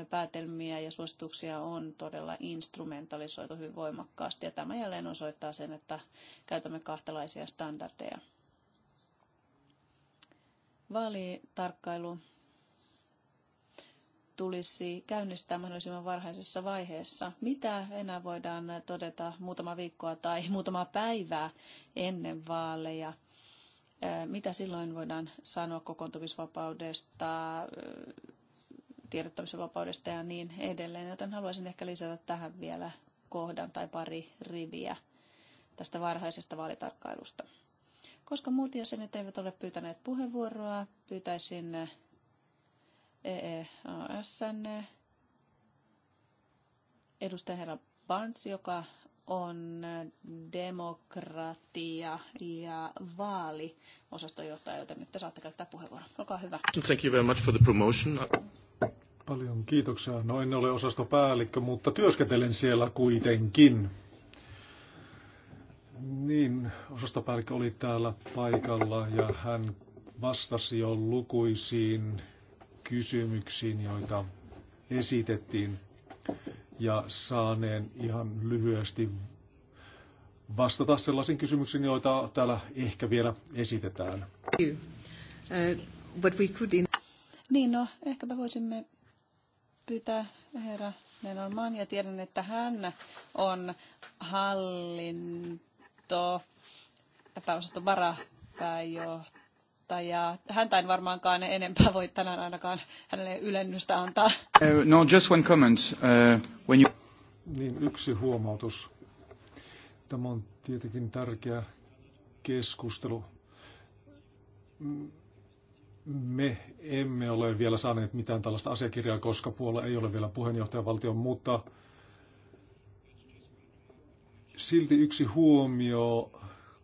päätelmiä ja suosituksia on todella instrumentalisoitu hyvin voimakkaasti. Ja tämä jälleen osoittaa sen, että käytämme kahtalaisia standardeja. Vaalitarkkailu tulisi käynnistää mahdollisimman varhaisessa vaiheessa. Mitä enää voidaan todeta muutama viikkoa tai muutama päivää ennen vaaleja? Mitä silloin voidaan sanoa kokoontumisvapaudesta, tiedottamisen vapaudesta ja niin edelleen? Joten haluaisin ehkä lisätä tähän vielä kohdan tai pari riviä tästä varhaisesta vaalitarkkailusta. Koska muut jäsenet eivät ole pyytäneet puheenvuoroa, pyytäisin EEASn edustaja herra Barnes, joka on demokratia- ja vaaliosastojohtaja, joten nyt te saatte käyttää puheenvuoron. Olkaa hyvä. Thank you very much for the promotion. Paljon kiitoksia. No en ole osastopäällikkö, mutta työskentelen siellä kuitenkin. Niin, osastopäällikkö oli täällä paikalla ja hän vastasi jo lukuisiin kysymyksiin, joita esitettiin ja saaneen ihan lyhyesti vastata sellaisiin kysymyksiin, joita täällä ehkä vielä esitetään. Niin, no, ehkäpä voisimme pyytää herra Nelonmaan ja tiedän, että hän on hallinto, pääosaston varapääjohtaja johtajaa. Häntä en varmaankaan enempää voi tänään ainakaan hänelle ylennystä antaa. Uh, no, just one comment. Uh, when you... Niin, yksi huomautus. Tämä on tietenkin tärkeä keskustelu. Me emme ole vielä saaneet mitään tällaista asiakirjaa, koska Puola ei ole vielä puheenjohtajavaltio, mutta silti yksi huomio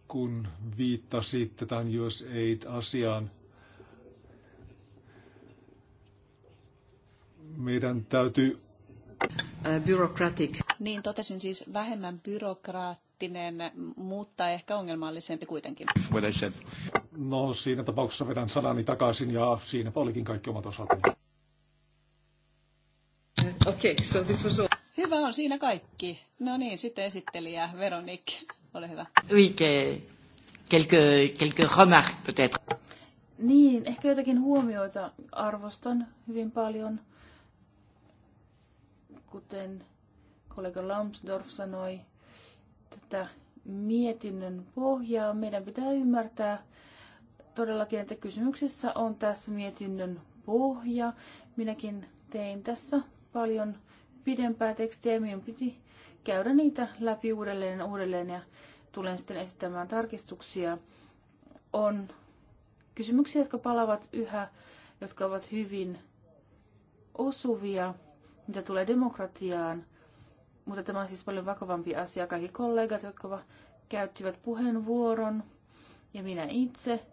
kun viittasitte tähän USAID-asiaan. Meidän täytyy... Äh, Bureaucratic. Niin, totesin siis vähemmän byrokraattinen, mutta ehkä ongelmallisempi kuitenkin. What I said. No, siinä tapauksessa vedän sanani takaisin ja siinä olikin kaikki omat osaltani. Äh, okay, so this was all. Hyvä on siinä kaikki. No niin, sitten esittelijä Veronik. Ole hyvä. Oui, quelques, quelques remarques peut-être. Niin, ehkä jotakin huomioita arvostan hyvin paljon, kuten kollega Lambsdorff sanoi, tätä mietinnön pohjaa. Meidän pitää ymmärtää todellakin, että kysymyksessä on tässä mietinnön pohja. Minäkin tein tässä paljon pidempää tekstiä ja minun piti käydä niitä läpi uudelleen ja uudelleen ja tulen sitten esittämään tarkistuksia, on kysymyksiä, jotka palavat yhä, jotka ovat hyvin osuvia, mitä tulee demokratiaan. Mutta tämä on siis paljon vakavampi asia. Kaikki kollegat, jotka käyttivät puheenvuoron ja minä itse,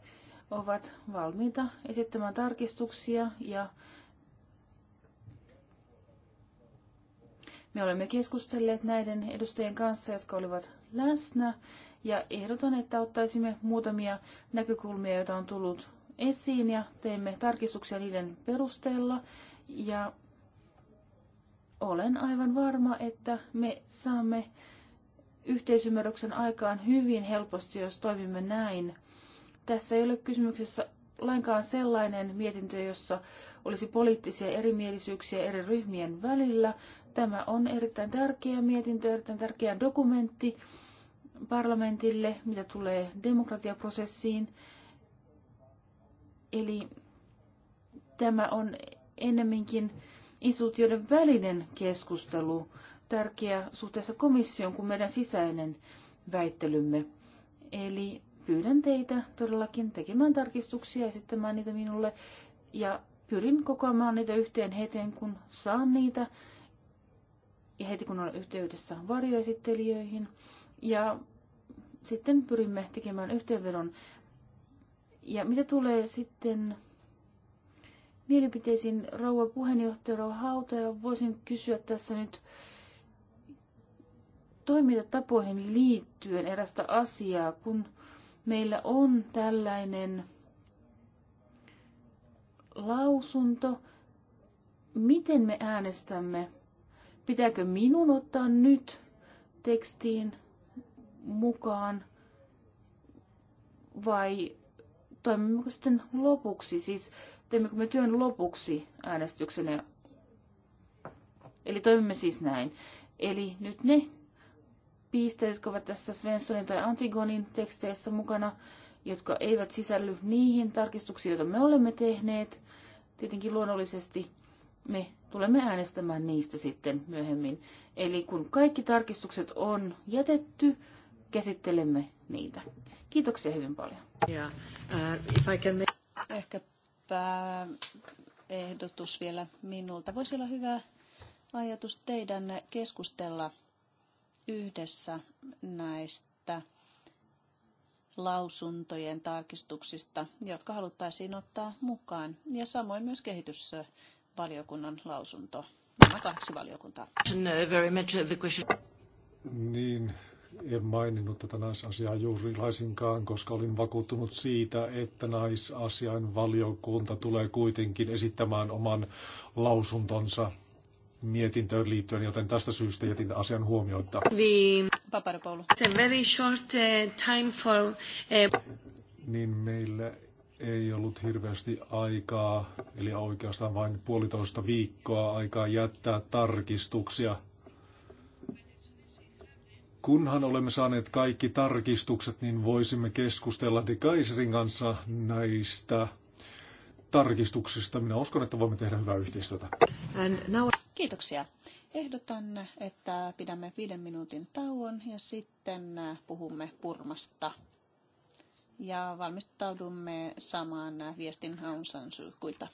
ovat valmiita esittämään tarkistuksia ja me olemme keskustelleet näiden edustajien kanssa, jotka olivat läsnä ja ehdotan, että ottaisimme muutamia näkökulmia, joita on tullut esiin ja teemme tarkistuksia niiden perusteella. Ja olen aivan varma, että me saamme yhteisymmärryksen aikaan hyvin helposti, jos toimimme näin. Tässä ei ole kysymyksessä lainkaan sellainen mietintö, jossa olisi poliittisia erimielisyyksiä eri ryhmien välillä Tämä on erittäin tärkeä mietintö, erittäin tärkeä dokumentti parlamentille, mitä tulee demokratiaprosessiin. Eli tämä on ennemminkin instituutioiden välinen keskustelu tärkeä suhteessa komission kuin meidän sisäinen väittelymme. Eli pyydän teitä todellakin tekemään tarkistuksia, esittämään niitä minulle ja pyrin kokoamaan niitä yhteen heteen kun saan niitä ja heti kun olen yhteydessä varjoesittelijöihin. Ja sitten pyrimme tekemään yhteenvedon. Ja mitä tulee sitten mielipiteisiin, rouva puheenjohtaja rouva Hauta, ja voisin kysyä tässä nyt toimintatapoihin liittyen erästä asiaa, kun meillä on tällainen lausunto, miten me äänestämme Pitääkö minun ottaa nyt tekstiin mukaan vai toimimmeko sitten lopuksi, siis teemmekö me työn lopuksi äänestyksen. Eli toimimme siis näin. Eli nyt ne pisteet, jotka ovat tässä Svenssonin tai Antigonin teksteissä mukana, jotka eivät sisälly niihin tarkistuksiin, joita me olemme tehneet. Tietenkin luonnollisesti me tulemme äänestämään niistä sitten myöhemmin. Eli kun kaikki tarkistukset on jätetty, käsittelemme niitä. Kiitoksia hyvin paljon. Yeah. Uh, can... Ehkäpä ehdotus vielä minulta. Voisi olla hyvä ajatus teidän keskustella yhdessä näistä lausuntojen tarkistuksista, jotka haluttaisiin ottaa mukaan, ja samoin myös kehitys valiokunnan lausunto. Nämä kaksi valiokuntaa. No, very much the question. Niin, en maininnut tätä naisasiaa juuri laisinkaan, koska olin vakuuttunut siitä, että naisasian valiokunta tulee kuitenkin esittämään oman lausuntonsa mietintöön liittyen, joten tästä syystä jätin asian huomioita. Papadopoulou. It's a very short uh, time for... Uh, niin meillä ei ollut hirveästi aikaa, eli oikeastaan vain puolitoista viikkoa aikaa jättää tarkistuksia. Kunhan olemme saaneet kaikki tarkistukset, niin voisimme keskustella De Kaiserin kanssa näistä tarkistuksista. Minä uskon, että voimme tehdä hyvää yhteistyötä. Kiitoksia. Ehdotan, että pidämme viiden minuutin tauon ja sitten puhumme purmasta ja valmistaudumme samaan viestin Aung San Suu Kuilta.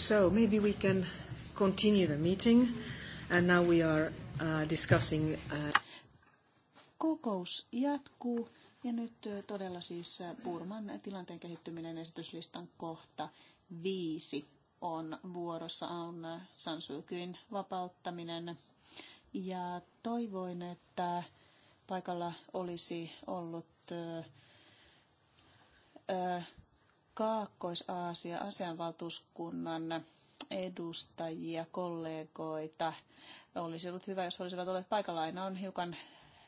So maybe we can continue the meeting. And now we are uh, discussing... Uh... Kokous jatkuu. Ja nyt todella siis Burman tilanteen kehittyminen esityslistan kohta viisi on vuorossa on San Suu Kyin vapauttaminen. Ja toivoin, että paikalla olisi ollut Kaakkois-Aasia ASEAN valtuuskunnan edustajia, kollegoita. Olisi ollut hyvä, jos olisivat olleet paikalla. Aina on hiukan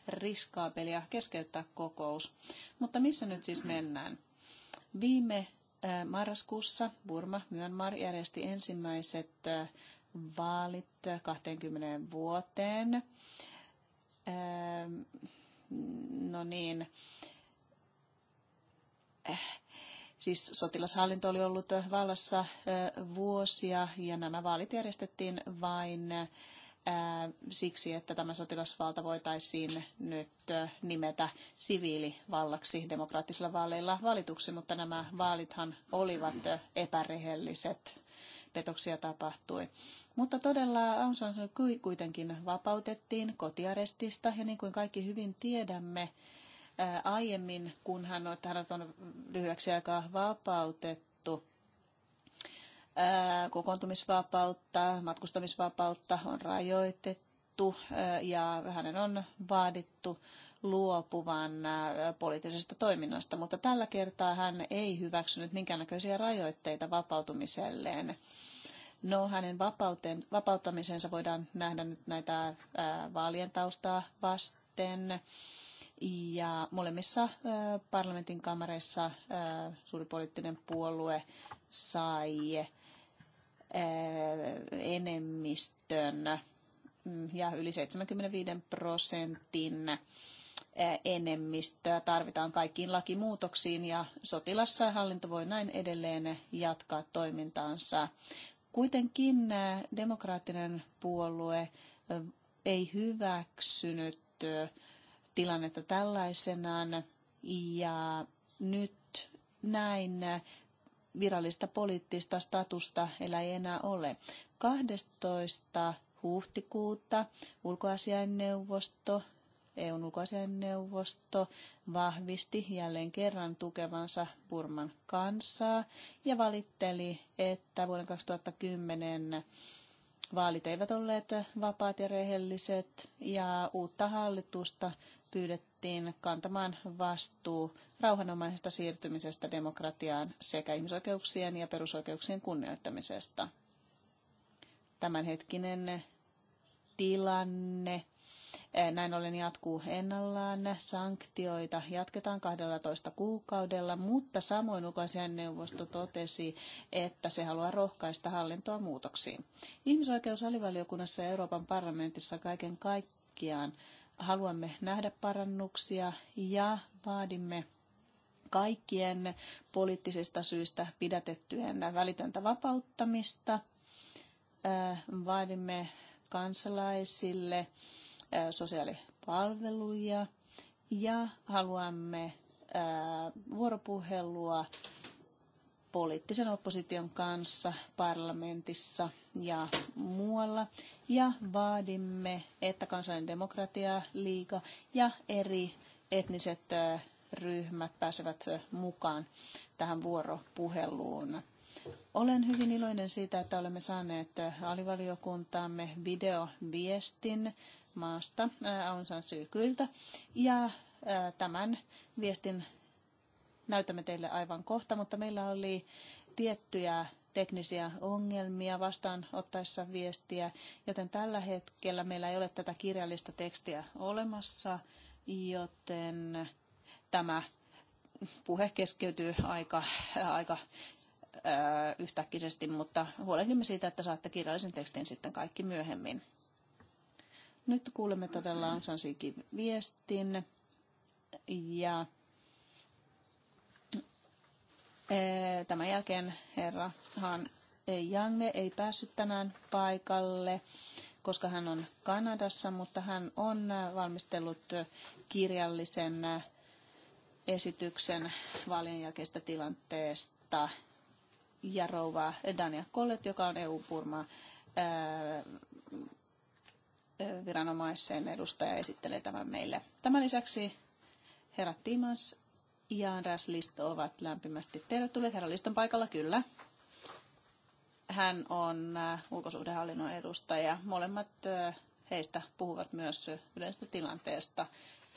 riskaapelia keskeyttää kokous. Mutta missä nyt siis mennään? Viime äh, marraskuussa Burma Myanmar järjesti ensimmäiset äh, vaalit 20 vuoteen. Ähm, no niin, äh, Siis sotilashallinto oli ollut vallassa vuosia ja nämä vaalit järjestettiin vain siksi, että tämä sotilasvalta voitaisiin nyt nimetä siviilivallaksi demokraattisilla vaaleilla valituksi, mutta nämä vaalithan olivat epärehelliset. Petoksia tapahtui. Mutta todella Aung San Suu Kyi kuitenkin vapautettiin kotiarestista ja niin kuin kaikki hyvin tiedämme, aiemmin, kun hän on, hän on lyhyeksi aikaa vapautettu, kokoontumisvapautta, matkustamisvapautta on rajoitettu ja hänen on vaadittu luopuvan poliittisesta toiminnasta, mutta tällä kertaa hän ei hyväksynyt minkäännäköisiä rajoitteita vapautumiselleen. No, hänen vapauteen, vapauttamisensa voidaan nähdä nyt näitä ää, vaalien taustaa vasten. Ja molemmissa parlamentin kamareissa suuri poliittinen puolue sai enemmistön mm, ja yli 75 prosentin enemmistöä tarvitaan kaikkiin lakimuutoksiin ja sotilassa hallinto voi näin edelleen jatkaa toimintaansa. Kuitenkin demokraattinen puolue ei hyväksynyt tilannetta tällaisenaan. Ja nyt näin virallista poliittista statusta elä ei enää ole. 12. huhtikuuta ulkoasiainneuvosto EUn ulkoasiainneuvosto vahvisti jälleen kerran tukevansa Burman kansaa ja valitteli, että vuoden 2010 vaalit eivät olleet vapaat ja rehelliset ja uutta hallitusta pyydettiin kantamaan vastuu rauhanomaisesta siirtymisestä demokratiaan sekä ihmisoikeuksien ja perusoikeuksien kunnioittamisesta. Tämänhetkinen tilanne eh, näin ollen jatkuu ennallaan. Sanktioita jatketaan 12 kuukaudella, mutta samoin ulkoisen neuvosto totesi, että se haluaa rohkaista hallintoa muutoksiin. Ihmisoikeusalivaliokunnassa ja Euroopan parlamentissa kaiken kaikkiaan haluamme nähdä parannuksia ja vaadimme kaikkien poliittisista syistä pidätettyjen välitöntä vapauttamista. Vaadimme kansalaisille sosiaalipalveluja ja haluamme vuoropuhelua poliittisen opposition kanssa parlamentissa ja muualla. Ja vaadimme, että kansallinen demokratia, liiga ja eri etniset ryhmät pääsevät mukaan tähän vuoropuheluun. Olen hyvin iloinen siitä, että olemme saaneet alivaliokuntaamme videoviestin maasta Aung San Syy Ja tämän viestin näytämme teille aivan kohta, mutta meillä oli tiettyjä teknisiä ongelmia vastaanottaessa viestiä, joten tällä hetkellä meillä ei ole tätä kirjallista tekstiä olemassa, joten tämä puhe keskeytyy aika, aika ää, yhtäkkisesti, mutta huolehdimme siitä, että saatte kirjallisen tekstin sitten kaikki myöhemmin. Nyt kuulemme todella Ansan viestin ja Eh, tämän jälkeen herra Han Jangne ei päässyt tänään paikalle, koska hän on Kanadassa, mutta hän on valmistellut kirjallisen esityksen vaalien jälkeistä tilanteesta. Ja rouva Dania Kollet, joka on eu purma eh, eh, viranomaisen edustaja esittelee tämän meille. Tämän lisäksi herra Timans ja Andreas ovat lämpimästi tervetulleet. Herra Liston paikalla, kyllä. Hän on äh, ulkosuhdehallinnon edustaja. Molemmat äh, heistä puhuvat myös yleisestä tilanteesta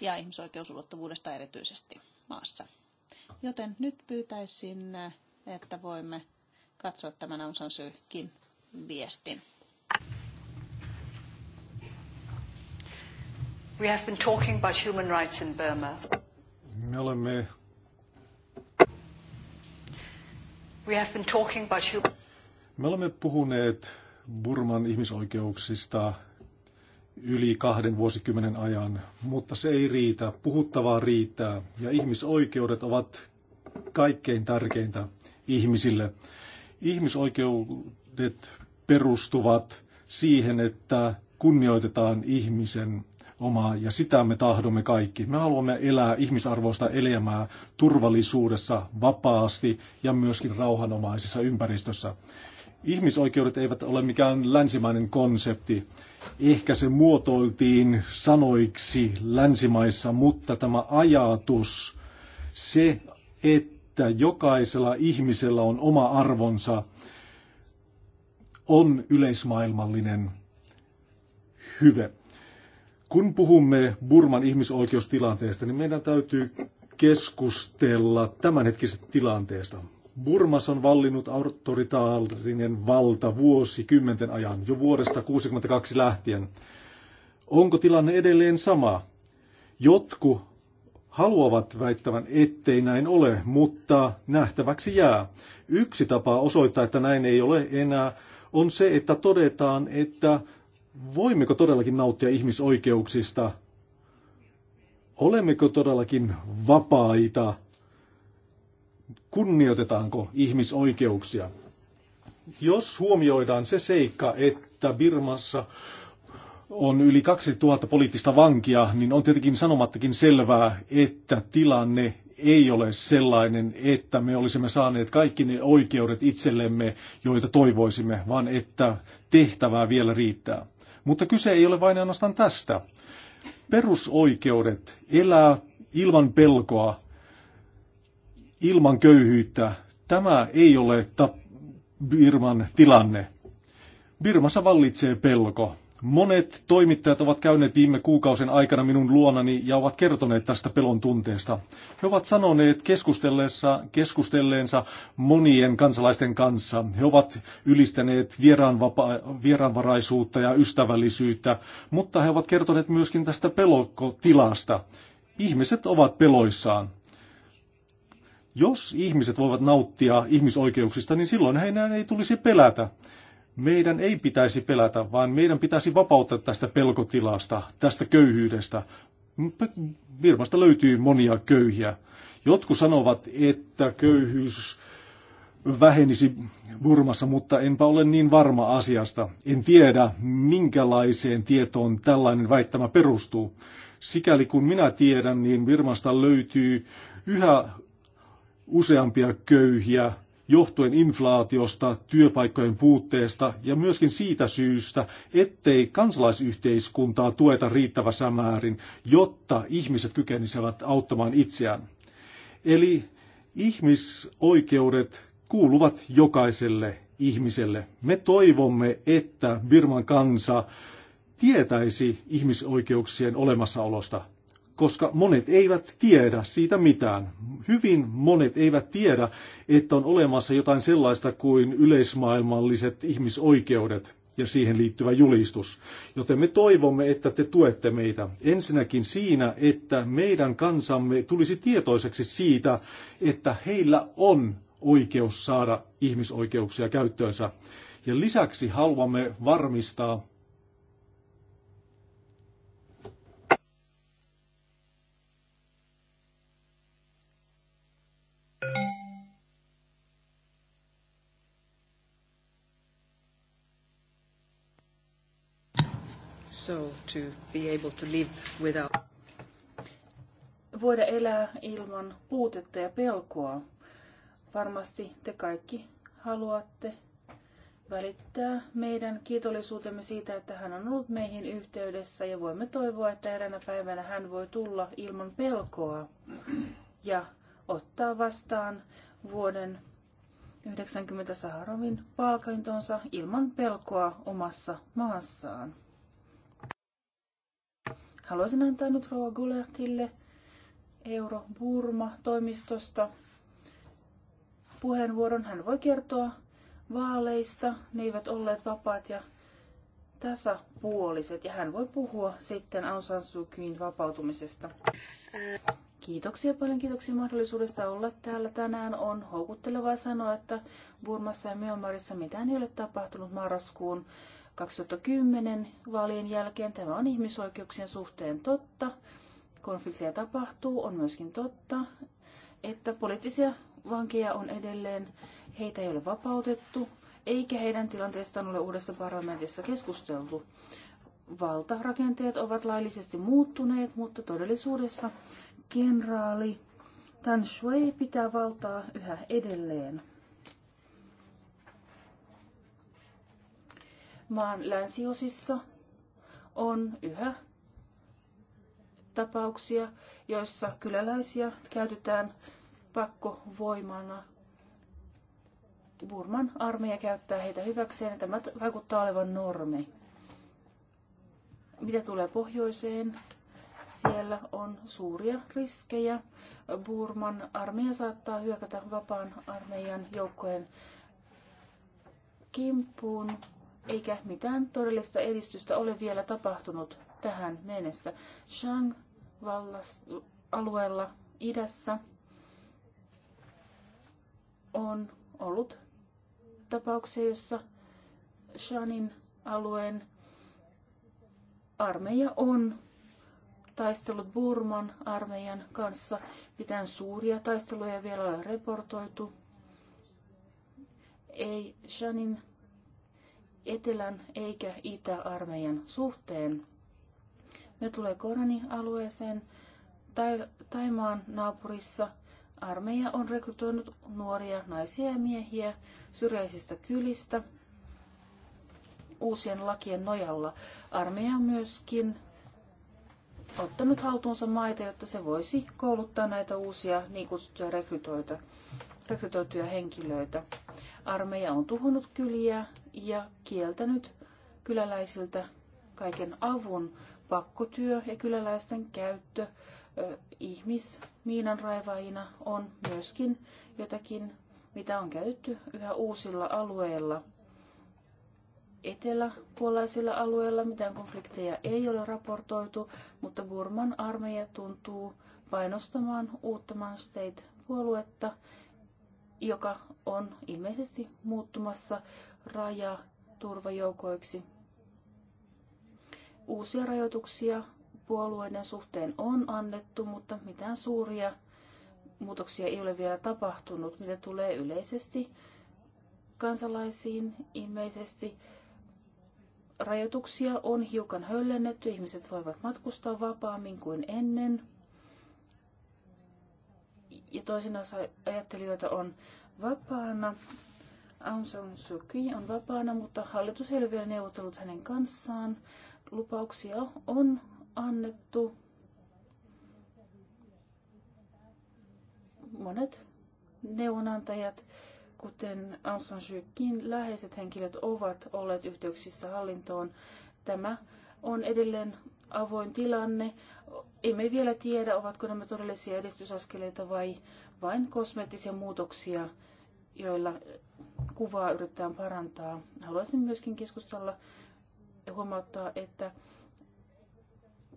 ja ihmisoikeusulottuvuudesta erityisesti maassa. Joten nyt pyytäisin, äh, että voimme katsoa tämän Aung syykin viestin. We have been talking about human rights in Burma. Me olemme We have been talking about you. Me olemme puhuneet Burman ihmisoikeuksista yli kahden vuosikymmenen ajan, mutta se ei riitä. Puhuttavaa riittää ja ihmisoikeudet ovat kaikkein tärkeintä ihmisille. Ihmisoikeudet perustuvat siihen, että kunnioitetaan ihmisen omaa, ja sitä me tahdomme kaikki. Me haluamme elää ihmisarvoista elämää turvallisuudessa, vapaasti ja myöskin rauhanomaisessa ympäristössä. Ihmisoikeudet eivät ole mikään länsimainen konsepti. Ehkä se muotoiltiin sanoiksi länsimaissa, mutta tämä ajatus, se, että jokaisella ihmisellä on oma arvonsa, on yleismaailmallinen hyve. Kun puhumme Burman ihmisoikeustilanteesta, niin meidän täytyy keskustella tämänhetkisestä tilanteesta. Burmas on vallinnut autoritaarinen valta vuosikymmenten ajan, jo vuodesta 1962 lähtien. Onko tilanne edelleen sama? Jotkut haluavat väittävän, ettei näin ole, mutta nähtäväksi jää. Yksi tapa osoittaa, että näin ei ole enää, on se, että todetaan, että voimmeko todellakin nauttia ihmisoikeuksista? Olemmeko todellakin vapaita? Kunnioitetaanko ihmisoikeuksia? Jos huomioidaan se seikka, että Birmassa on yli 2000 poliittista vankia, niin on tietenkin sanomattakin selvää, että tilanne ei ole sellainen, että me olisimme saaneet kaikki ne oikeudet itsellemme, joita toivoisimme, vaan että tehtävää vielä riittää. Mutta kyse ei ole vain ainoastaan tästä. Perusoikeudet elää ilman pelkoa, ilman köyhyyttä. Tämä ei ole Birman tilanne. Birmassa vallitsee pelko. Monet toimittajat ovat käyneet viime kuukausien aikana minun luonani ja ovat kertoneet tästä pelon tunteesta. He ovat sanoneet keskustelleensa, keskustelleensa monien kansalaisten kanssa. He ovat ylistäneet vieraanvaraisuutta ja ystävällisyyttä, mutta he ovat kertoneet myöskin tästä pelokotilasta. Ihmiset ovat peloissaan. Jos ihmiset voivat nauttia ihmisoikeuksista, niin silloin heidän ei tulisi pelätä. Meidän ei pitäisi pelätä, vaan meidän pitäisi vapauttaa tästä pelkotilasta, tästä köyhyydestä. Virmasta löytyy monia köyhiä. Jotkut sanovat, että köyhyys vähenisi Burmassa, mutta enpä ole niin varma asiasta. En tiedä, minkälaiseen tietoon tällainen väittämä perustuu. Sikäli kun minä tiedän, niin Virmasta löytyy yhä useampia köyhiä johtuen inflaatiosta, työpaikkojen puutteesta ja myöskin siitä syystä, ettei kansalaisyhteiskuntaa tueta riittävässä määrin, jotta ihmiset kykenisivät auttamaan itseään. Eli ihmisoikeudet kuuluvat jokaiselle ihmiselle. Me toivomme, että Birman kansa tietäisi ihmisoikeuksien olemassaolosta koska monet eivät tiedä siitä mitään. Hyvin monet eivät tiedä, että on olemassa jotain sellaista kuin yleismaailmalliset ihmisoikeudet ja siihen liittyvä julistus. Joten me toivomme, että te tuette meitä. Ensinnäkin siinä, että meidän kansamme tulisi tietoiseksi siitä, että heillä on oikeus saada ihmisoikeuksia käyttöönsä. Ja lisäksi haluamme varmistaa, so to be able to live without. Voida elää ilman puutetta ja pelkoa. Varmasti te kaikki haluatte välittää meidän kiitollisuutemme siitä, että hän on ollut meihin yhteydessä ja voimme toivoa, että eräänä päivänä hän voi tulla ilman pelkoa ja ottaa vastaan vuoden 90 Saharovin palkintonsa ilman pelkoa omassa maassaan. Haluaisin antaa nyt Rova Gulertille Euro Burma-toimistosta puheenvuoron. Hän voi kertoa vaaleista. Ne eivät olleet vapaat ja tasapuoliset ja hän voi puhua sitten Aung San Suu Kyin vapautumisesta. Kiitoksia paljon, kiitoksia mahdollisuudesta olla täällä tänään. On houkuttelevaa sanoa, että Burmassa ja Myanmarissa mitään ei ole tapahtunut marraskuun 2010 vaalien jälkeen. Tämä on ihmisoikeuksien suhteen totta. Konflikteja tapahtuu. On myöskin totta, että poliittisia vankeja on edelleen. Heitä ei ole vapautettu, eikä heidän tilanteestaan ole uudessa parlamentissa keskusteltu. Valtarakenteet ovat laillisesti muuttuneet, mutta todellisuudessa kenraali Tan Shui pitää valtaa yhä edelleen. maan länsiosissa on yhä tapauksia, joissa kyläläisiä käytetään pakkovoimana. Burman armeija käyttää heitä hyväkseen ja tämä vaikuttaa olevan normi. Mitä tulee pohjoiseen, siellä on suuria riskejä. Burman armeija saattaa hyökätä vapaan armeijan joukkojen kimppuun eikä mitään todellista edistystä ole vielä tapahtunut tähän mennessä. Shang alueella idässä on ollut tapauksia, jossa Shanin alueen armeija on taistellut Burman armeijan kanssa. Mitään suuria taisteluja vielä ole reportoitu. Ei Shanin etelän eikä itä suhteen. Ne tulee Korani-alueeseen tai, Taimaan naapurissa. Armeija on rekrytoinut nuoria naisia ja miehiä syrjäisistä kylistä uusien lakien nojalla. Armeija on myöskin ottanut haltuunsa maita, jotta se voisi kouluttaa näitä uusia niin kutsuttuja rekrytoita, rekrytoituja henkilöitä. Armeija on tuhonnut kyliä, ja kieltänyt kyläläisiltä kaiken avun. Pakkotyö ja kyläläisten käyttö ihmismiinan raivaajina on myöskin jotakin, mitä on käytetty yhä uusilla alueilla. Eteläpuolaisilla alueilla mitään konflikteja ei ole raportoitu, mutta Burman armeija tuntuu painostamaan uutta State-puoluetta, joka on ilmeisesti muuttumassa raja turvajoukoiksi. Uusia rajoituksia puolueiden suhteen on annettu, mutta mitään suuria muutoksia ei ole vielä tapahtunut, mitä tulee yleisesti kansalaisiin ilmeisesti. Rajoituksia on hiukan höllennetty, ihmiset voivat matkustaa vapaammin kuin ennen. Ja toisena ajattelijoita on vapaana Aung San Suu Kyi on vapaana, mutta hallitus ei ole vielä neuvotellut hänen kanssaan. Lupauksia on annettu. Monet neuvonantajat, kuten Aung San Suu Kyin läheiset henkilöt, ovat olleet yhteyksissä hallintoon. Tämä on edelleen avoin tilanne. Emme vielä tiedä, ovatko nämä todellisia edistysaskeleita vai vain kosmeettisia muutoksia, joilla kuvaa yritetään parantaa. Haluaisin myöskin keskustella ja huomauttaa, että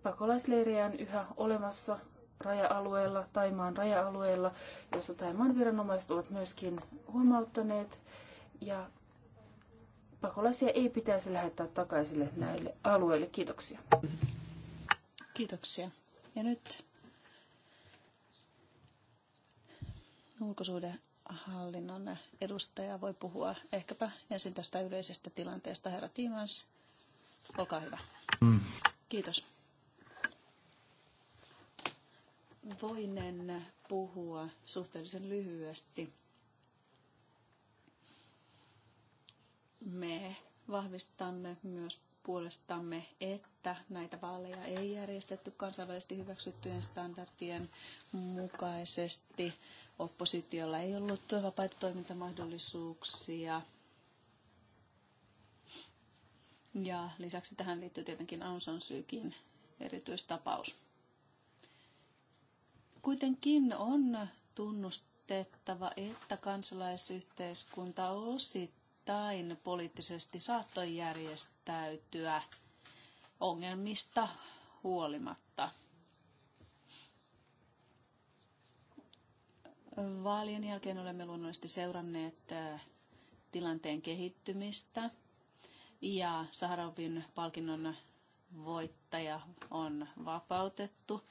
pakolaisleirejä on yhä olemassa raja-alueella, Taimaan raja-alueella, jossa Taimaan viranomaiset ovat myöskin huomauttaneet. Ja pakolaisia ei pitäisi lähettää takaisin näille alueille. Kiitoksia. Kiitoksia. Ja nyt ulkosuuden hallinnon edustaja voi puhua ehkäpä ensin tästä yleisestä tilanteesta. Herra Tiimans, olkaa hyvä. Mm. Kiitos. Voinen puhua suhteellisen lyhyesti. Me vahvistamme myös puolestamme, että näitä vaaleja ei järjestetty kansainvälisesti hyväksyttyjen standardien mukaisesti, Oppositiolla ei ollut vapaita toimintamahdollisuuksia. Ja lisäksi tähän liittyy tietenkin Aung San erityistapaus. Kuitenkin on tunnustettava, että kansalaisyhteiskunta osittain poliittisesti saattoi järjestäytyä ongelmista huolimatta. Vaalien jälkeen olemme luonnollisesti seuranneet äh, tilanteen kehittymistä ja Saharovin palkinnon voittaja on vapautettu.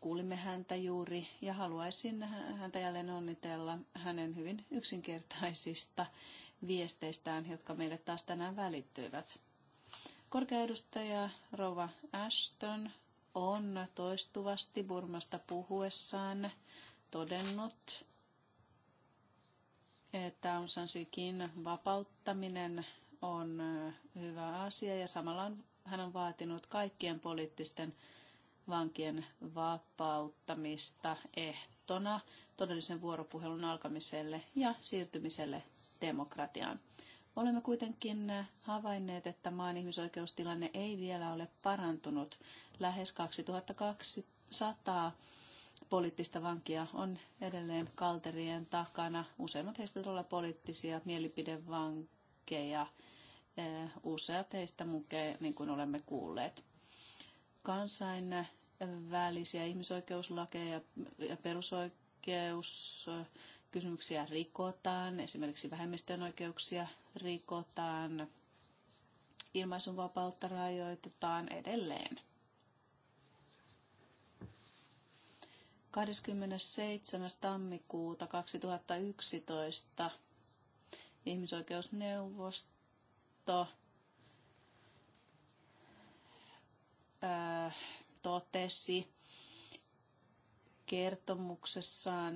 Kuulimme häntä juuri ja haluaisin häntä jälleen onnitella hänen hyvin yksinkertaisista viesteistään, jotka meille taas tänään välittyivät. Korkea edustaja Rova Ashton on toistuvasti Burmasta puhuessaan todennut, että Aung San Suu vapauttaminen on hyvä asia ja samalla hän on vaatinut kaikkien poliittisten vankien vapauttamista ehtona todellisen vuoropuhelun alkamiselle ja siirtymiselle demokratiaan. Olemme kuitenkin havainneet, että maan ihmisoikeustilanne ei vielä ole parantunut. Lähes 2200 poliittista vankia on edelleen kalterien takana. Useimmat heistä tulee poliittisia mielipidevankeja, eh, useat heistä mukee, niin kuin olemme kuulleet. Kansainvälisiä ihmisoikeuslakeja ja perusoikeuskysymyksiä rikotaan, esimerkiksi vähemmistön oikeuksia rikotaan, ilmaisunvapautta rajoitetaan edelleen 27. tammikuuta 2011 ihmisoikeusneuvosto totesi kertomuksessaan,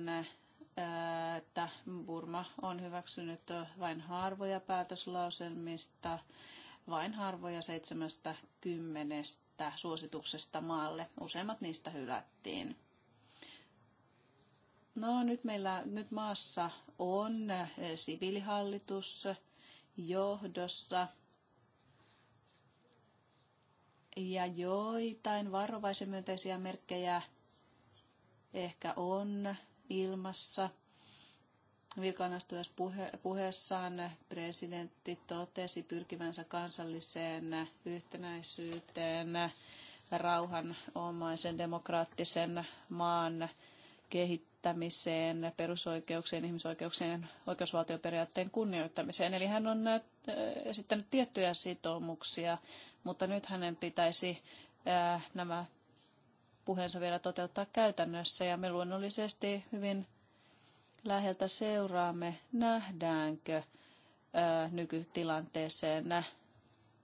että Burma on hyväksynyt vain harvoja päätöslauselmista, vain harvoja seitsemästä kymmenestä suosituksesta maalle. Useimmat niistä hylättiin. No nyt meillä nyt maassa on eh, siviilihallitus johdossa ja joitain varovaisen myönteisiä merkkejä ehkä on ilmassa. Virkaanastujas puhe, puheessaan presidentti totesi pyrkivänsä kansalliseen yhtenäisyyteen rauhanomaisen demokraattisen maan kehittämiseen kunnioittamiseen, perusoikeuksien, ihmisoikeuksien, oikeusvaltioperiaatteen kunnioittamiseen. Eli hän on äh, esittänyt tiettyjä sitoumuksia, mutta nyt hänen pitäisi äh, nämä puheensa vielä toteuttaa käytännössä ja me luonnollisesti hyvin läheltä seuraamme, nähdäänkö äh, nykytilanteeseen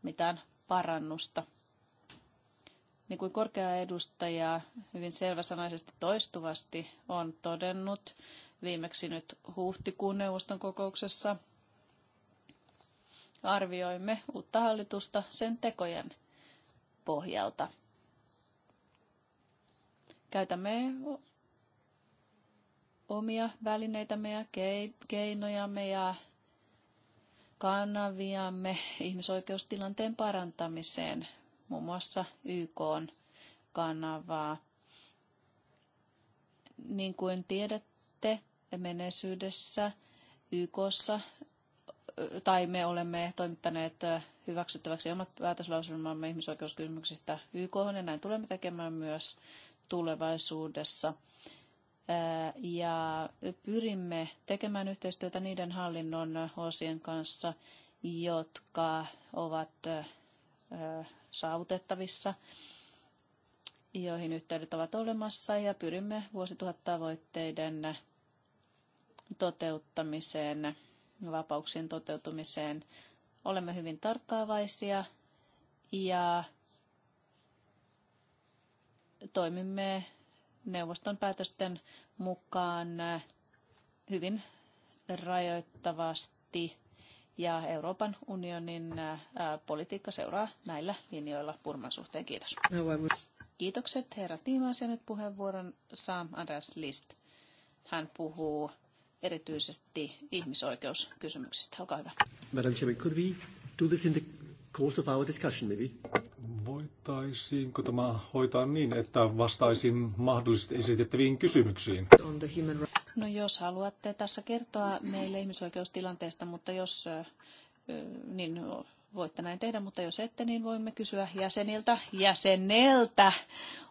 mitään parannusta niin kuin korkea edustaja hyvin selväsanaisesti toistuvasti on todennut viimeksi nyt huhtikuun neuvoston kokouksessa, arvioimme uutta hallitusta sen tekojen pohjalta. Käytämme omia välineitämme ja keinojamme ja kanaviamme ihmisoikeustilanteen parantamiseen muun muassa YK kanavaa. Niin kuin tiedätte, menneisyydessä YKssa tai me olemme toimittaneet hyväksyttäväksi omat päätöslauselmamme ihmisoikeuskysymyksistä YK, ja näin tulemme tekemään myös tulevaisuudessa. Ja pyrimme tekemään yhteistyötä niiden hallinnon osien kanssa, jotka ovat saavutettavissa, joihin yhteydet ovat olemassa ja pyrimme vuosituhattavoitteiden toteuttamiseen, vapauksien toteutumiseen. Olemme hyvin tarkkaavaisia ja toimimme neuvoston päätösten mukaan hyvin rajoittavasti ja Euroopan unionin äh, äh, politiikka seuraa näillä linjoilla Burman suhteen. Kiitos. No, Kiitokset herra Tiimaas ja nyt puheenvuoron saa Andreas List. Hän puhuu erityisesti ihmisoikeuskysymyksistä. Olkaa hyvä. Madam Chairman, could we do this in the course of our discussion maybe? Voitaisiinko tämä hoitaa niin, että vastaisin mahdollisesti esitettäviin kysymyksiin? No jos haluatte tässä kertoa meille ihmisoikeustilanteesta, mutta jos, niin voitte näin tehdä, mutta jos ette, niin voimme kysyä jäseniltä, jäseneltä,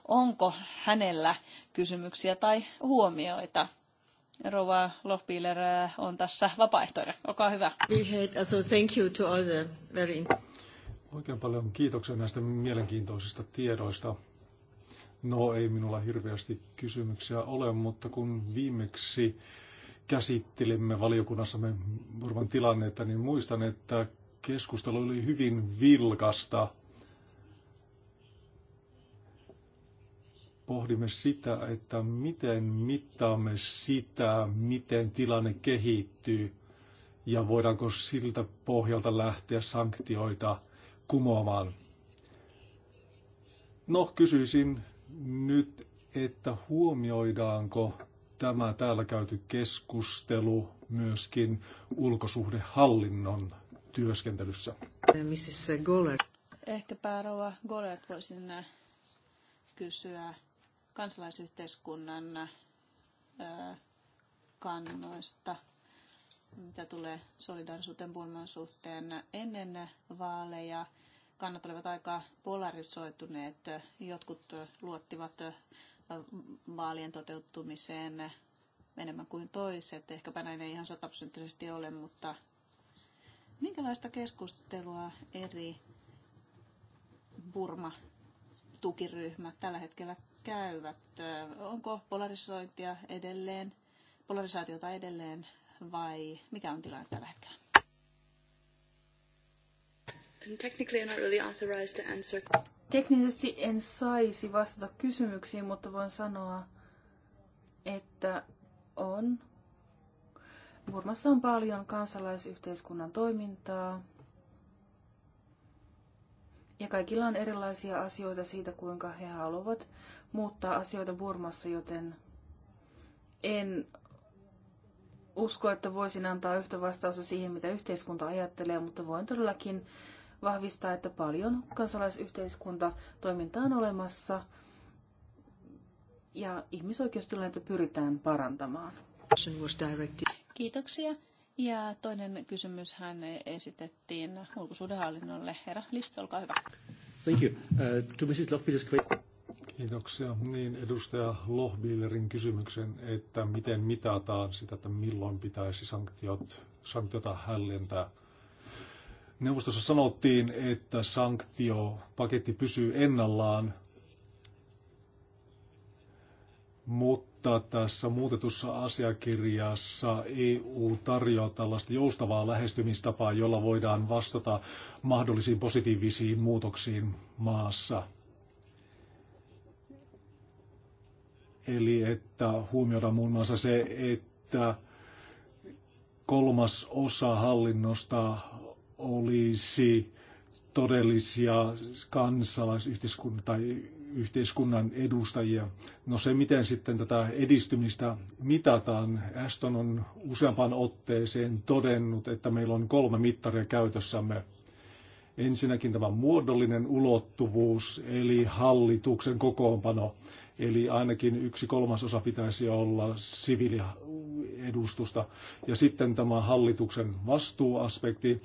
onko hänellä kysymyksiä tai huomioita. Rova Lohpiler on tässä vapaaehtoinen. Olkaa hyvä. Uh, thank you to all the very... Oikein paljon kiitoksia näistä mielenkiintoisista tiedoista. No ei minulla hirveästi kysymyksiä ole, mutta kun viimeksi käsittelimme valiokunnassamme Burman tilannetta, niin muistan, että keskustelu oli hyvin vilkasta. Pohdimme sitä, että miten mittaamme sitä, miten tilanne kehittyy ja voidaanko siltä pohjalta lähteä sanktioita kumoamaan. No, kysyisin nyt, että huomioidaanko tämä täällä käyty keskustelu myöskin ulkosuhdehallinnon työskentelyssä? Mrs. Goller. Ehkä päärova Goller voisin äh, kysyä kansalaisyhteiskunnan äh, kannoista mitä tulee solidarisuuteen Burman suhteen ennen vaaleja, kannat olivat aika polarisoituneet. Jotkut luottivat vaalien toteutumiseen enemmän kuin toiset. Ehkäpä näin ei ihan sataprosenttisesti ole, mutta minkälaista keskustelua eri Burma-tukiryhmät tällä hetkellä käyvät? Onko polarisointia edelleen, polarisaatiota edelleen vai mikä on tilanne tällä hetkellä? Teknisesti en saisi vastata kysymyksiin, mutta voin sanoa, että on. Burmassa on paljon kansalaisyhteiskunnan toimintaa. Ja kaikilla on erilaisia asioita siitä, kuinka he haluavat muuttaa asioita Burmassa, joten en usko, että voisin antaa yhtä vastausta siihen, mitä yhteiskunta ajattelee, mutta voin todellakin vahvistaa, että paljon kansalaisyhteiskunta toiminta on olemassa ja ihmisoikeustilannetta pyritään parantamaan. Kiitoksia. Ja toinen kysymys hän esitettiin ulkosuudenhallinnolle. Herra Liste, olkaa hyvä. Thank you. Uh, to Mrs. Lockbitter's question. Kiitoksia. Niin, edustaja Lohbillerin kysymyksen, että miten mitataan sitä, että milloin pitäisi sanktiot, sanktiota hällentää. Neuvostossa sanottiin, että sanktiopaketti pysyy ennallaan, mutta tässä muutetussa asiakirjassa EU tarjoaa tällaista joustavaa lähestymistapaa, jolla voidaan vastata mahdollisiin positiivisiin muutoksiin maassa – Eli että huomioidaan muun muassa se, että kolmas osa hallinnosta olisi todellisia kansalaisyhteiskunnan tai yhteiskunnan edustajia. No se, miten sitten tätä edistymistä mitataan. Aston on useampaan otteeseen todennut, että meillä on kolme mittaria käytössämme – Ensinnäkin tämä muodollinen ulottuvuus, eli hallituksen kokoonpano. Eli ainakin yksi kolmasosa pitäisi olla siviiliedustusta. Ja sitten tämä hallituksen vastuuaspekti.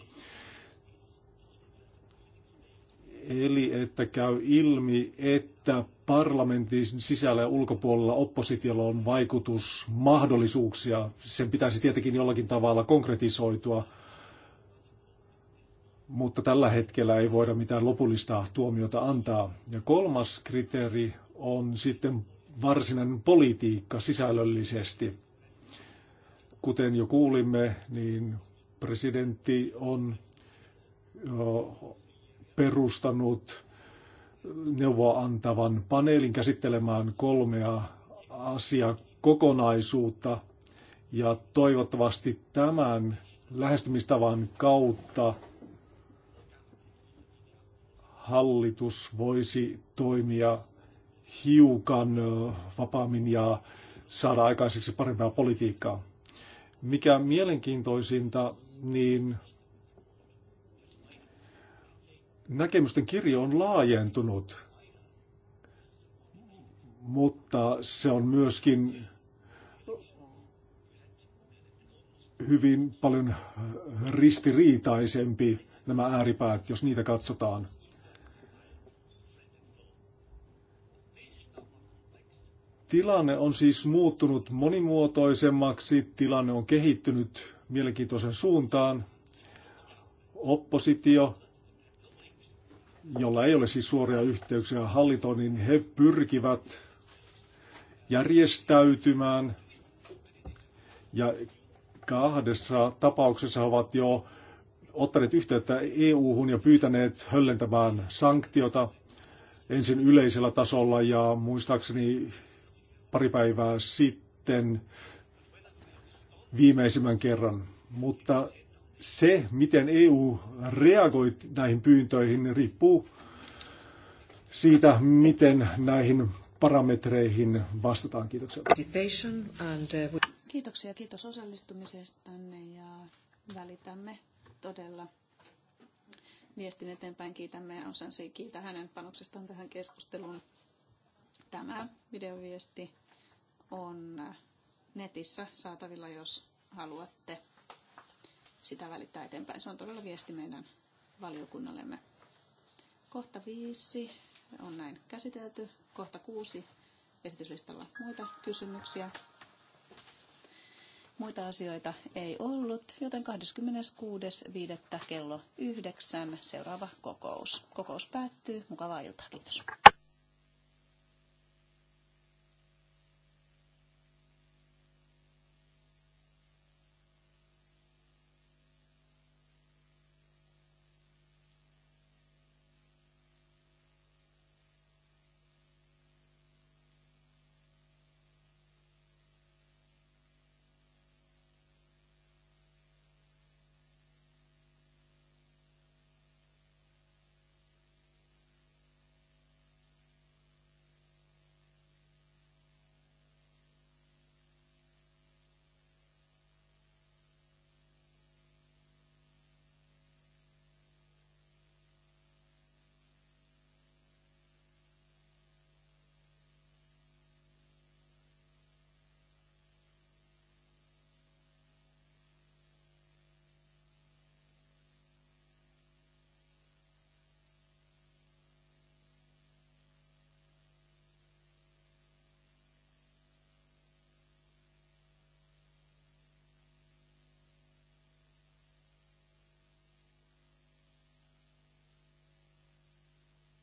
Eli että käy ilmi, että parlamentin sisällä ja ulkopuolella oppositiolla on vaikutusmahdollisuuksia. Sen pitäisi tietenkin jollakin tavalla konkretisoitua mutta tällä hetkellä ei voida mitään lopullista tuomiota antaa. Ja kolmas kriteeri on sitten varsinainen politiikka sisällöllisesti. Kuten jo kuulimme, niin presidentti on perustanut neuvoa antavan paneelin käsittelemään kolmea asiakokonaisuutta. Ja toivottavasti tämän lähestymistavan kautta hallitus voisi toimia hiukan vapaammin ja saada aikaiseksi parempaa politiikkaa. Mikä mielenkiintoisinta, niin näkemysten kirjo on laajentunut, mutta se on myöskin hyvin paljon ristiriitaisempi nämä ääripäät, jos niitä katsotaan. Tilanne on siis muuttunut monimuotoisemmaksi, tilanne on kehittynyt mielenkiintoisen suuntaan. Oppositio, jolla ei ole siis suoria yhteyksiä hallintoon, niin he pyrkivät järjestäytymään ja kahdessa tapauksessa ovat jo ottaneet yhteyttä EU-hun ja pyytäneet höllentämään sanktiota ensin yleisellä tasolla ja muistaakseni pari päivää sitten viimeisimmän kerran. Mutta se, miten EU reagoi näihin pyyntöihin, riippuu siitä, miten näihin parametreihin vastataan. Kiitoksia. Uh, Kiitoksia, kiitos osallistumisestanne ja välitämme todella viestin eteenpäin. Kiitämme Osansi, kiitä hänen panoksestaan tähän keskusteluun. Tämä videoviesti on netissä saatavilla, jos haluatte sitä välittää eteenpäin. Se on todella viesti meidän valiokunnallemme. Kohta viisi on näin käsitelty. Kohta kuusi esityslistalla muita kysymyksiä. Muita asioita ei ollut, joten 26.5. kello 9 seuraava kokous. Kokous päättyy. Mukavaa iltaa. Kiitos.